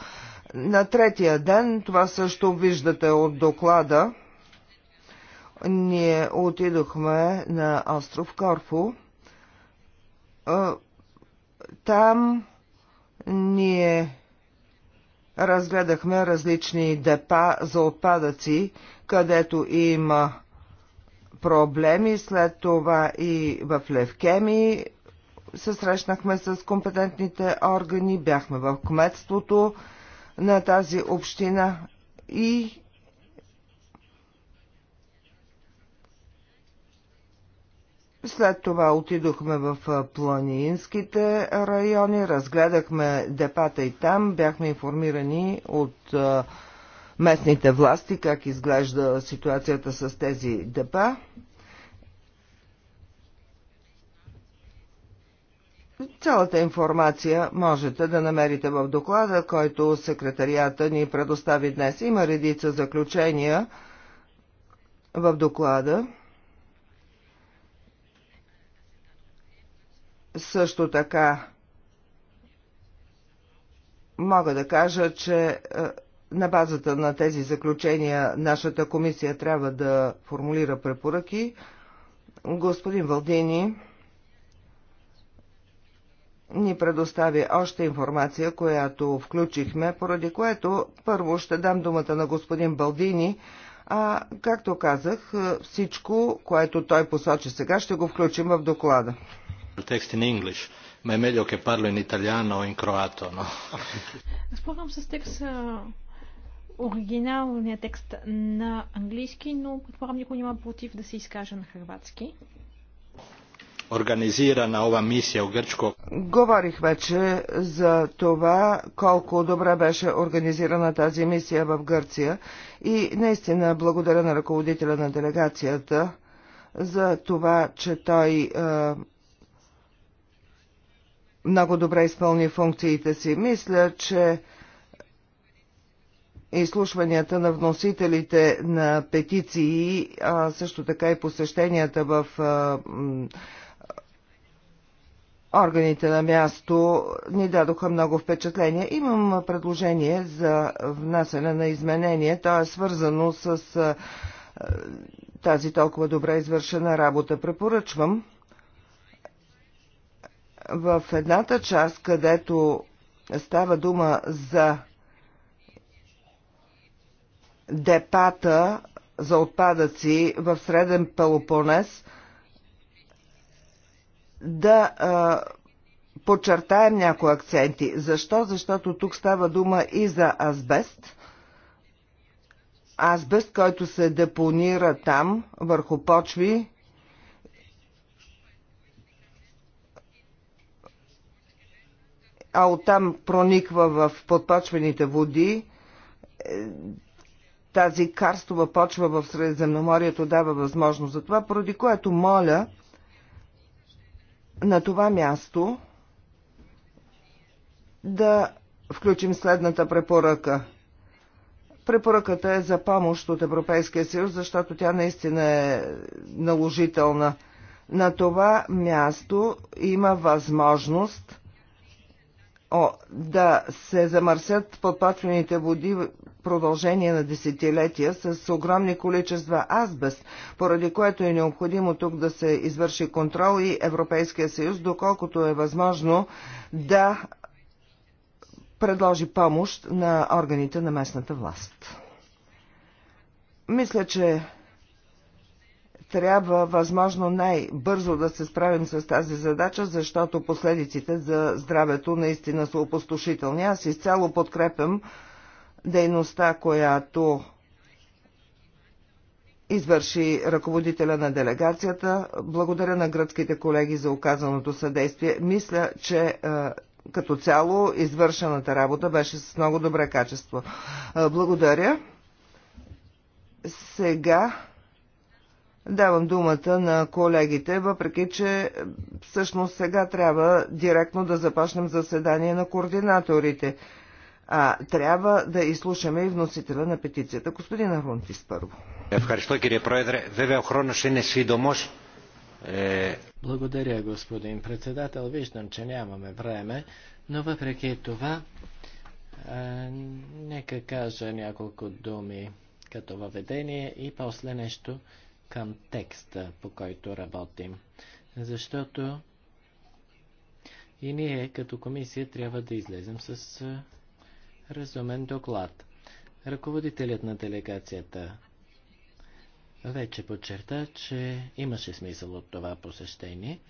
На третия ден, това също виждате от доклада, ние отидохме на остров Корфу. Там ние разгледахме различни депа за отпадъци, където има проблеми, след това и в Левкеми се срещнахме с компетентните органи, бяхме в кметството на тази община и След това отидохме в планинските райони, разгледахме депата и там, бяхме информирани от местните власти, как изглежда ситуацията с тези депа. Цялата информация можете да намерите в доклада, който секретарията ни предостави днес. Има редица заключения в доклада. Също така мога да кажа, че е, на базата на тези заключения нашата комисия трябва да формулира препоръки. Господин Валдини ни предостави още информация, която включихме, поради което първо ще дам думата на господин Балдини, а както казах, всичко, което той посочи сега, ще го включим в доклада. Текст in English. Ma è meglio che parlo in italiano o in croato, no? Спомням с текста оригиналния текст на английски, но предполагам никой няма против да се изкаже на хрватски. Организирана ова мисия в Грчко. Говорих вече за това колко добре беше организирана тази мисия в Гърция и наистина благодаря на ръководителя на делегацията за това, че той е, много добре изпълни функциите си. Мисля, че изслушванията на вносителите на петиции, а също така и посещенията в органите на място ни дадоха много впечатление. Имам предложение за внасяне на изменение. То е свързано с тази толкова добре извършена работа. Препоръчвам в едната част, където става дума за депата за отпадъци в Среден Пелопонес да а, подчертаем някои акценти. Защо? Защото тук става дума и за азбест. Азбест, който се депонира там, върху почви, а оттам прониква в подпочвените води тази карстова почва в Средиземноморието дава възможност за това, поради което моля на това място да включим следната препоръка. Препоръката е за помощ от Европейския съюз, защото тя наистина е наложителна. На това място има възможност о, да се замърсят подпочвените води в продължение на десетилетия с огромни количества азбест, поради което е необходимо тук да се извърши контрол и Европейския съюз, доколкото е възможно да предложи помощ на органите на местната власт. Мисля, че трябва възможно най-бързо да се справим с тази задача, защото последиците за здравето наистина са опустошителни. Аз изцяло подкрепям дейността, която извърши ръководителя на делегацията. Благодаря на гръцките колеги за оказаното съдействие. Мисля, че е, като цяло извършената работа беше с много добре качество. Е, благодаря. Сега Давам думата на колегите, въпреки че е, всъщност сега трябва директно да започнем заседание на координаторите. А, трябва да изслушаме и вносителя на петицията. Господин Арунтис първо. Благодаря, господин председател. Виждам, че нямаме време, но въпреки това, е, нека кажа няколко думи като въведение и после нещо към текста, по който работим. Защото и ние като комисия трябва да излезем с разумен доклад. Ръководителят на делегацията вече подчерта, че имаше смисъл от това посещение,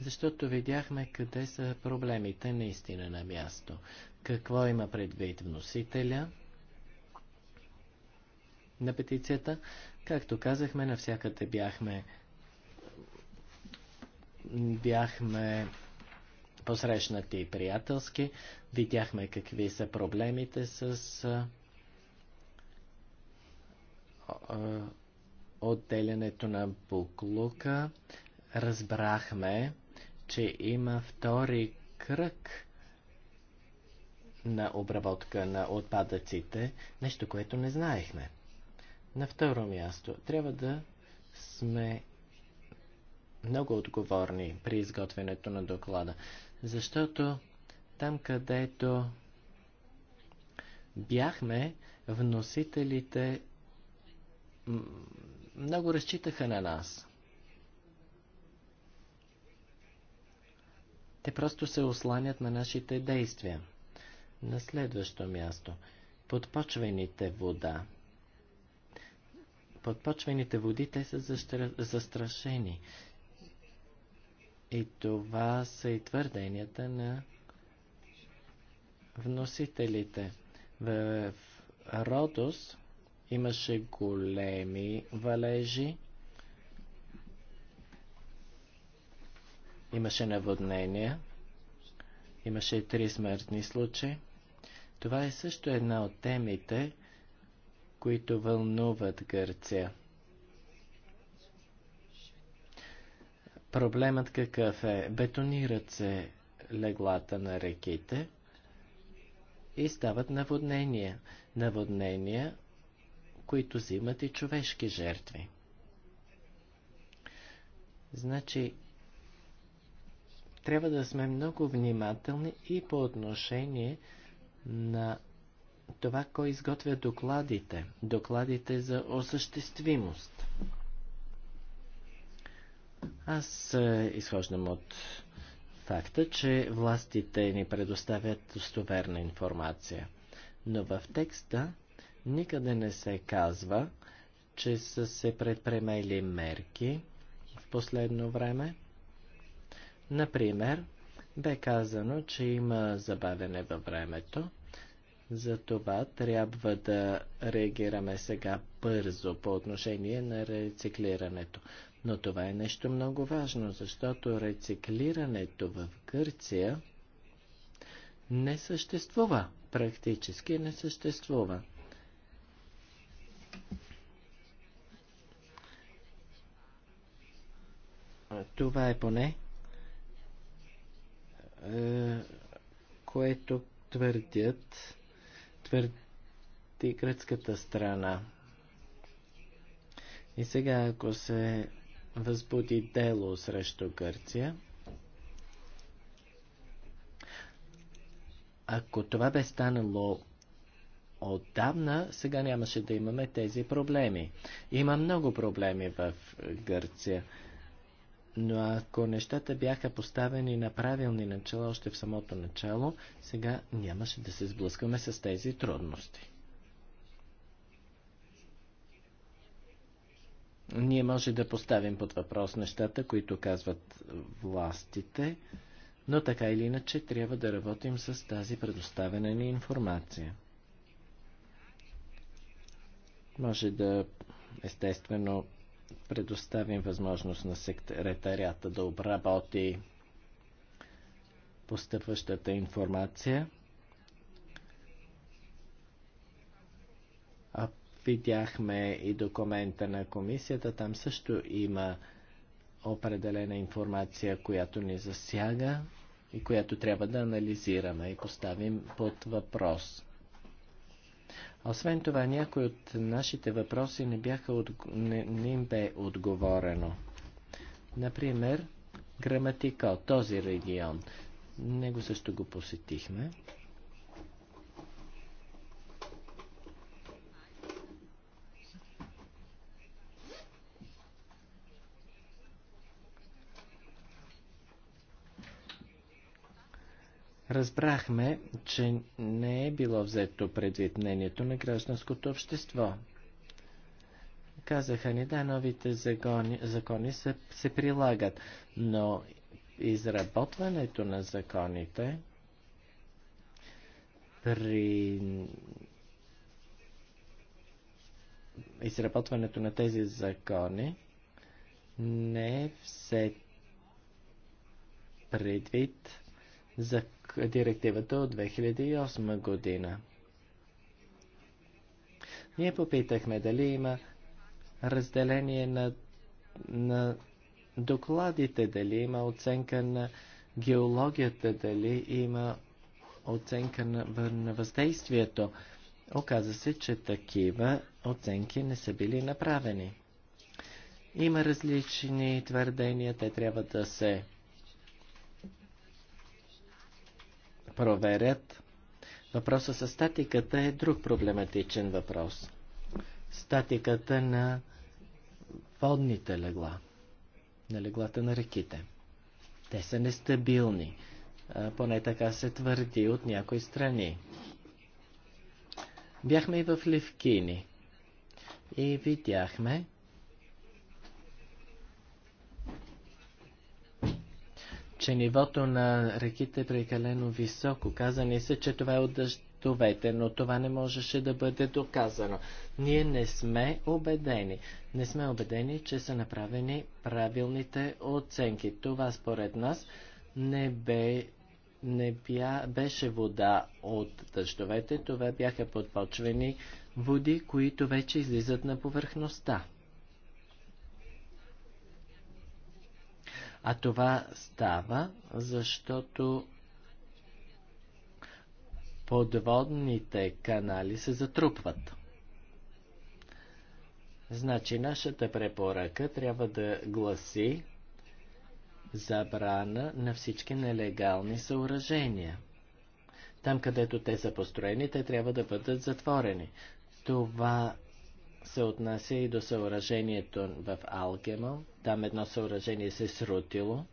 защото видяхме къде са проблемите наистина на място. Какво има предвид вносителя на петицията, Както казахме, навсякъде бяхме бяхме посрещнати и приятелски, видяхме какви са проблемите с отделянето на буклука, разбрахме, че има втори кръг на обработка на отпадъците, нещо, което не знаехме. На второ място, трябва да сме много отговорни при изготвянето на доклада, защото там, където бяхме, вносителите много разчитаха на нас. Те просто се осланят на нашите действия. На следващо място – подпочвените вода – подпочвените води, те са застрашени. И това са и твърденията на вносителите. В Родос имаше големи валежи, имаше наводнения, имаше три смъртни случаи. Това е също една от темите, които вълнуват Гърция. Проблемът какъв е? Бетонират се леглата на реките и стават наводнения. Наводнения, които взимат и човешки жертви. Значи, трябва да сме много внимателни и по отношение на това, кой изготвя докладите, докладите за осъществимост. Аз е, изхождам от факта, че властите ни предоставят достоверна информация. Но в текста никъде не се казва, че са се предпремели мерки в последно време. Например, бе казано, че има забавене във времето, за това трябва да реагираме сега бързо по отношение на рециклирането. Но това е нещо много важно, защото рециклирането в Гърция не съществува. Практически не съществува. Това е поне, е, което твърдят твърди гръцката страна. И сега, ако се възбуди дело срещу Гърция, ако това бе станало отдавна, сега нямаше да имаме тези проблеми. Има много проблеми в Гърция. Но ако нещата бяха поставени на правилни начала още в самото начало, сега нямаше да се сблъскаме с тези трудности. Ние може да поставим под въпрос нещата, които казват властите, но така или иначе трябва да работим с тази предоставена ни информация. Може да, естествено, предоставим възможност на секретарията да обработи постъпващата информация. А видяхме и документа на комисията. Там също има определена информация, която ни засяга и която трябва да анализираме и поставим под въпрос. Освен това, някои от нашите въпроси не, бяха от... не, не им бе отговорено. Например, граматика от този регион. Него също го посетихме. разбрахме, че не е било взето предвид мнението на гражданското общество. Казаха ни, да, новите закони, закони се, се прилагат, но изработването на законите при изработването на тези закони не е все предвид за директивата от 2008 година. Ние попитахме дали има разделение на, на докладите, дали има оценка на геологията, дали има оценка на, на въздействието. Оказа се, че такива оценки не са били направени. Има различни твърдения, те трябва да се проверят. Въпросът с статиката е друг проблематичен въпрос. Статиката на водните легла, на леглата на реките. Те са нестабилни, поне така се твърди от някои страни. Бяхме и в Левкини и видяхме, че нивото на реките е прекалено високо. Казани се, че това е от дъждовете, но това не можеше да бъде доказано. Ние не сме убедени. Не сме убедени, че са направени правилните оценки. Това според нас не бе не бя, беше вода от дъждовете, това бяха подпочвени води, които вече излизат на повърхността. А това става, защото подводните канали се затрупват. Значи нашата препоръка трябва да гласи забрана на всички нелегални съоръжения. Там, където те са построени, те трябва да бъдат затворени. Това се отнася и до съоръжението в Алгемон, там едно съоръжение се е срутило.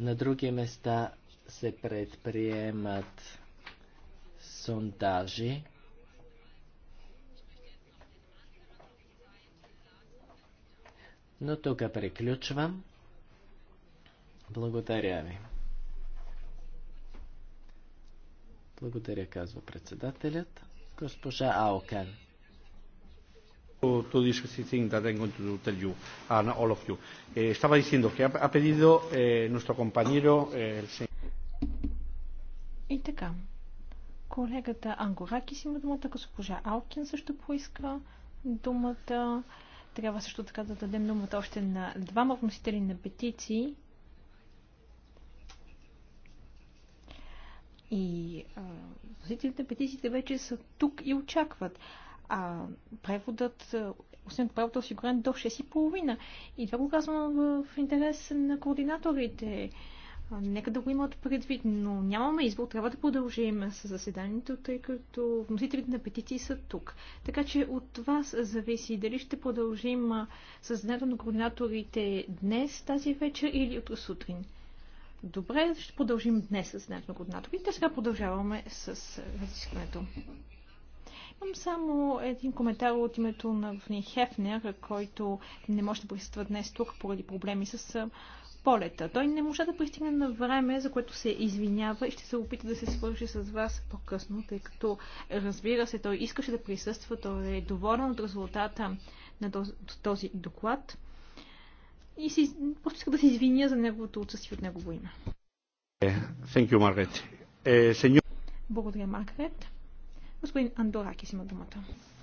На други места се предприемат сондажи. Но тук приключвам. Благодаря ви. Благодаря, казва председателят. Госпожа Аукен two interesting things that I'm going to tell you and all of you. Eh, estaba diciendo que ha, ha pedido eh, nuestro compañero eh, el señor. И така. Колегата Ангоракис има думата, госпожа Алкин също поиска думата. Трябва също така да дадем думата още на двама вносители на петиции. И а, вносителите на петициите вече са тук и очакват а преводът, освен правото е осигурен до 6,5. И това го казвам в интерес на координаторите. Нека да го имат предвид, но нямаме избор. Трябва да продължим с заседанието, тъй като вносителите на петиции са тук. Така че от вас зависи дали ще продължим заседанието на координаторите днес, тази вечер или утре сутрин. Добре, ще продължим днес с заседанието на координаторите. Сега продължаваме с разискването. Имам само един коментар от името на господин Хефнер, който не може да присъства днес тук поради проблеми с полета. Той не може да пристигне на време, за което се извинява и ще се опита да се свържи с вас по-късно, тъй като разбира се, той искаше да присъства, той е доволен от резултата на този доклад и си, просто иска да се извиня за неговото отсъствие от негово име. Е, е, Благодаря, Маргарет. Господин Андоракис има думата.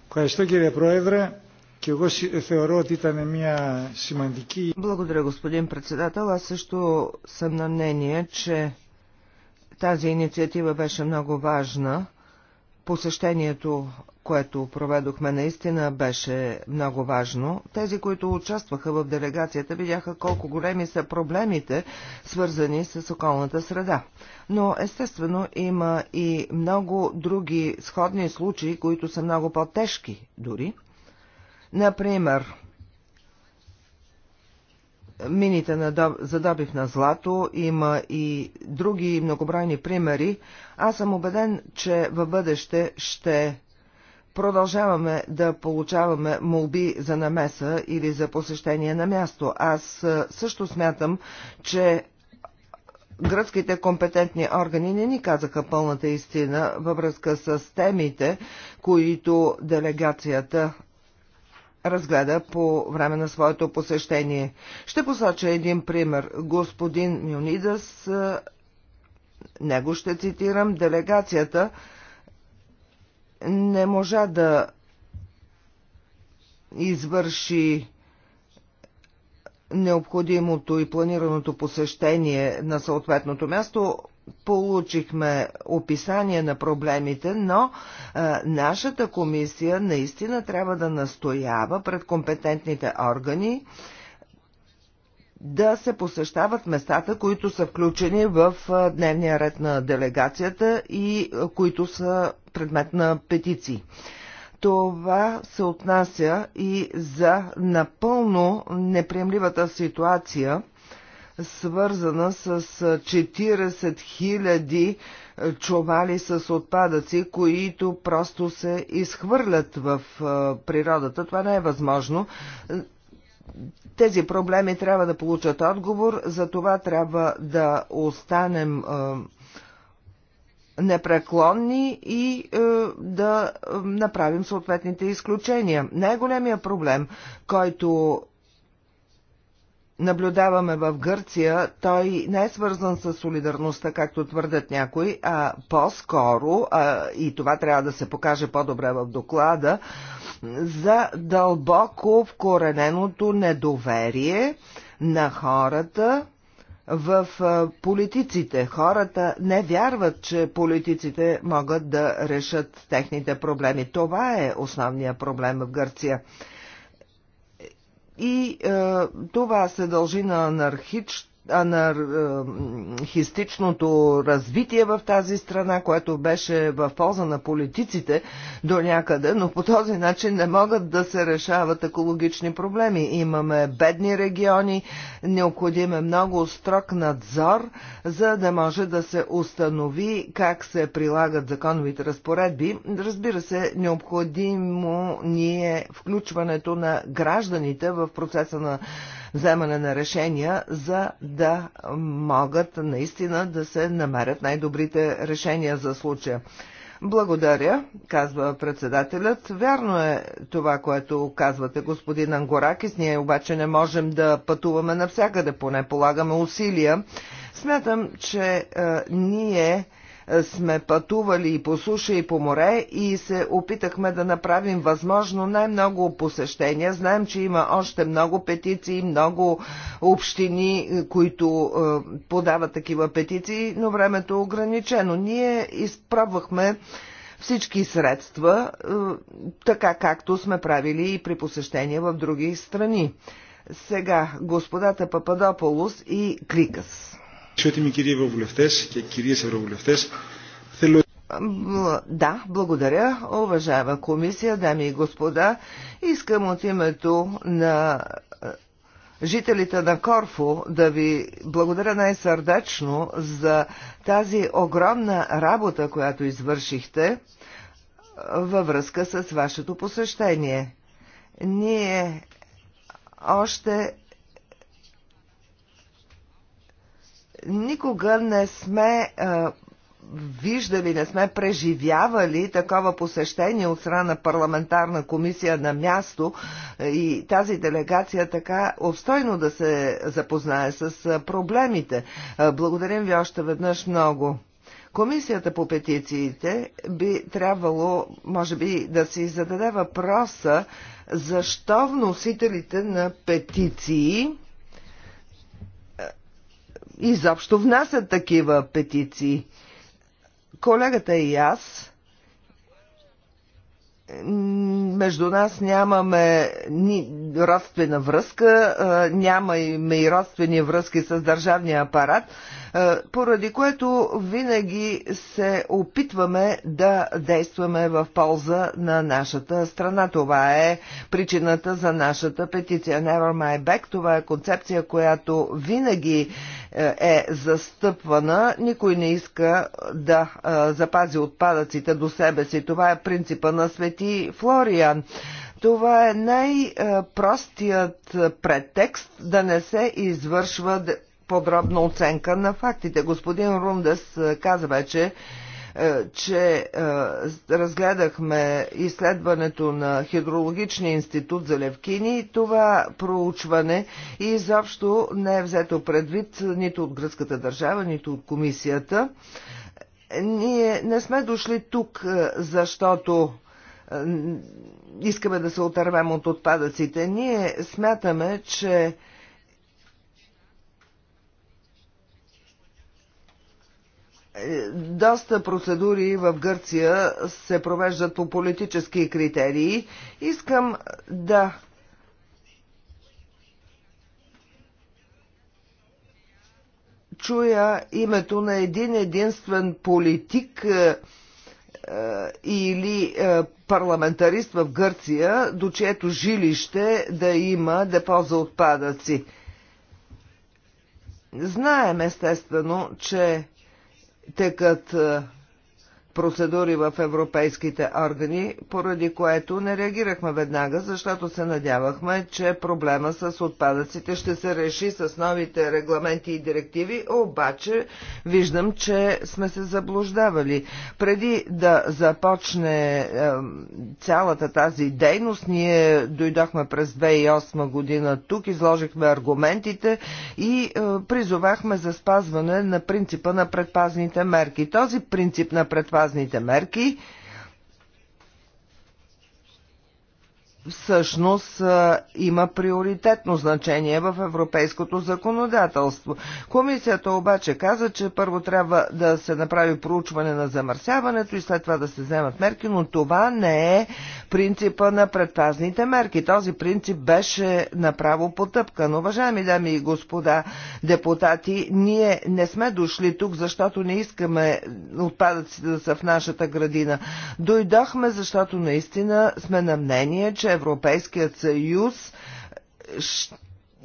Ευχαριστώ κύριε Πρόεδρε. Και εγώ θεωρώ ότι ήταν μια σημαντική... Благодаря, господин председател. Аз също съм на мнение, че тази инициатива беше много важна Посещението, което проведохме наистина беше много важно. Тези, които участваха в делегацията, видяха колко големи са проблемите, свързани с околната среда. Но естествено има и много други сходни случаи, които са много по-тежки дори. Например, мините на доб... за добив на злато, има и други многобройни примери. Аз съм убеден, че във бъдеще ще продължаваме да получаваме молби за намеса или за посещение на място. Аз също смятам, че гръцките компетентни органи не ни казаха пълната истина във връзка с темите, които делегацията разгледа по време на своето посещение. Ще посоча един пример. Господин Мюнидас, него ще цитирам, делегацията не можа да извърши необходимото и планираното посещение на съответното място получихме описание на проблемите, но а, нашата комисия наистина трябва да настоява пред компетентните органи да се посещават местата, които са включени в дневния ред на делегацията и които са предмет на петиции. Това се отнася и за напълно неприемливата ситуация, свързана с 40 000 чували с отпадъци, които просто се изхвърлят в природата. Това не е възможно. Тези проблеми трябва да получат отговор, за това трябва да останем непреклонни и е, да направим съответните изключения. Най-големия проблем, който наблюдаваме в Гърция, той не е свързан с солидарността, както твърдят някои, а по-скоро, и това трябва да се покаже по-добре в доклада, за дълбоко вкорененото недоверие на хората в политиците. Хората не вярват, че политиците могат да решат техните проблеми. Това е основният проблем в Гърция. И е, това се дължи на анархичната анархистичното развитие в тази страна, което беше в полза на политиците до някъде, но по този начин не могат да се решават екологични проблеми. Имаме бедни региони, необходим е много строг надзор, за да може да се установи как се прилагат законовите разпоредби. Разбира се, необходимо ни е включването на гражданите в процеса на вземане на решения, за да могат наистина да се намерят най-добрите решения за случая. Благодаря, казва председателят. Вярно е това, което казвате, господин Ангоракис. Ние обаче не можем да пътуваме навсякъде, поне полагаме усилия. Смятам, че е, ние сме пътували и по суша и по море и се опитахме да направим възможно най-много посещения. Знаем, че има още много петиции, много общини, които е, подават такива петиции, но времето е ограничено. Ние изпробвахме всички средства, е, така както сме правили и при посещения в други страни. Сега господата Пападополус и Кликас. Да, благодаря, уважаема комисия, дами и господа. Искам от името на е, жителите на Корфу да ви благодаря най-сърдечно за тази огромна работа, която извършихте е, във връзка с вашето посещение. Ние още никога не сме а, е, виждали, не сме преживявали такова посещение от страна на парламентарна комисия на място е, и тази делегация така обстойно да се запознае с е, проблемите. Благодарим ви още веднъж много. Комисията по петициите би трябвало, може би, да си зададе въпроса защо вносителите на петиции изобщо внасят такива петиции. Колегата и аз между нас нямаме ни родствена връзка, нямаме и родствени връзки с държавния апарат, поради което винаги се опитваме да действаме в полза на нашата страна. Това е причината за нашата петиция Never My Back. Това е концепция, която винаги е, е застъпвана. Никой не иска да е, запази отпадъците до себе си. Това е принципа на Свети Флориан. Това е най-простият претекст да не се извършва подробна оценка на фактите. Господин Рундес е, каза вече, че. Е, че е, разгледахме изследването на Хидрологичния институт за Левкини. Това проучване и изобщо не е взето предвид нито от гръцката държава, нито от комисията. Ние не сме дошли тук, е, защото искаме да се отървем от отпадъците. Ние смятаме, че Е, доста процедури в Гърция се провеждат по политически критерии. Искам да чуя името на един единствен политик е, е, или парламентарист в Гърция, до чието жилище да има депо за отпадъци. Знаем естествено, че текат е, процедури в европейските органи, поради което не реагирахме веднага, защото се надявахме, че проблема с отпадъците ще се реши с новите регламенти и директиви, обаче виждам, че сме се заблуждавали. Преди да започне е, цялата тази дейност, ние дойдохме през 2008 година тук, изложихме аргументите и е, призовахме за спазване на принципа на предпазните мерки. Този принцип на предпазните предпазните мерки всъщност има приоритетно значение в европейското законодателство. Комисията обаче каза, че първо трябва да се направи проучване на замърсяването и след това да се вземат мерки, но това не е принципа на предпазните мерки. Този принцип беше направо потъпкан. Уважаеми дами и господа депутати, ние не сме дошли тук, защото не искаме отпадъците да са в нашата градина. Дойдохме, защото наистина сме на мнение, че Европейският съюз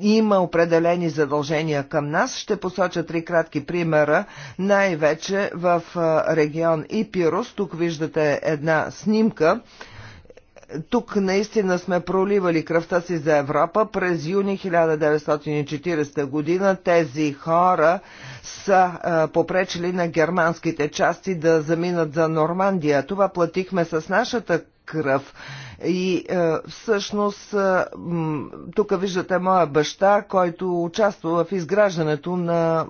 има определени задължения към нас. Ще посоча три кратки примера, най-вече в регион Ипирус. Тук виждате една снимка. Тук наистина сме проливали кръвта си за Европа. През юни 1940 година тези хора са попречили на германските части да заминат за Нормандия. Това платихме с нашата кръв. И е, всъщност е, тук виждате моя баща, който участва в изграждането на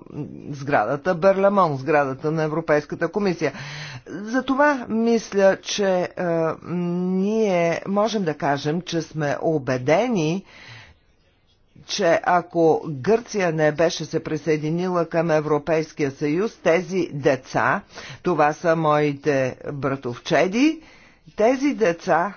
сградата Берлемон, сградата на Европейската комисия. Затова мисля, че е, ние можем да кажем, че сме убедени, че ако Гърция не беше се присъединила към Европейския съюз, тези деца, това са моите братовчеди, тези деца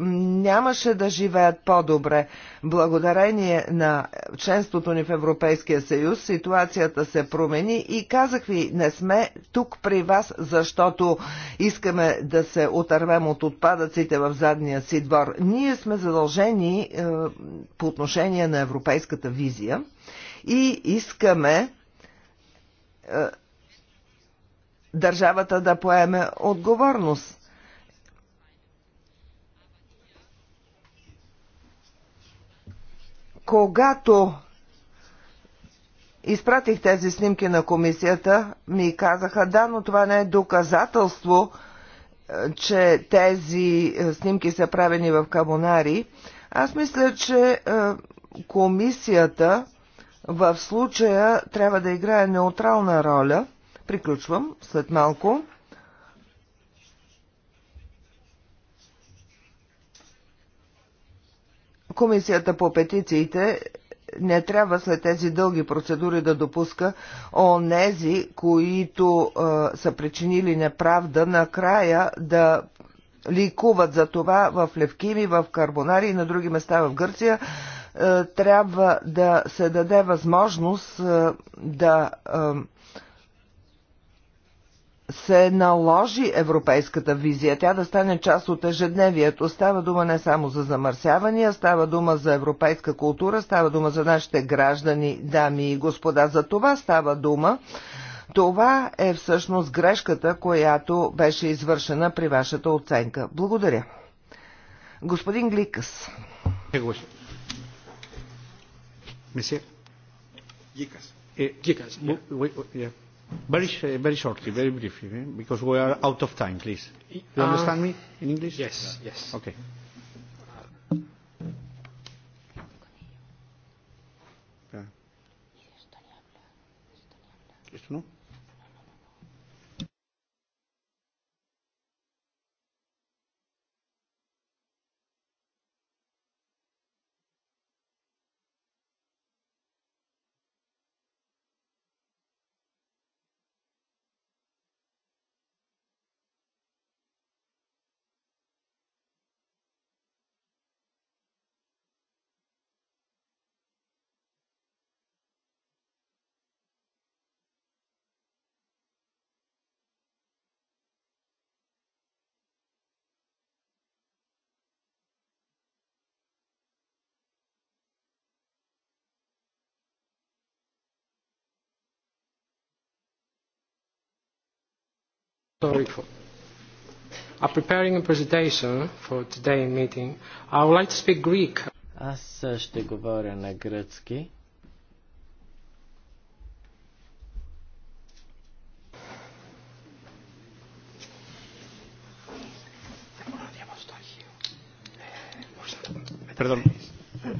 нямаше да живеят по-добре. Благодарение на членството ни в Европейския съюз ситуацията се промени и казах ви, не сме тук при вас, защото искаме да се отървем от отпадъците в задния си двор. Ние сме задължени е, по отношение на европейската визия и искаме е, държавата да поеме отговорност Когато изпратих тези снимки на комисията, ми казаха, да, но това не е доказателство, е, че тези е, снимки са правени в Кабонари. Аз мисля, че е, комисията в случая трябва да играе неутрална роля. Приключвам след малко. Комисията по петициите не трябва след тези дълги процедури да допуска онези, които а, са причинили неправда, накрая да ликуват за това в Левкими, в Карбонари и на други места в Гърция. А, трябва да се даде възможност а, да. А, се наложи европейската визия, тя да стане част от ежедневието. Става дума не само за замърсявания, става дума за европейска култура, става дума за нашите граждани, дами и господа. За това става дума. Това е всъщност грешката, която беше извършена при вашата оценка. Благодаря. Господин Гликас. Е, Месия. Very, very shortly, very briefly, because we are out of time, please. You understand me in English? Yes, yes. Okay. historical. preparing a presentation for today's meeting. I would like to speak Greek. Аз ще говоря на гръцки. Pardon.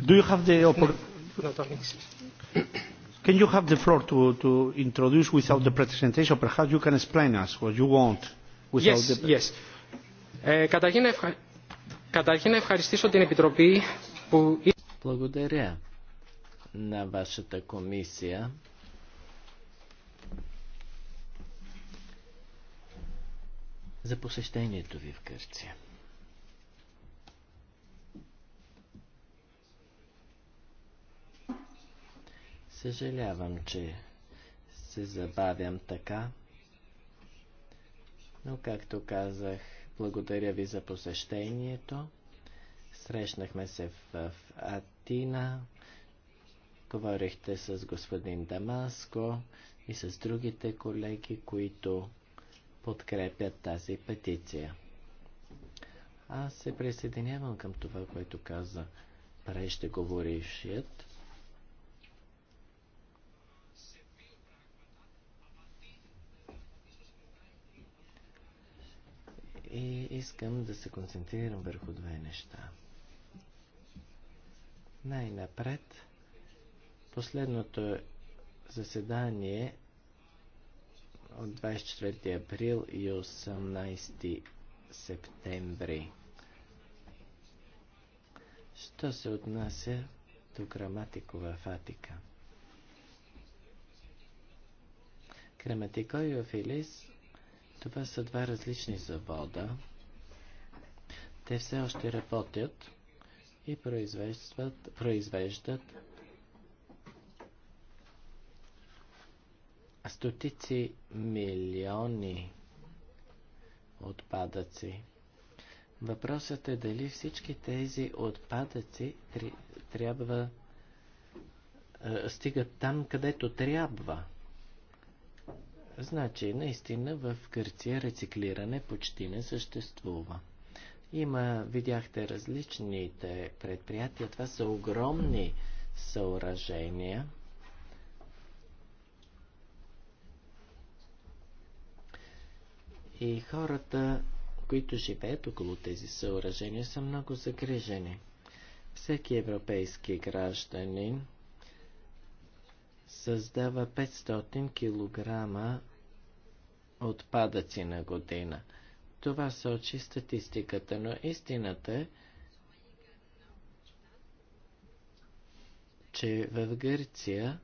Do you have the opportunity? No, no, Can you have the floor to, to introduce without the presentation? Perhaps you can explain us what you want without yes, the... presentation. Yes. Ε, καταρχήν, ευχα... καταρχήν ευχαριστήσω την Επιτροπή που... Благодаря на вашата комисия. за посещението ви в Гърция. Съжалявам, че се забавям така. Но, както казах, благодаря ви за посещението. Срещнахме се в, в Атина. Говорихте с господин Дамаско и с другите колеги, които подкрепят тази петиция. Аз се присъединявам към това, което каза преждеговорившият. и искам да се концентрирам върху две неща. Най-напред, последното заседание от 24 април и 18 септември. Що се отнася до граматикова фатика? Граматикой офилис това са два различни завода. Те все още работят и произвеждат, произвеждат стотици милиони отпадъци. Въпросът е дали всички тези отпадъци трябва е, стигат там, където трябва. Значи, наистина в Гърция рециклиране почти не съществува. Има, видяхте различните предприятия. Това са огромни съоръжения. И хората, които живеят около тези съоръжения, са много загрижени. Всеки европейски гражданин създава 500 кг отпадъци на година. Това сочи статистиката, но истината е, че в Гърция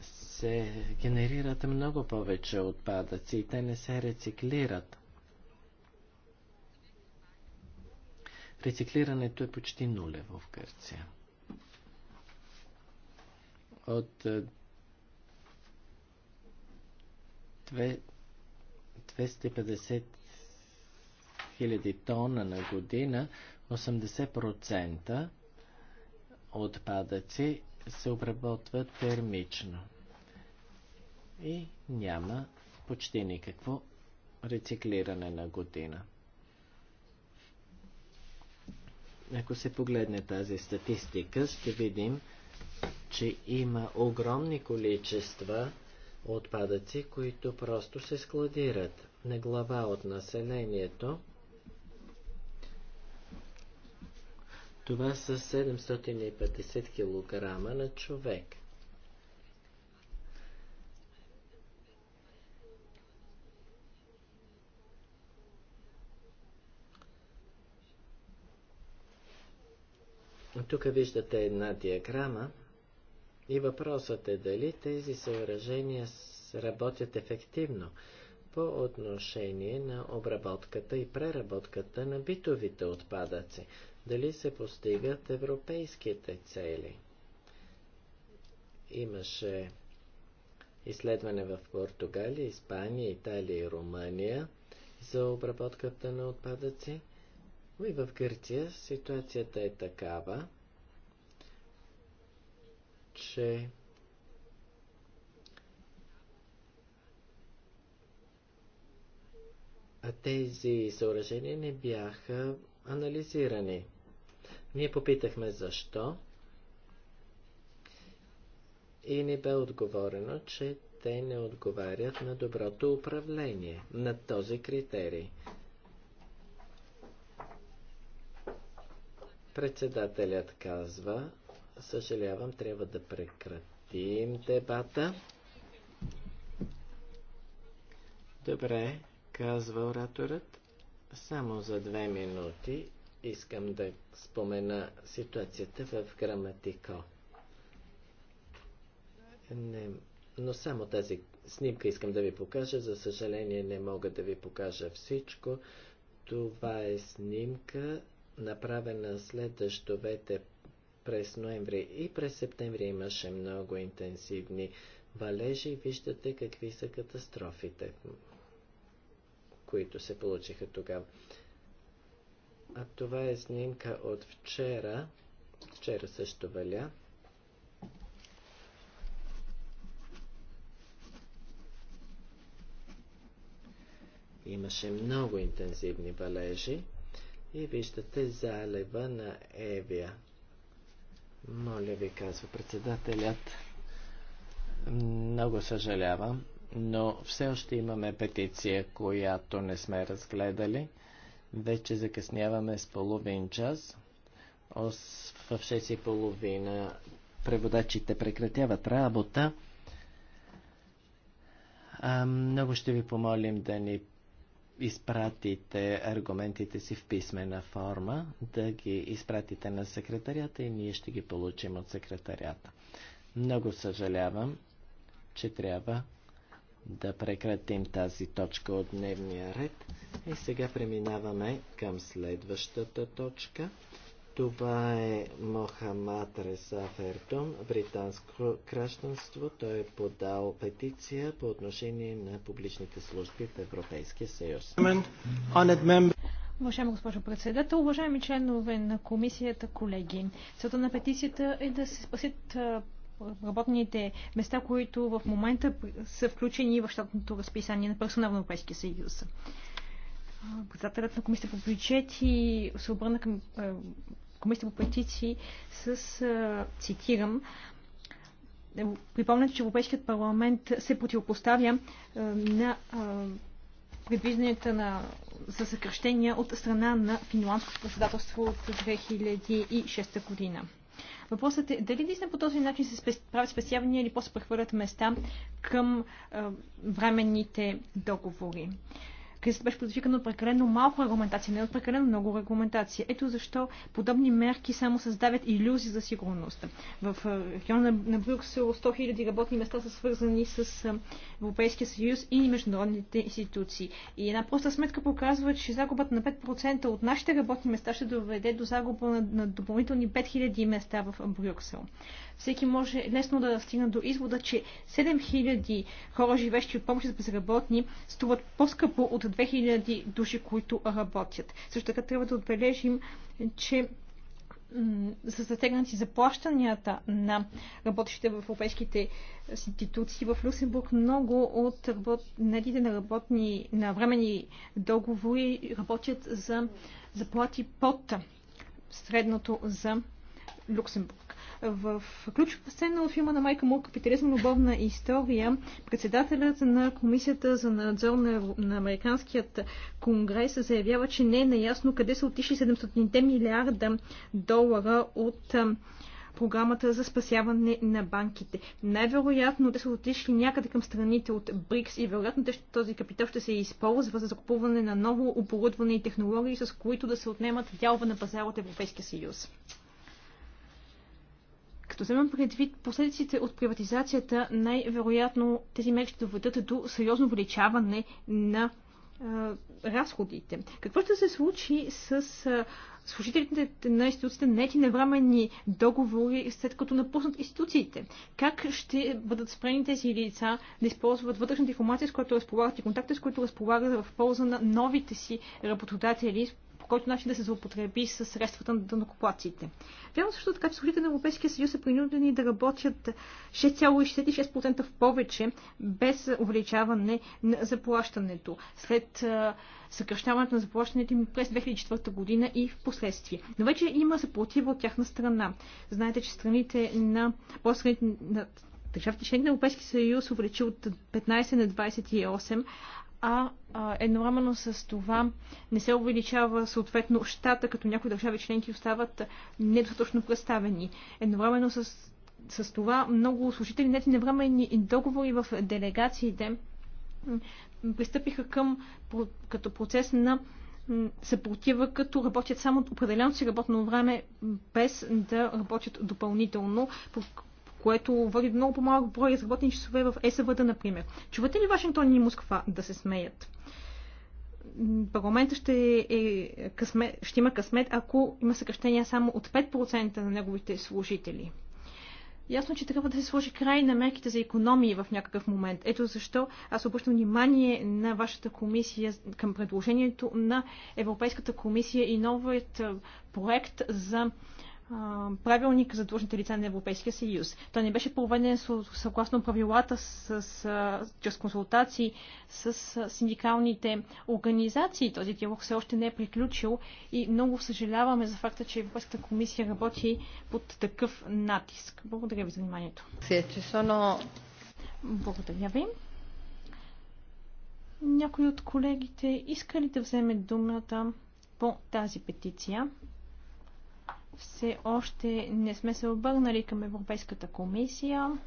се генерират много повече отпадъци и те не се рециклират. Рециклирането е почти нулево в Гърция от 250 е, хиляди тона на година, 80% отпадъци се обработват термично и няма почти никакво рециклиране на година. Ако се погледне тази статистика, ще видим, че има огромни количества отпадъци, които просто се складират на глава от населението. Това са 750 кг на човек. Тук виждате една диаграма. И въпросът е дали тези съоръжения работят ефективно по отношение на обработката и преработката на битовите отпадъци, дали се постигат европейските цели. Имаше изследване в Португалия, Испания, Италия и Румъния за обработката на отпадъци. И в Гърция ситуацията е такава, че тези съоръжения не бяха анализирани. Ние попитахме защо и не бе отговорено, че те не отговарят на доброто управление, на този критерий. Председателят казва, Съжалявам, трябва да прекратим дебата. Добре, казва ораторът. Само за две минути искам да спомена ситуацията в граматико. Не, но само тази снимка искам да ви покажа. За съжаление не мога да ви покажа всичко. Това е снимка, направена след дъждовете през ноември и през септември имаше много интенсивни валежи и виждате какви са катастрофите, които се получиха тогава. А това е снимка от вчера. Вчера също валя. Имаше много интензивни валежи и виждате залива на Евия. Моля ви, казва председателят. Много съжалявам, но все още имаме петиция, която не сме разгледали. Вече закъсняваме с половин час. в 6 и половина преводачите прекратяват работа. А, много ще ви помолим да ни изпратите аргументите си в писмена форма, да ги изпратите на секретарията и ние ще ги получим от секретарията. Много съжалявам, че трябва да прекратим тази точка от дневния ред и сега преминаваме към следващата точка. Това е Мохамад Реса Фертон, британско гражданство. Той е подал петиция по отношение на публичните служби в Европейския съюз. Уважаема госпожо председател, уважаеми членове на комисията, колеги. Целта на петицията е да се спасят работните места, които в момента са включени в щатното разписание на персонал на Европейския съюз. Председателят на комисията по бюджет и се обърна към комисията по петиции с, цитирам, припомнят, че Европейският парламент се противопоставя на предвижданията на, за съкръщения от страна на финландското председателство от 2006 година. Въпросът е дали наистина по този начин се правят спестявания или после прехвърлят места към е, временните договори. Кризата беше предизвикана от прекалено малко регламентация, не от е прекалено много регламентация. Ето защо подобни мерки само създават иллюзии за сигурност. В региона на Брюксел 100 000 работни места са свързани с Европейския съюз и международните институции. И една проста сметка показва, че загубата на 5% от нашите работни места ще доведе до загуба на, на допълнителни 5000 места в Брюксел. Всеки може лесно да стигне до извода, че 7000 хора, живещи от помощ за безработни, струват по-скъпо от 2000 души, които работят. Също така трябва да отбележим, че са затегнати заплащанията на работещите в европейските институции. В Люксембург много от нетите на работни, на времени договори работят за заплати под средното за Люксембург. В ключовата сцена от филма на Майка му «Капитализъм. Любовна история» председателят на Комисията за надзор на, на Американският конгрес заявява, че не е наясно къде са отишли 700 милиарда долара от програмата за спасяване на банките. Най-вероятно те са отишли някъде към страните от БРИКС и вероятно този капитал ще се използва за закупуване на ново оборудване и технологии, с които да се отнемат дялва на пазара от Европейския съюз. Като вземем предвид последиците от приватизацията, най-вероятно тези мерки ще доведат до сериозно увеличаване на разходите. Какво ще се случи с служителите на институциите, нети на договори, след като напуснат институциите? Как ще бъдат спрени тези лица да използват вътрешната информация, с която разполагат и контакта, с които разполагат в полза на новите си работодатели, по който начин да се злоупотреби с средствата на дънокоплаците. Вярно също така, че служителите на Европейския съюз са принудени да работят 6,66% в повече, без увеличаване на заплащането, след съкръщаването на заплащането им през 2004 година и в последствие. Но вече има заплатива от тяхна страна. Знаете, че страните на по на държавите членки на Европейския съюз увеличи от 15 на 28, а, а едновременно с това не се увеличава съответно щата, като някои държави членки остават недостатъчно представени. Едновременно с, с това много служители нети невременни договори в делегациите пристъпиха към като процес на съпротива, като работят само от си работно време, без да работят допълнително, което води до много по-малък брой изработени часове в ЕСВД, например. Чувате ли Вашингтон и Москва да се смеят? парламента ще, е, късмет, ще има късмет, ако има съкръщения само от 5% на неговите служители. Ясно, че трябва да се сложи край на мерките за економии в някакъв момент. Ето защо аз обръщам внимание на вашата комисия към предложението на Европейската комисия и новият проект за правилник за длъжните лица на Европейския съюз. Той не беше проведен съгласно правилата с, с, чрез консултации с синдикалните организации. Този диалог все още не е приключил и много съжаляваме за факта, че Европейската комисия работи под такъв натиск. Благодаря ви за вниманието. Благодаря ви. Някой от колегите иска ли да вземе думата по тази петиция? все още не сме се обърнали към Европейската комисия.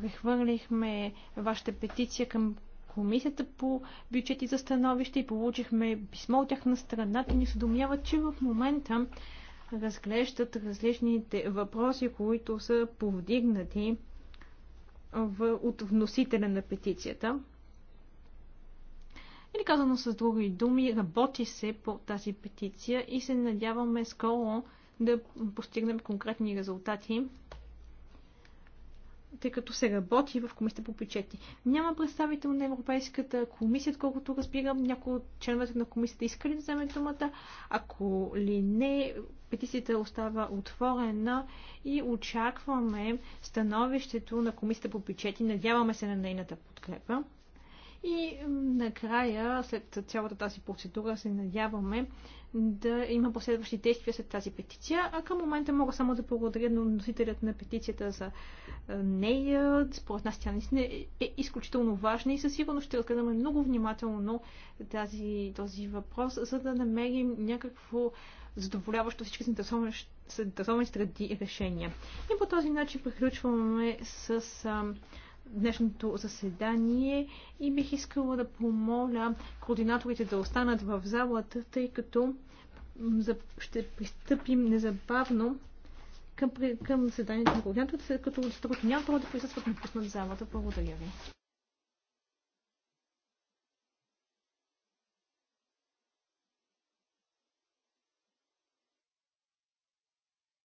Прехвърлихме вашата петиция към Комисията по бюджети за становище и получихме писмо от тях на страната и ни съдомяват, че в момента разглеждат различните въпроси, които са повдигнати в, от вносителя на петицията. Или казано с други думи, работи се по тази петиция и се надяваме скоро да постигнем конкретни резултати, тъй като се работи в комисията по печети. Няма представител на Европейската комисия, колкото разбирам, някои от членовете на комисията искали да вземе думата. Ако ли не, петицията остава отворена и очакваме становището на комисията по печети. Надяваме се на нейната подкрепа. И накрая, след цялата тази процедура, се надяваме да има последващи действия след тази петиция. А към момента мога само да благодаря на носителят на петицията за нея. Според нас тя наистина е, е изключително важна и със сигурност ще разгледаме много внимателно тази, този въпрос, за да намерим някакво задоволяващо всички заинтересовани среди решения. И по този начин приключваме с днешното заседание и бих искала да помоля координаторите да останат в залата, тъй като ще пристъпим незабавно към, заседанието на координаторите, след като другото няма да присъстват напуснат залата. Благодаря ви.